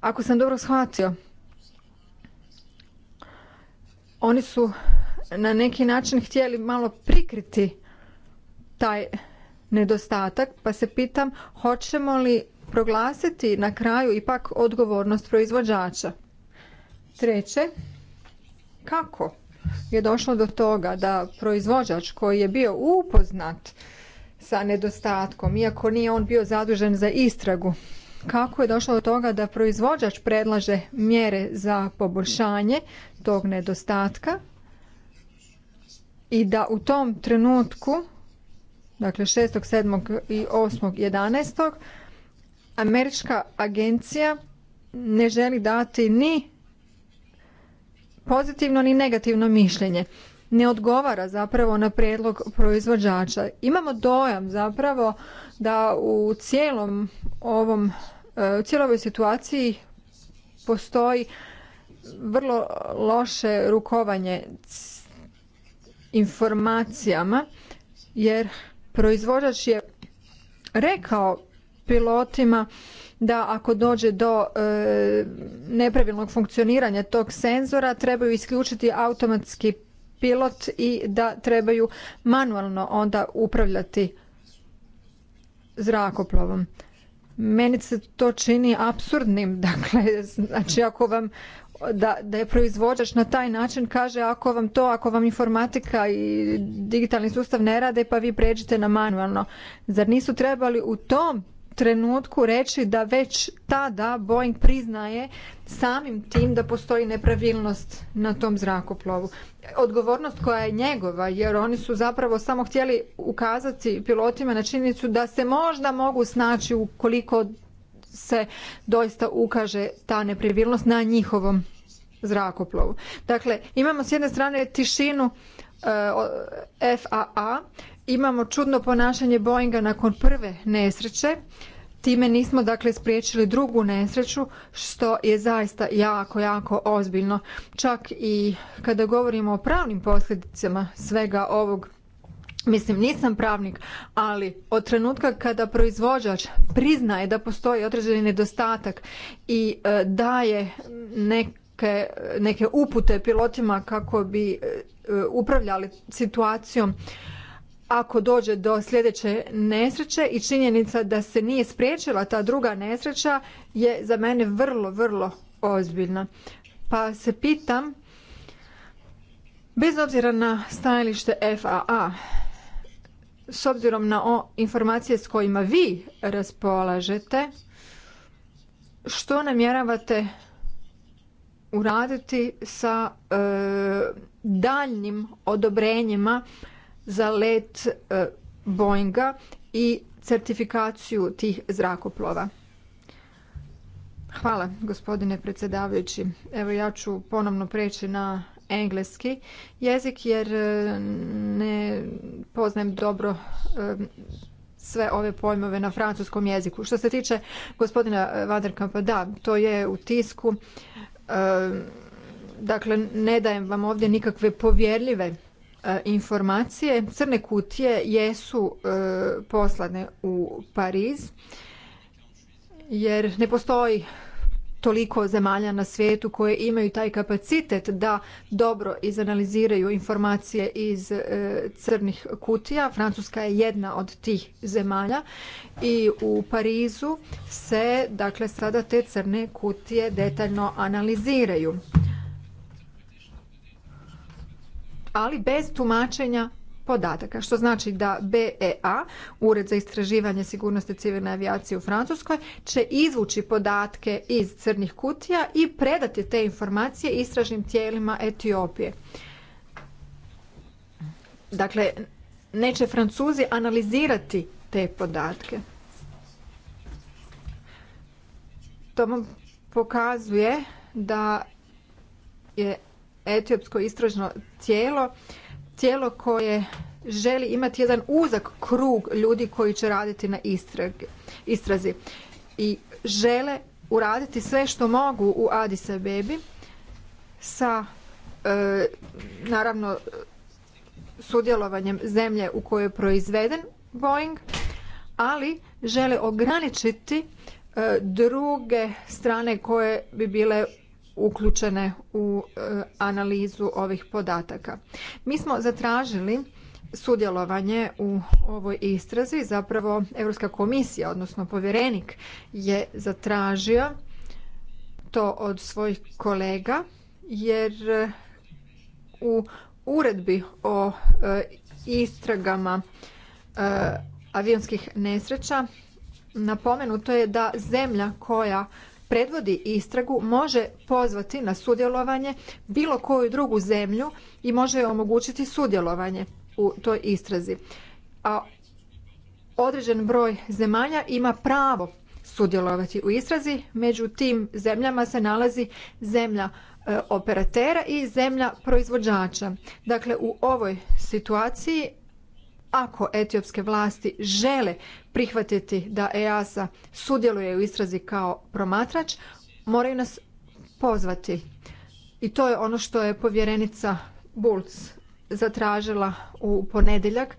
Ako sam dobro shvatio, oni su na neki način htjeli malo prikriti taj nedostatak pa se pitam hoćemo li proglasiti na kraju ipak odgovornost proizvođača. Treće, kako je došlo do toga da proizvođač koji je bio upoznat sa nedostatkom, iako nije on bio zadužen za istragu, kako je došlo do toga da proizvođač predlaže mjere za poboljšanje tog nedostatka i da u tom trenutku, dakle 6. 7. i 8. 11. američka agencija ne želi dati ni pozitivno ni negativno mišljenje. Ne odgovara zapravo na prijedlog proizvođača. Imamo dojam zapravo da u cijelom ovom E, u cijeloj situaciji postoji vrlo loše rukovanje informacijama jer proizvođač je rekao pilotima da ako dođe do e, nepravilnog funkcioniranja tog senzora trebaju isključiti automatski pilot i da trebaju manualno onda upravljati zrakoplovom. Meni se to čini absurdnim, dakle, znači ako vam da, da je proizvođač na taj način kaže ako vam to, ako vam informatika i digitalni sustav ne rade pa vi pređite na manualno. Zar nisu trebali u tom trenutku reći da već tada Boeing priznaje samim tim da postoji nepravilnost na tom zrakoplovu. Odgovornost koja je njegova jer oni su zapravo samo htjeli ukazati pilotima na činjenicu da se možda mogu snaći ukoliko se doista ukaže ta nepravilnost na njihovom zrakoplovu. Dakle, imamo s jedne strane tišinu e, FAA imamo čudno ponašanje Boeinga nakon prve nesreće. Time nismo dakle spriječili drugu nesreću što je zaista jako, jako ozbiljno. Čak i kada govorimo o pravnim posljedicama svega ovog Mislim, nisam pravnik, ali od trenutka kada proizvođač priznaje da postoji određeni nedostatak i e, daje neke, neke upute pilotima kako bi e, upravljali situacijom ako dođe do sljedeće nesreće i činjenica da se nije spriječila ta druga nesreća je za mene vrlo, vrlo ozbiljna. Pa se pitam, bez obzira na stajalište FAA, s obzirom na o informacije s kojima vi raspolažete, što namjeravate uraditi sa e, daljnim odobrenjima za let e, Boeinga i certifikaciju tih zrakoplova. Hvala gospodine predsjedavajući. Evo ja ću ponovno preći na engleski jezik jer e, ne poznajem dobro e, sve ove pojmove na francuskom jeziku. Što se tiče gospodina Vanderkampa, da, to je u tisku. Dakle, ne dajem vam ovdje nikakve povjerljive E, informacije. Crne kutije jesu e, poslane u Pariz jer ne postoji toliko zemalja na svijetu koje imaju taj kapacitet da dobro izanaliziraju informacije iz e, crnih kutija. Francuska je jedna od tih zemalja i u Parizu se dakle sada te crne kutije detaljno analiziraju. ali bez tumačenja podataka, što znači da BEA, Ured za istraživanje sigurnosti civilne avijacije u Francuskoj, će izvući podatke iz crnih kutija i predati te informacije istražnim tijelima Etiopije. Dakle, neće Francuzi analizirati te podatke. To vam pokazuje da je etiopsko istražno tijelo, tijelo koje želi imati jedan uzak krug ljudi koji će raditi na istrazi i žele uraditi sve što mogu u Addis Abebi sa e, naravno sudjelovanjem zemlje u kojoj je proizveden Boeing, ali žele ograničiti e, druge strane koje bi bile uključene u e, analizu ovih podataka. Mi smo zatražili sudjelovanje u ovoj istrazi, zapravo Europska komisija, odnosno povjerenik je zatražio to od svojih kolega jer e, u uredbi o e, istragama avionskih nesreća napomenuto je da zemlja koja predvodi istragu može pozvati na sudjelovanje bilo koju drugu zemlju i može joj omogućiti sudjelovanje u toj istrazi. A određen broj zemalja ima pravo sudjelovati u istrazi, među tim zemljama se nalazi zemlja e, operatera i zemlja proizvođača. Dakle, u ovoj situaciji ako etiopske vlasti žele prihvatiti da EASA sudjeluje u istrazi kao promatrač, moraju nas pozvati. I to je ono što je povjerenica Bulc zatražila u ponedjeljak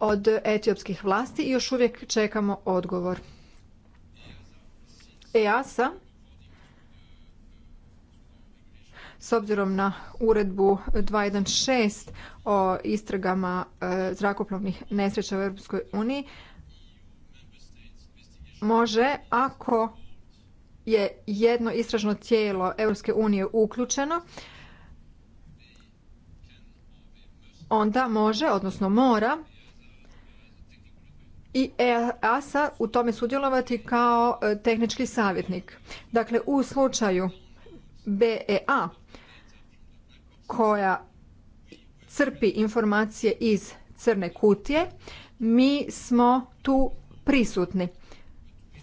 od etiopskih vlasti i još uvijek čekamo odgovor. EASA s obzirom na uredbu 216 o istragama e, zrakoplovnih nesreća u Europskoj uniji može ako je jedno istražno tijelo Europske unije uključeno onda može odnosno mora i EASA u tome sudjelovati kao e, tehnički savjetnik. Dakle, u slučaju BEA koja crpi informacije iz crne kutije, mi smo tu prisutni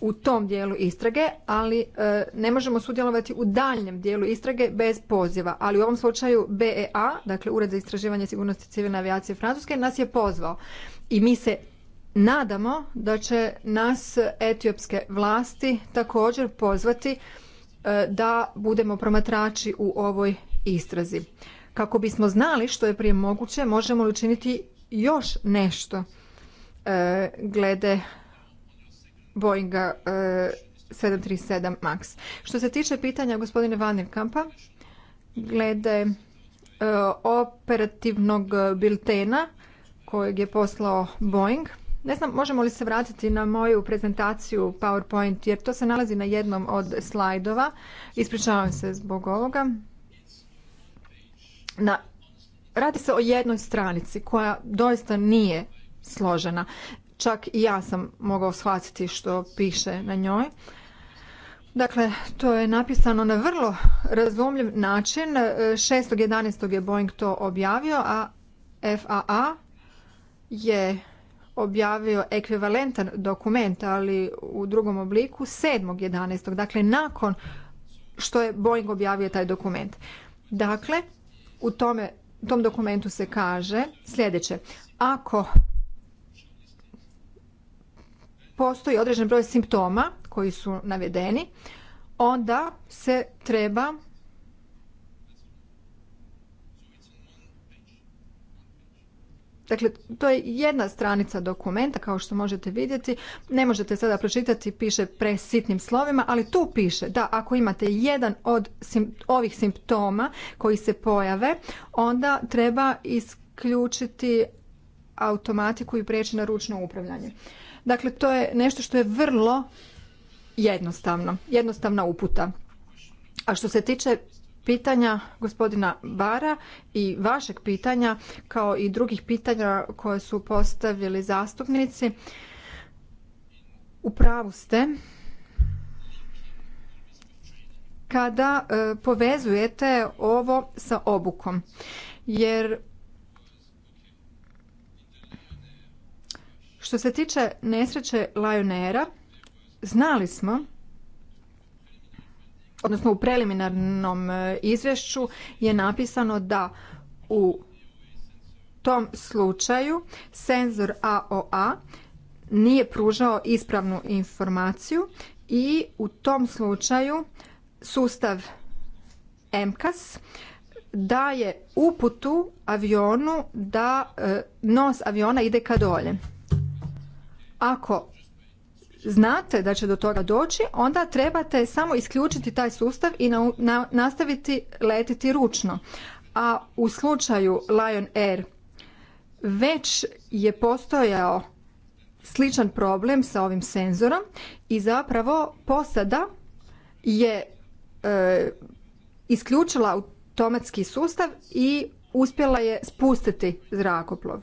u tom dijelu istrage, ali e, ne možemo sudjelovati u daljnjem dijelu istrage bez poziva. Ali u ovom slučaju BEA, dakle Ured za istraživanje sigurnosti civilne avijacije Francuske, nas je pozvao. I mi se nadamo da će nas etiopske vlasti također pozvati E, da budemo promatrači u ovoj istrazi. Kako bismo znali što je prije moguće, možemo li učiniti još nešto e, glede Boeinga 737 e, MAX. Što se tiče pitanja gospodine Kampa, glede operativnog biltena kojeg je poslao Boeing, ne znam, možemo li se vratiti na moju prezentaciju PowerPoint, jer to se nalazi na jednom od slajdova. Ispričavam se zbog ovoga. Na, radi se o jednoj stranici koja doista nije složena. Čak i ja sam mogao shvatiti što piše na njoj. Dakle, to je napisano na vrlo razumljiv način. 6.11. je Boeing to objavio, a FAA je objavio ekvivalentan dokument, ali u drugom obliku 7.11. Dakle, nakon što je Boeing objavio taj dokument. Dakle, u tome, tom dokumentu se kaže sljedeće. Ako postoji određen broj simptoma koji su navedeni, onda se treba Dakle, to je jedna stranica dokumenta, kao što možete vidjeti. Ne možete sada pročitati, piše presitnim slovima, ali tu piše da ako imate jedan od ovih simptoma koji se pojave, onda treba isključiti automatiku i prijeći na ručno upravljanje. Dakle, to je nešto što je vrlo jednostavno, jednostavna uputa. A što se tiče pitanja gospodina Bara i vašeg pitanja kao i drugih pitanja koje su postavili zastupnici. U pravu ste kada e, povezujete ovo sa obukom. Jer što se tiče nesreće Lajonera, znali smo odnosno u preliminarnom e, izvješću je napisano da u tom slučaju senzor AOA nije pružao ispravnu informaciju i u tom slučaju sustav MKAS daje uputu avionu da e, nos aviona ide ka dolje. Ako znate da će do toga doći, onda trebate samo isključiti taj sustav i nastaviti letiti ručno. A u slučaju Lion Air već je postojao sličan problem sa ovim senzorom i zapravo posada je e, isključila automatski sustav i uspjela je spustiti zrakoplov.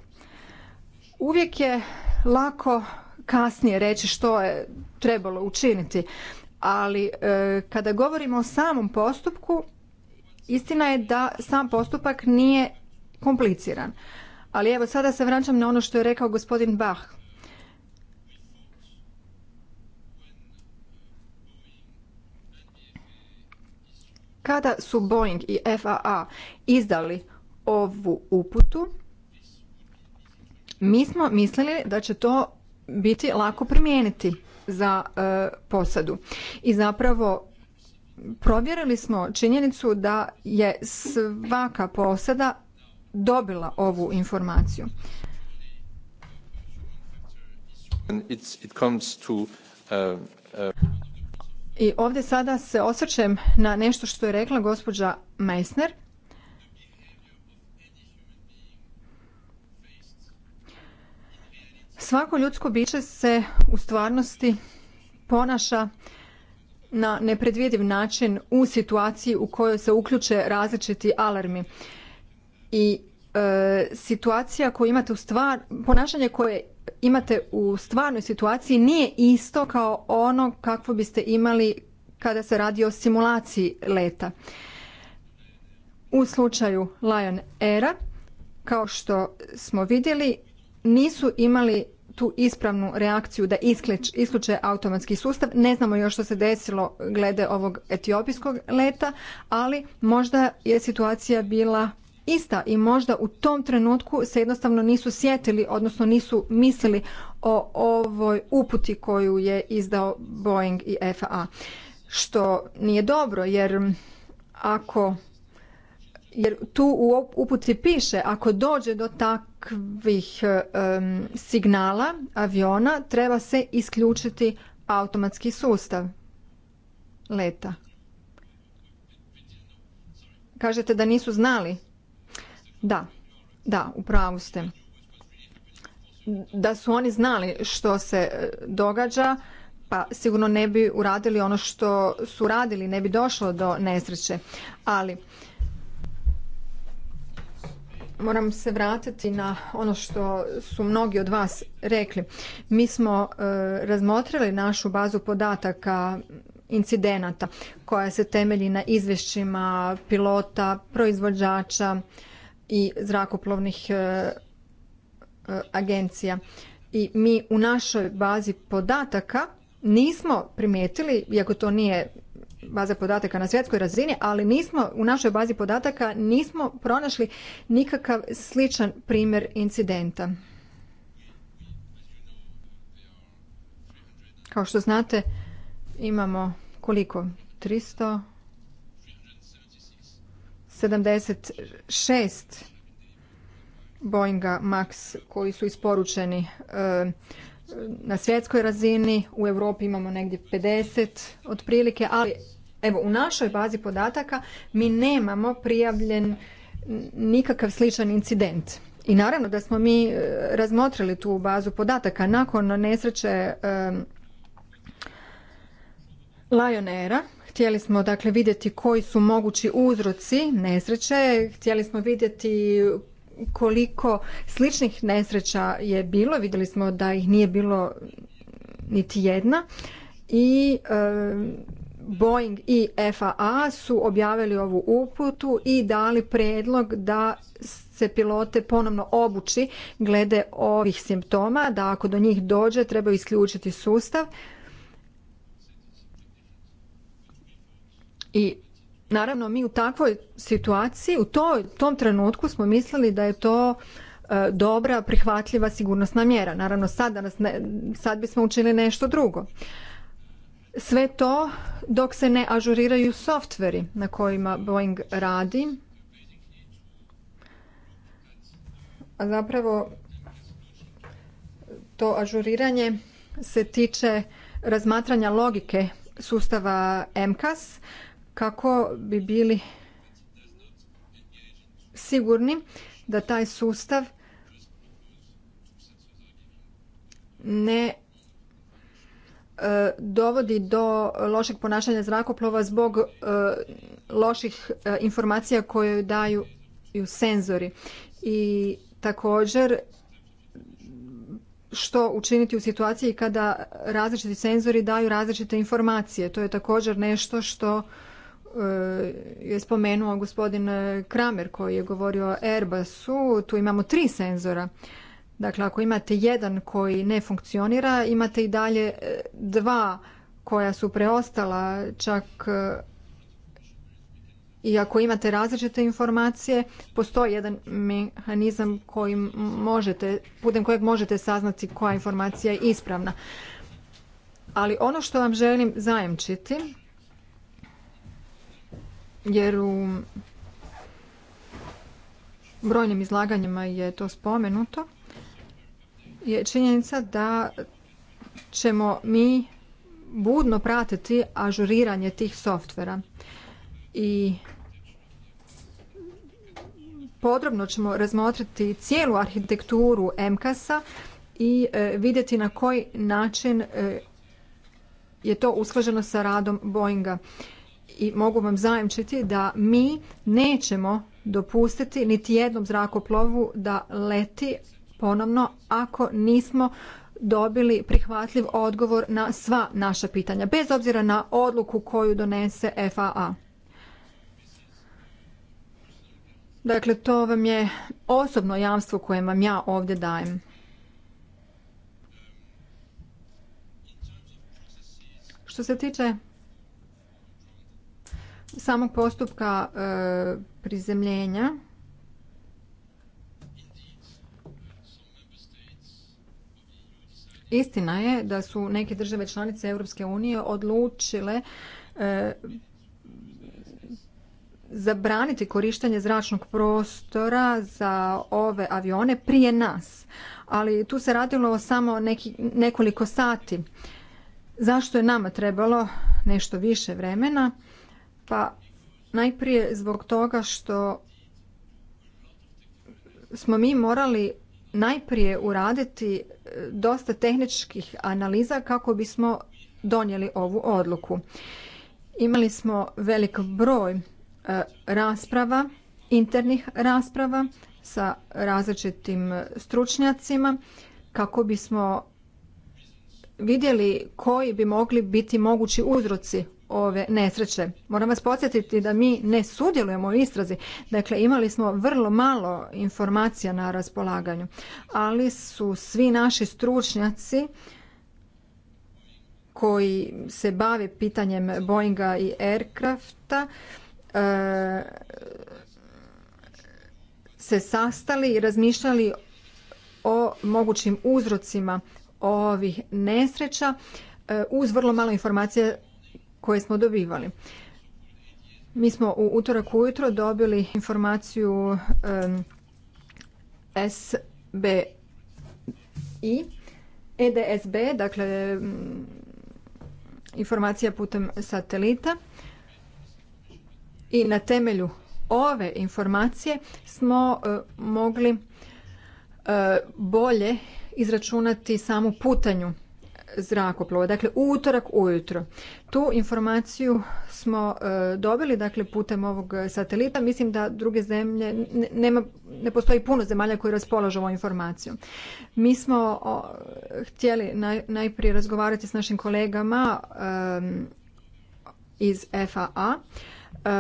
Uvijek je lako kasnije reći što je trebalo učiniti. Ali e, kada govorimo o samom postupku, istina je da sam postupak nije kompliciran. Ali evo sada se vraćam na ono što je rekao gospodin Bach. Kada su Boeing i FAA izdali ovu uputu, mi smo mislili da će to biti lako primijeniti za e, posadu. I zapravo provjerili smo činjenicu da je svaka posada dobila ovu informaciju. E, e, I ovdje sada se osvrćem na nešto što je rekla gospođa Meissner Svako ljudsko biće se u stvarnosti ponaša na nepredvidiv način u situaciji u kojoj se uključe različiti alarmi. I e, situacija koju imate u stvar, ponašanje koje imate u stvarnoj situaciji nije isto kao ono kakvo biste imali kada se radi o simulaciji leta. U slučaju Lion Era, kao što smo vidjeli, nisu imali tu ispravnu reakciju da isključe automatski sustav. Ne znamo još što se desilo glede ovog etiopijskog leta, ali možda je situacija bila ista i možda u tom trenutku se jednostavno nisu sjetili, odnosno nisu mislili o ovoj uputi koju je izdao Boeing i FAA. Što nije dobro jer ako jer tu u uputci piše ako dođe do takvih e, signala aviona treba se isključiti automatski sustav leta. Kažete da nisu znali? Da, da, u pravu ste. Da su oni znali što se e, događa, pa sigurno ne bi uradili ono što su radili, ne bi došlo do nesreće. Ali moram se vratiti na ono što su mnogi od vas rekli. Mi smo e, razmotrili našu bazu podataka incidenata koja se temelji na izvješćima pilota, proizvođača i zrakoplovnih e, e, agencija. I mi u našoj bazi podataka nismo primijetili, iako to nije baze podataka na svjetskoj razini, ali nismo u našoj bazi podataka nismo pronašli nikakav sličan primjer incidenta. Kao što znate, imamo koliko? 376 Boeinga Max koji su isporučeni eh, na svjetskoj razini. U Europi imamo negdje 50 otprilike, ali Evo, u našoj bazi podataka mi nemamo prijavljen nikakav sličan incident. I naravno da smo mi e, razmotrili tu bazu podataka nakon nesreće e, Lajonera. Htjeli smo dakle vidjeti koji su mogući uzroci nesreće, htjeli smo vidjeti koliko sličnih nesreća je bilo, vidjeli smo da ih nije bilo niti jedna i e, Boeing i FAA su objavili ovu uputu i dali predlog da se pilote ponovno obuči glede ovih simptoma, da ako do njih dođe treba isključiti sustav. I naravno mi u takvoj situaciji, u tom trenutku smo mislili da je to e, dobra, prihvatljiva sigurnosna mjera. Naravno sad, danas ne, sad bismo učinili nešto drugo. Sve to dok se ne ažuriraju softveri na kojima Boeing radi. A zapravo to ažuriranje se tiče razmatranja logike sustava MCAS kako bi bili sigurni da taj sustav ne dovodi do lošeg ponašanja zrakoplova zbog e, loših e, informacija koje daju i senzori. I također što učiniti u situaciji kada različiti senzori daju različite informacije. To je također nešto što e, je spomenuo gospodin Kramer koji je govorio o Airbusu. Tu imamo tri senzora. Dakle, ako imate jedan koji ne funkcionira, imate i dalje e, dva koja su preostala, čak e, i ako imate različite informacije, postoji jedan mehanizam kojim možete, putem kojeg možete saznati koja informacija je ispravna. Ali ono što vam želim zajemčiti, jer u brojnim izlaganjima je to spomenuto, je činjenica da ćemo mi budno pratiti ažuriranje tih softvera i podrobno ćemo razmotriti cijelu arhitekturu MKS-a i e, vidjeti na koji način e, je to usklađeno sa radom Boeinga. I mogu vam zajamčiti da mi nećemo dopustiti niti jednom zrakoplovu da leti ponovno ako nismo dobili prihvatljiv odgovor na sva naša pitanja, bez obzira na odluku koju donese FAA. Dakle, to vam je osobno jamstvo koje vam ja ovdje dajem. Što se tiče samog postupka e, prizemljenja, Istina je da su neke države članice Europske unije odlučile e, zabraniti korištenje zračnog prostora za ove avione prije nas. Ali tu se radilo samo nekoliko sati. Zašto je nama trebalo nešto više vremena? Pa najprije zbog toga što smo mi morali najprije uraditi dosta tehničkih analiza kako bismo donijeli ovu odluku. Imali smo velik broj e, rasprava, internih rasprava sa različitim stručnjacima kako bismo vidjeli koji bi mogli biti mogući uzroci ove nesreće. Moram vas podsjetiti da mi ne sudjelujemo u istrazi. Dakle, imali smo vrlo malo informacija na raspolaganju, ali su svi naši stručnjaci koji se bave pitanjem Boeinga i Aircrafta e, se sastali i razmišljali o mogućim uzrocima ovih nesreća e, uz vrlo malo informacije koje smo dobivali. Mi smo u utorak ujutro dobili informaciju SBI, EDSB, dakle informacija putem satelita i na temelju ove informacije smo e, mogli e, bolje izračunati samu putanju zrakoplova, dakle utorak ujutro. Tu informaciju smo e, dobili dakle putem ovog satelita. Mislim da druge zemlje nema, ne postoji puno zemalja koji raspolažu ovom informacijom. Mi smo htjeli najprije razgovarati s našim kolegama iz FAA e,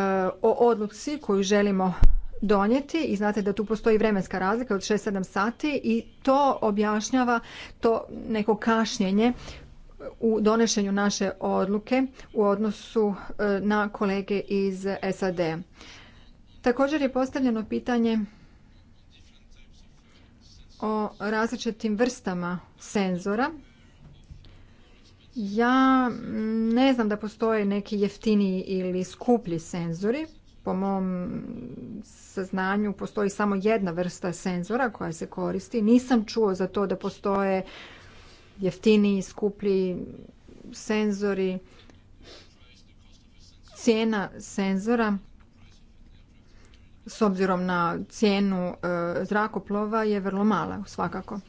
o odluci koju želimo donijeti i znate da tu postoji vremenska razlika od 6-7 sati i to objašnjava to neko kašnjenje u donošenju naše odluke u odnosu e, na kolege iz SAD. Također je postavljeno pitanje o različitim vrstama senzora. Ja ne znam da postoje neki jeftiniji ili skuplji senzori po mom saznanju postoji samo jedna vrsta senzora koja se koristi. Nisam čuo za to da postoje jeftiniji, skuplji senzori. Cijena senzora s obzirom na cijenu e, zrakoplova je vrlo mala svakako.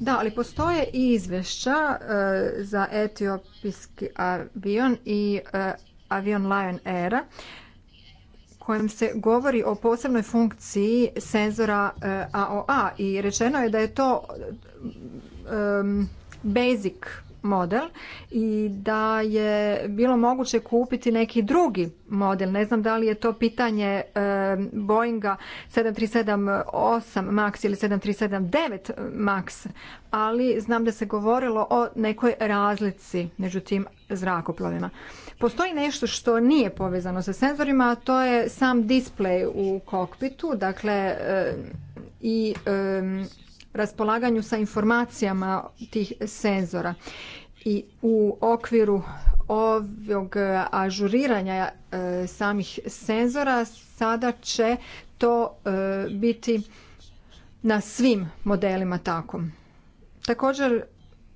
Da, ali postoje i izvješća e, za etiopijski avion i e, avion Lion Air kojem se govori o posebnoj funkciji senzora AOA eh, i rečeno je da je to basic model i da je bilo moguće kupiti neki drugi model. Ne znam da li je to pitanje Boeinga 737-8 MAX ili 737-9 MAX, ali znam da se govorilo o nekoj razlici među tim zrakoplovima. Postoji nešto što nije povezano sa senzorima, a to je sam display u kokpitu, dakle e, i e, raspolaganju sa informacijama tih senzora. I u okviru ovog ažuriranja e, samih senzora sada će to biti na svim modelima tako. Također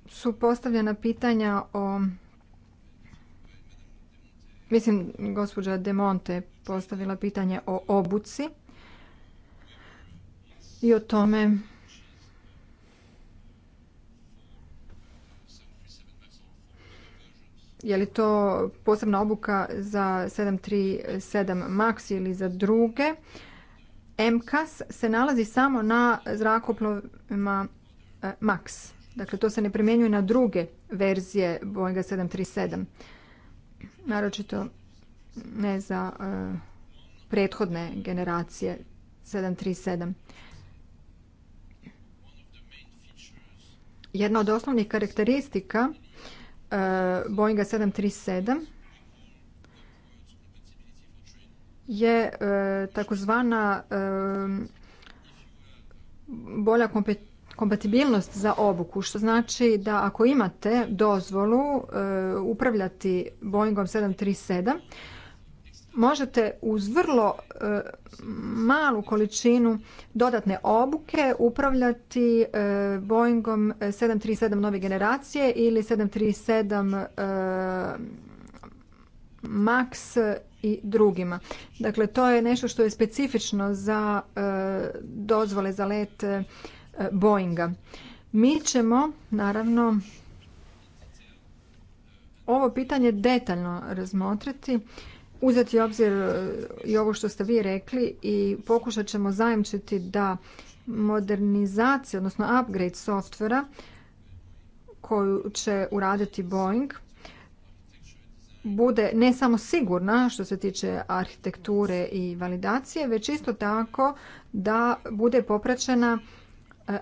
su postavljena pitanja o Mislim, gospođa De Monte postavila pitanje o obuci i o tome je li to posebna obuka za 737 MAX ili za druge. MKAS se nalazi samo na zrakoplovima eh, MAX. Dakle, to se ne primjenjuje na druge verzije Boeinga 737 naročito ne za e, prethodne generacije 737. Jedna od osnovnih karakteristika e, Boeinga 737 je e, takozvana bolja kompet kompatibilnost za obuku, što znači da ako imate dozvolu e, upravljati Boeingom 737, možete uz vrlo e, malu količinu dodatne obuke upravljati e, Boeingom 737 nove generacije ili 737 Max i drugima. Dakle, to je nešto što je specifično za dozvole za let E, Boeinga. Mi ćemo, naravno, ovo pitanje detaljno razmotriti, uzeti obzir e, i ovo što ste vi rekli i pokušat ćemo zajamčiti da modernizacija, odnosno upgrade softvera koju će uraditi Boeing bude ne samo sigurna što se tiče arhitekture i validacije, već isto tako da bude popraćena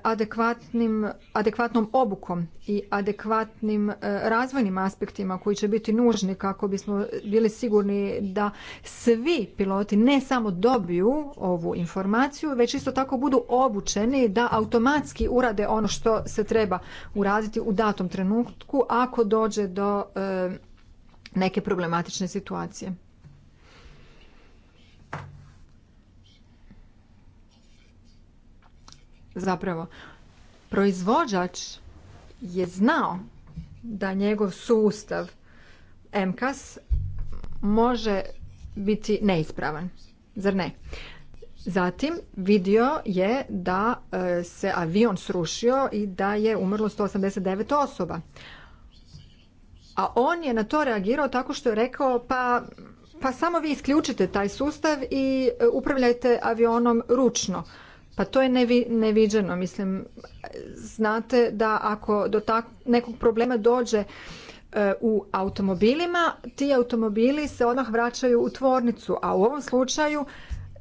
adekvatnim, adekvatnom obukom i adekvatnim e, razvojnim aspektima koji će biti nužni kako bismo bili sigurni da svi piloti ne samo dobiju ovu informaciju, već isto tako budu obučeni da automatski urade ono što se treba uraditi u datom trenutku ako dođe do e, neke problematične situacije. zapravo. Proizvođač je znao da njegov sustav MKAS može biti neispravan, zar ne? Zatim vidio je da e, se avion srušio i da je umrlo 189 osoba. A on je na to reagirao tako što je rekao pa, pa samo vi isključite taj sustav i e, upravljajte avionom ručno. Pa to je nevi, neviđeno, mislim. Znate da ako do tak, nekog problema dođe e, u automobilima, ti automobili se odmah vraćaju u tvornicu, a u ovom slučaju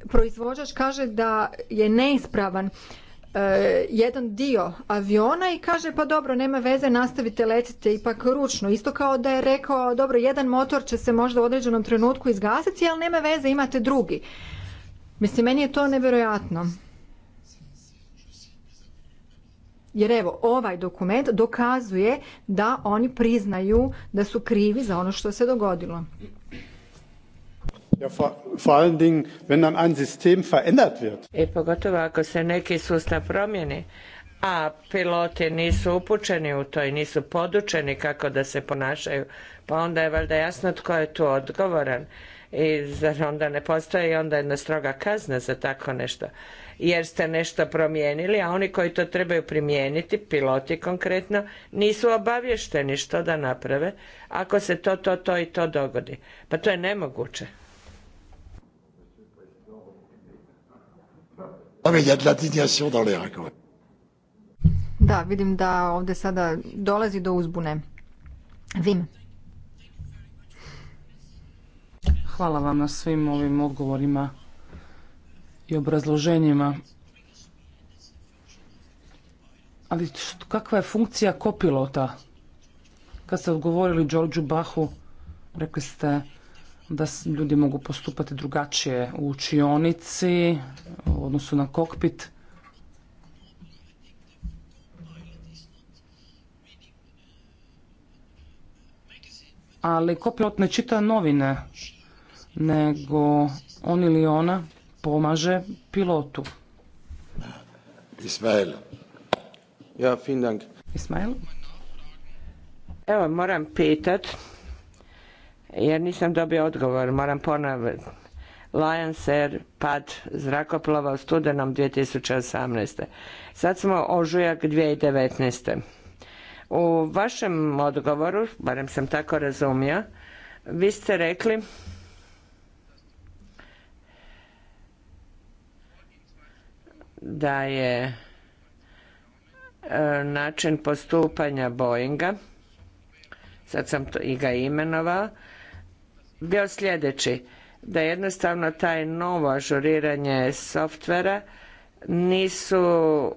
proizvođač kaže da je neispravan e, jedan dio aviona i kaže pa dobro, nema veze, nastavite letite ipak ručno. Isto kao da je rekao dobro, jedan motor će se možda u određenom trenutku izgasiti, ali nema veze, imate drugi. Mislim, meni je to nevjerojatno. Jer evo, ovaj dokument dokazuje da oni priznaju da su krivi za ono što se dogodilo. Ja, pogotovo ako se neki sustav promijeni, a piloti nisu upućeni u to i nisu podučeni kako da se ponašaju, pa onda je valjda jasno tko je tu odgovoran i zar onda ne postoji onda jedna stroga kazna za tako nešto jer ste nešto promijenili, a oni koji to trebaju primijeniti, piloti konkretno, nisu obavješteni što da naprave ako se to, to, to i to dogodi. Pa to je nemoguće. Ah, da, vidim da ovdje sada dolazi do uzbune. Vim. Hvala vam na svim ovim odgovorima i obrazloženjima. Ali kakva je funkcija kopilota? Kad ste odgovorili Đorđu Bahu, rekli ste da ljudi mogu postupati drugačije u učionici, u odnosu na kokpit. Ali kopilot ne čita novine, nego on ili ona pomaže pilotu. Ismail. Ja, fin Dank. Ismail. Evo, moram pitat, jer nisam dobio odgovor, moram ponavljati. Lions Air pad zrakoplova u studenom 2018. Sad smo ožujak 2019. U vašem odgovoru, barem sam tako razumio, vi ste rekli da je e, način postupanja Boeinga, sad sam to i ga imenovao, bio sljedeći, da jednostavno taj novo ažuriranje softvera nisu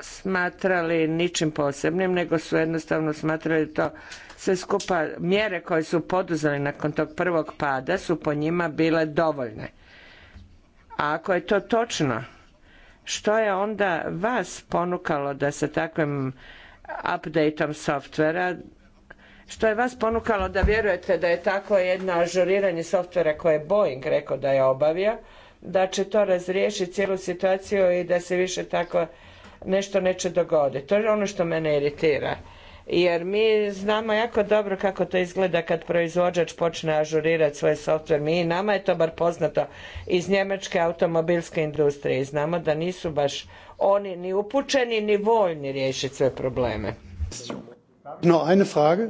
smatrali ničim posebnim, nego su jednostavno smatrali to sve skupa mjere koje su poduzeli nakon tog prvog pada su po njima bile dovoljne. A ako je to točno, što je onda vas ponukalo da sa takvim updateom softvera što je vas ponukalo da vjerujete da je tako jedno ažuriranje softvera koje je Boeing rekao da je obavio, da će to razriješiti cijelu situaciju i da se više tako nešto neće dogoditi. To je ono što mene iritira jer mi znamo jako dobro kako to izgleda kad proizvođač počne ažurirati svoj softver. Mi nama je to bar poznato iz njemačke automobilske industrije i znamo da nisu baš oni ni upućeni ni voljni riješiti sve probleme. No, eine Frage.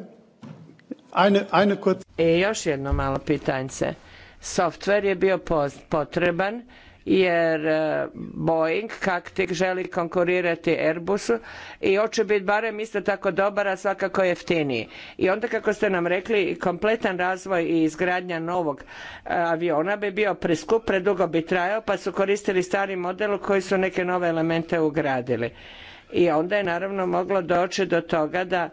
Eine, eine kurz... I još jedno malo pitanjce. Softver je bio potreban jer e, Boeing kak tek želi konkurirati Airbusu i hoće biti barem isto tako dobar, a svakako jeftiniji. I onda kako ste nam rekli, kompletan razvoj i izgradnja novog e, aviona bi bio preskup, predugo bi trajao, pa su koristili stari model u koji su neke nove elemente ugradili. I onda je naravno moglo doći do toga da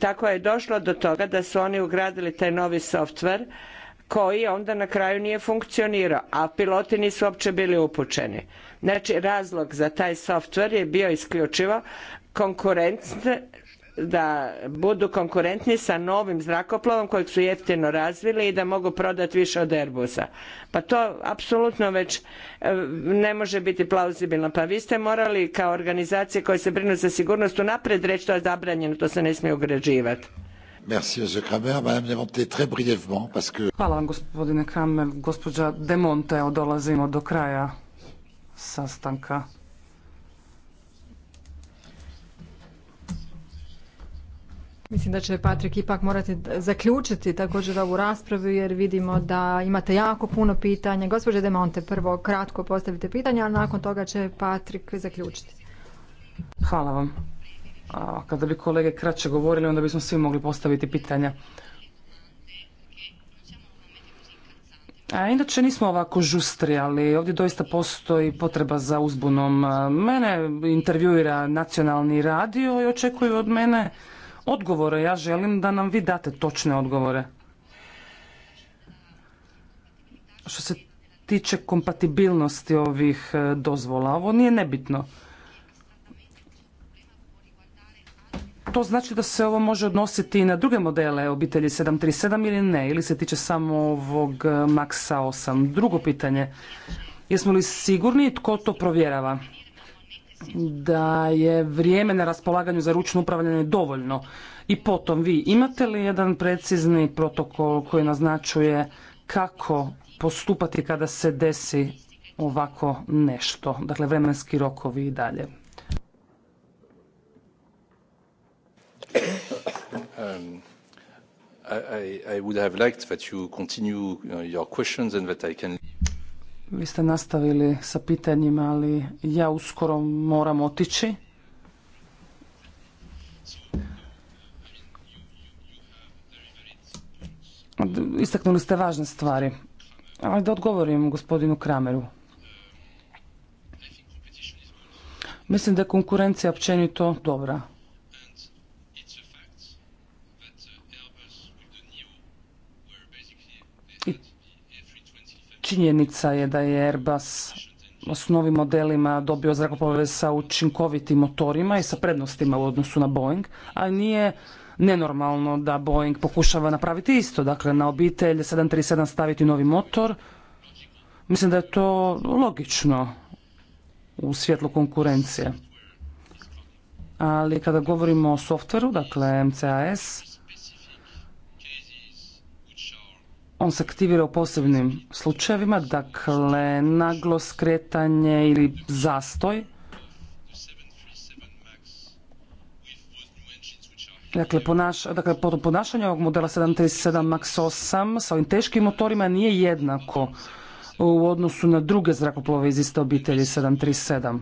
tako je došlo do toga da su oni ugradili taj novi softver koji onda na kraju nije funkcionirao, a piloti nisu uopće bili upućeni. Znači razlog za taj softver je bio isključivo konkurentne da budu konkurentni sa novim zrakoplovom kojeg su jeftino razvili i da mogu prodati više od Airbusa. Pa to apsolutno već e, ne može biti plauzibilno. Pa vi ste morali kao organizacije koje se brinu za sigurnost unaprijed reći to je zabranjeno, to se ne smije ugrađivati. Hvala vam gospodine Kramer. Gospođa Demonte, dolazimo do kraja sastanka. Mislim da će Patrik ipak morati zaključiti također ovu raspravu jer vidimo da imate jako puno pitanja. Gospođe Demonte, prvo kratko postavite pitanje, a nakon toga će Patrik zaključiti. Hvala vam. A kada bi kolege kraće govorili, onda bismo svi mogli postaviti pitanja. A inače nismo ovako žustri, ali ovdje doista postoji potreba za uzbunom. Mene intervjuira nacionalni radio i očekuju od mene odgovore. Ja želim da nam vi date točne odgovore. Što se tiče kompatibilnosti ovih eh, dozvola, ovo nije nebitno. to znači da se ovo može odnositi i na druge modele obitelji 737 ili ne? Ili se tiče samo ovog e, maksa 8? Drugo pitanje, jesmo li sigurni tko to provjerava? Da je vrijeme na raspolaganju za ručno upravljanje dovoljno. I potom vi imate li jedan precizni protokol koji naznačuje kako postupati kada se desi ovako nešto? Dakle, vremenski rokovi i dalje. Um, I, I would have liked that you continue your questions and that I can... Vi ste nastavili sa pitanjima, ali ja uskoro moram otići. Istaknuli ste važne stvari. Ali da odgovorim gospodinu Krameru. Mislim da je konkurencija općenito dobra. Činjenica je da je Airbus s novim modelima dobio zrakoplove sa učinkovitim motorima i sa prednostima u odnosu na Boeing, a nije nenormalno da Boeing pokušava napraviti isto, dakle na obitelj 737 staviti novi motor. Mislim da je to logično u svjetlu konkurencije. Ali kada govorimo o softveru, dakle MCAS, on se aktivira u posebnim slučajevima, dakle naglo skretanje ili zastoj. Dakle, dakle, ponašanje ovog modela 737 MAX 8 sa ovim teškim motorima nije jednako u odnosu na druge zrakoplove iz iste obitelji 737.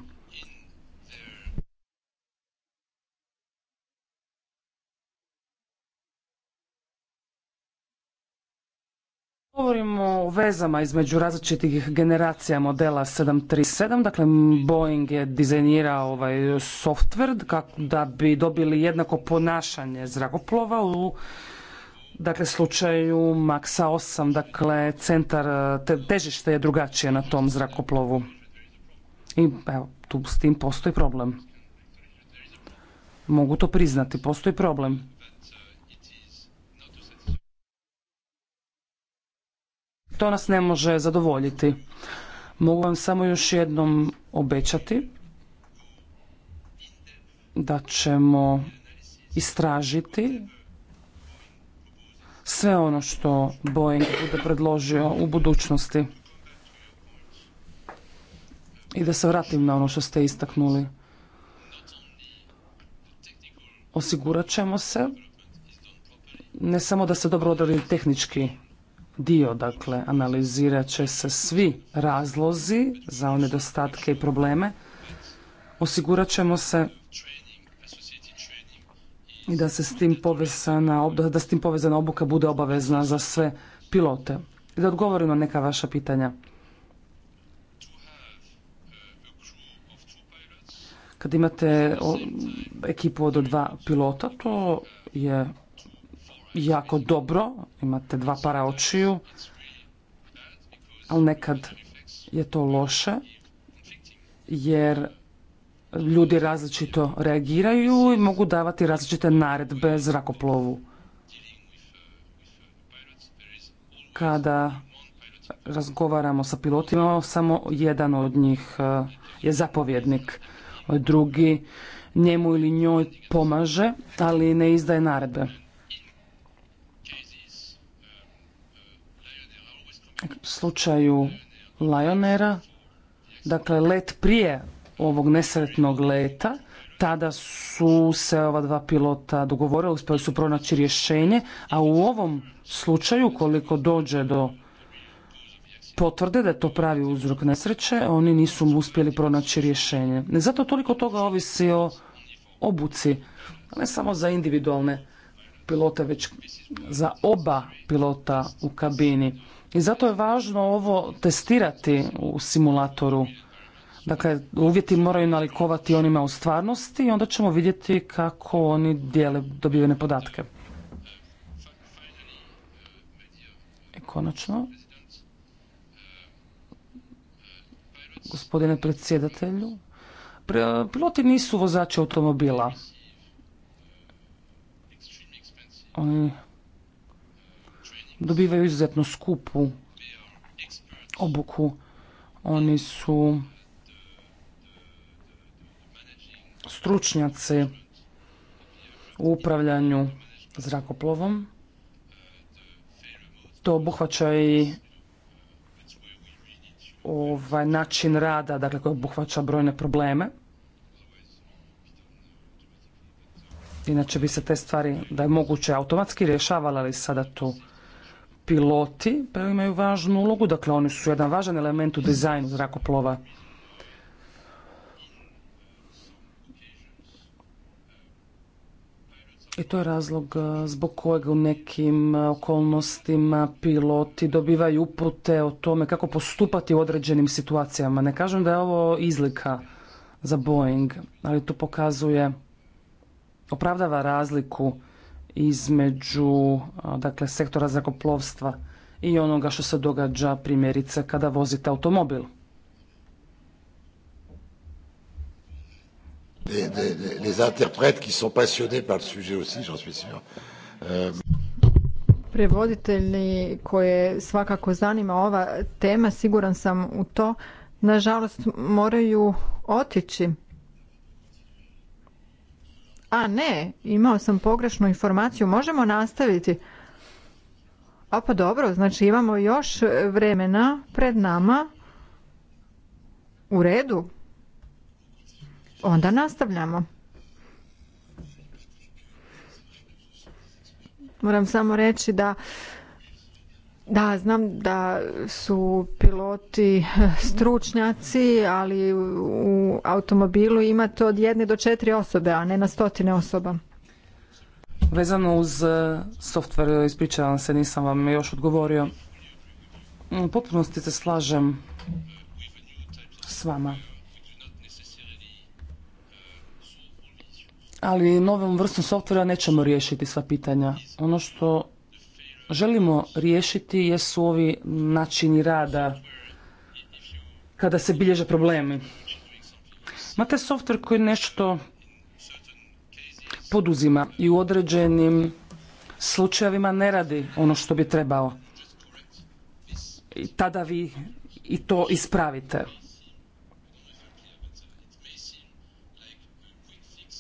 govorimo o vezama između različitih generacija modela 737, dakle Boeing je dizajnirao ovaj software kako da bi dobili jednako ponašanje zrakoplova u dakle slučaju Maxa 8, dakle centar te, težište je drugačije na tom zrakoplovu. I evo, tu s tim postoji problem. Mogu to priznati, postoji problem. to nas ne može zadovoljiti. Mogu vam samo još jednom obećati da ćemo istražiti sve ono što Boeing bude predložio u budućnosti. I da se vratim na ono što ste istaknuli. Osigurat ćemo se ne samo da se dobro odradi tehnički dio, dakle analizirat će se svi razlozi za one dostatke i probleme. Osigurat ćemo se i da se s tim povezana, da obuka bude obavezna za sve pilote. I da odgovorim na neka vaša pitanja. Kad imate ekipu od dva pilota, to je jako dobro, imate dva para očiju, ali nekad je to loše, jer ljudi različito reagiraju i mogu davati različite naredbe zrakoplovu. Kada razgovaramo sa pilotima, samo jedan od njih eh, je zapovjednik, drugi njemu ili njoj pomaže, ali ne izdaje naredbe. slučaju Lionera, dakle let prije ovog nesretnog leta, tada su se ova dva pilota dogovorili, uspjeli su pronaći rješenje, a u ovom slučaju, koliko dođe do potvrde da je to pravi uzrok nesreće, oni nisu uspjeli pronaći rješenje. Zato toliko toga ovisi o obuci, ne samo za individualne pilote, već za oba pilota u kabini. I zato je važno ovo testirati u simulatoru. Dakle, uvjeti moraju nalikovati onima u stvarnosti i onda ćemo vidjeti kako oni dijele dobivene podatke. I e, konačno, gospodine predsjedatelju, piloti nisu vozači automobila. Oni dobivaju izuzetno skupu obuku. Oni su stručnjaci u upravljanju zrakoplovom. To obuhvaća i ovaj način rada, dakle koji obuhvaća brojne probleme. Inače bi se te stvari da je moguće automatski rješavala, ali sada tu piloti pa imaju važnu ulogu, dakle oni su jedan važan element u dizajnu zrakoplova. I to je razlog eh, zbog kojeg u nekim eh, okolnostima piloti dobivaju upute o tome kako postupati u određenim situacijama. Ne kažem da je ovo izlika za Boeing, ali to pokazuje, opravdava razliku između dakle, sektora zrakoplovstva i onoga što se događa primjerice kada vozite automobil. Prevoditelji koje svakako zanima ova tema, siguran sam u to, nažalost moraju otići. A ne, imao sam pogrešnu informaciju, možemo nastaviti. A pa dobro, znači imamo još vremena pred nama. U redu. Onda nastavljamo. Moram samo reći da da, znam da su piloti eh, stručnjaci, ali u automobilu imate od jedne do četiri osobe, a ne na stotine osoba. Vezano uz eh, softver, ispričavam se, nisam vam još odgovorio. U potpunosti se slažem s vama. Ali novom vrstom softvera nećemo riješiti sva pitanja. Ono što želimo riješiti jesu ovi načini rada kada se bilježe problemi. Imate softver koji nešto poduzima i u određenim slučajevima ne radi ono što bi trebao. I tada vi i to ispravite.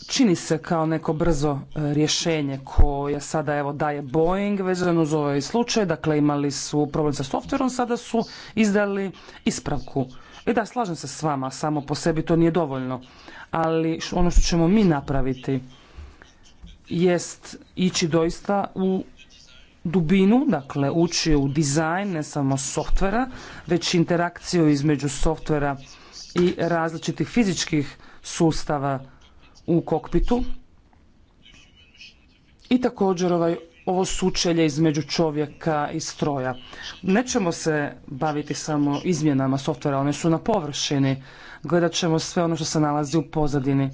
čini se kao neko brzo e, rješenje koje sada evo daje Boeing vezano uz ovaj slučaj. Dakle, imali su problem sa softverom, sada su izdali ispravku. I e da, slažem se s vama, samo po sebi to nije dovoljno. Ali ono što ćemo mi napraviti jest ići doista u dubinu, dakle ući u dizajn ne samo softvera, već interakciju između softvera i različitih fizičkih sustava u kokpitu i također ovaj ovo sučelje između čovjeka i stroja. Nećemo se baviti samo izmjenama softvera, one su na površini. Gledat ćemo sve ono što se nalazi u pozadini,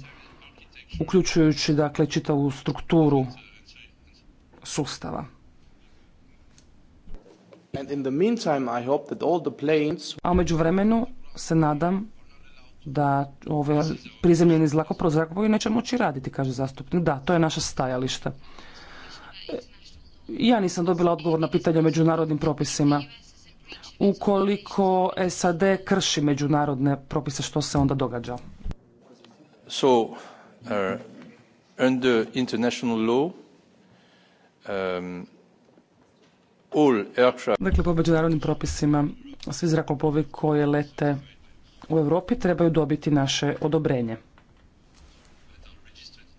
uključujući dakle čitavu strukturu sustava. A u međuvremenu se nadam da ove prizemljeni zlakoprov zrakoplovi neće moći raditi, kaže zastupnik. Da, to je naša stajališta. E, ja nisam dobila odgovor na pitanje o međunarodnim propisima. Ukoliko SAD krši međunarodne propise, što se onda događa? So, uh, under international law, um, Dakle, po međunarodnim propisima, svi zrakoplovi koje lete u Europi trebaju dobiti naše odobrenje.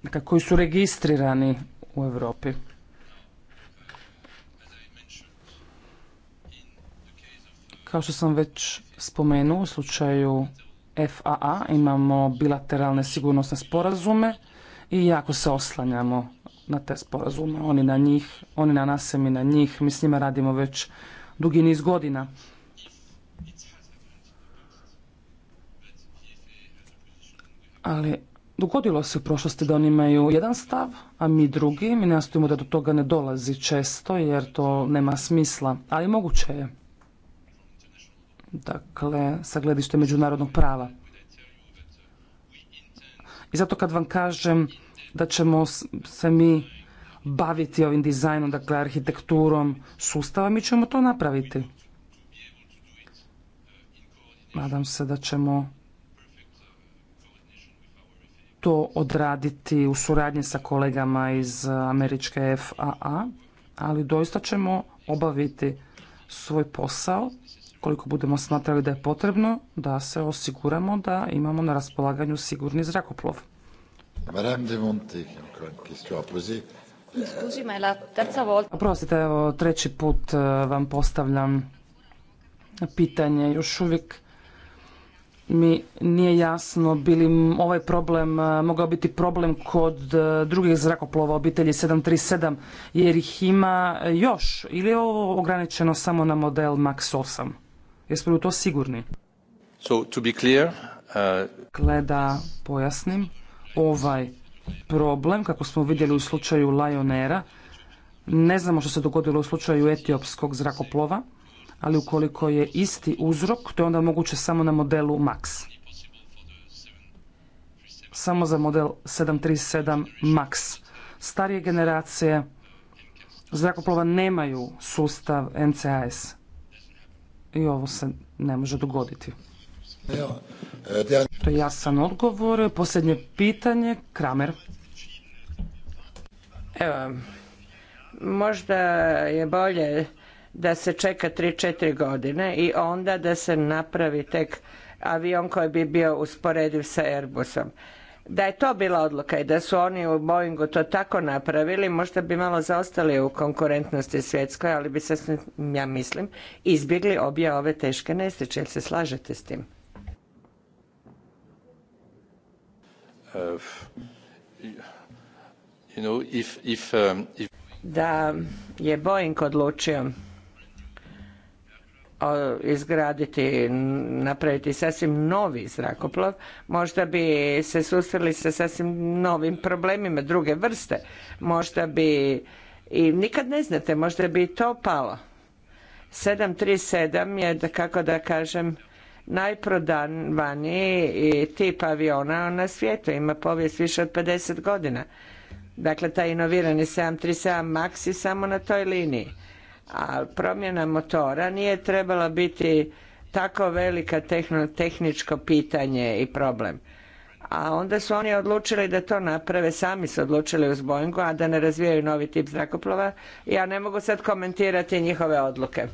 Dakle, koji su registrirani u Europi. Kao što sam već spomenuo, u slučaju FAA imamo bilateralne sigurnosne sporazume i jako se oslanjamo na te sporazume. Oni na njih, oni na nas, mi na njih. Mi s njima radimo već dugi niz godina. Ali dogodilo se u prošlosti da oni imaju jedan stav, a mi drugi. Mi nastojimo da do toga ne dolazi često jer to nema smisla, ali moguće je. Dakle, sa gledište međunarodnog prava. I zato kad vam kažem da ćemo se mi baviti ovim dizajnom, dakle arhitekturom sustava, mi ćemo to napraviti. Nadam se da ćemo to odraditi u suradnji sa kolegama iz američke FAA, ali doista ćemo obaviti svoj posao koliko budemo smatrali da je potrebno da se osiguramo da imamo na raspolaganju sigurni zrakoplov. Madame Oprostite, evo treći put eh, vam postavljam pitanje. Još uvijek mi nije jasno bi li ovaj problem e, mogao biti problem kod e, drugih zrakoplova obitelji 737 jer ih ima e, još ili je ovo ograničeno samo na model MAX 8? Jesmo li u to sigurni? So, to clear, uh, dakle, pojasnim, ovaj problem, kako smo vidjeli u slučaju Lionera, ne znamo što se dogodilo u slučaju etiopskog zrakoplova, ali ukoliko je isti uzrok, to je onda moguće samo na modelu MAX. Samo za model 737 MAX. Starije generacije zrakoplova nemaju sustav NCAS. I ovo se ne može dogoditi. To jasan odgovor. Posljednje pitanje, Kramer. Evo, možda je bolje da se čeka 3-4 godine i onda da se napravi tek avion koji bi bio usporediv sa Airbusom. Da je to bila odluka i da su oni u Boeingu to tako napravili, možda bi malo zaostali u konkurentnosti svjetskoj, ali bi se, ja mislim, izbjegli obje ove teške nesreće. Jel se slažete s tim? Uh, um, da je Boeing odlučio izgraditi, napraviti sasvim novi zrakoplov, možda bi se susreli sa sasvim novim problemima druge vrste. Možda bi, i nikad ne znate, možda bi i to palo. 737 je, da kako da kažem, najprodavaniji tip aviona na svijetu. Ima povijest više od 50 godina. Dakle, taj inovirani 737 maksi samo na toj liniji a promjena motora nije trebala biti tako velika tehničko pitanje i problem. A onda su oni odlučili da to naprave, sami su odlučili uz Boeingu, a da ne razvijaju novi tip zrakoplova. Ja ne mogu sad komentirati njihove odluke.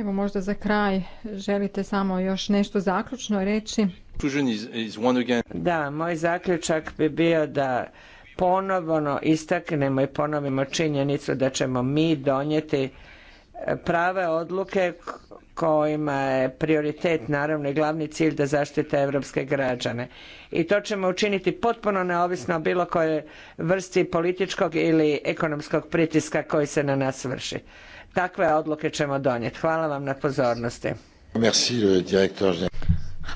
Evo možda za kraj želite samo još nešto zaključno reći. Da, moj zaključak bi bio da ponovno istaknemo i ponovimo činjenicu da ćemo mi donijeti e, prave odluke kojima je prioritet naravno i glavni cilj da zaštite europske građane. I to ćemo učiniti potpuno neovisno o bilo kojoj vrsti političkog ili ekonomskog pritiska koji se na nas vrši. Takve odluke ćemo donijeti. Hvala vam na pozornosti.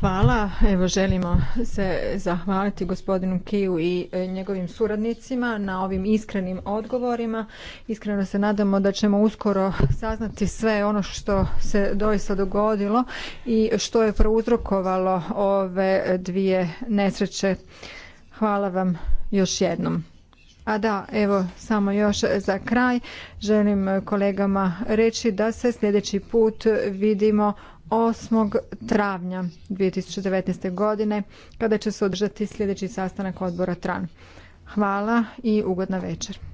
Hvala. Evo želimo se zahvaliti gospodinu Kiju i e, njegovim suradnicima na ovim iskrenim odgovorima. Iskreno se nadamo da ćemo uskoro saznati sve ono što se doista dogodilo i što je prouzrokovalo ove dvije nesreće. Hvala vam još jednom. A da, evo samo još za kraj želim kolegama reći da se sljedeći put vidimo 8. travnja 2019. godine kada će se održati sljedeći sastanak odbora TRAN. Hvala i ugodna večer.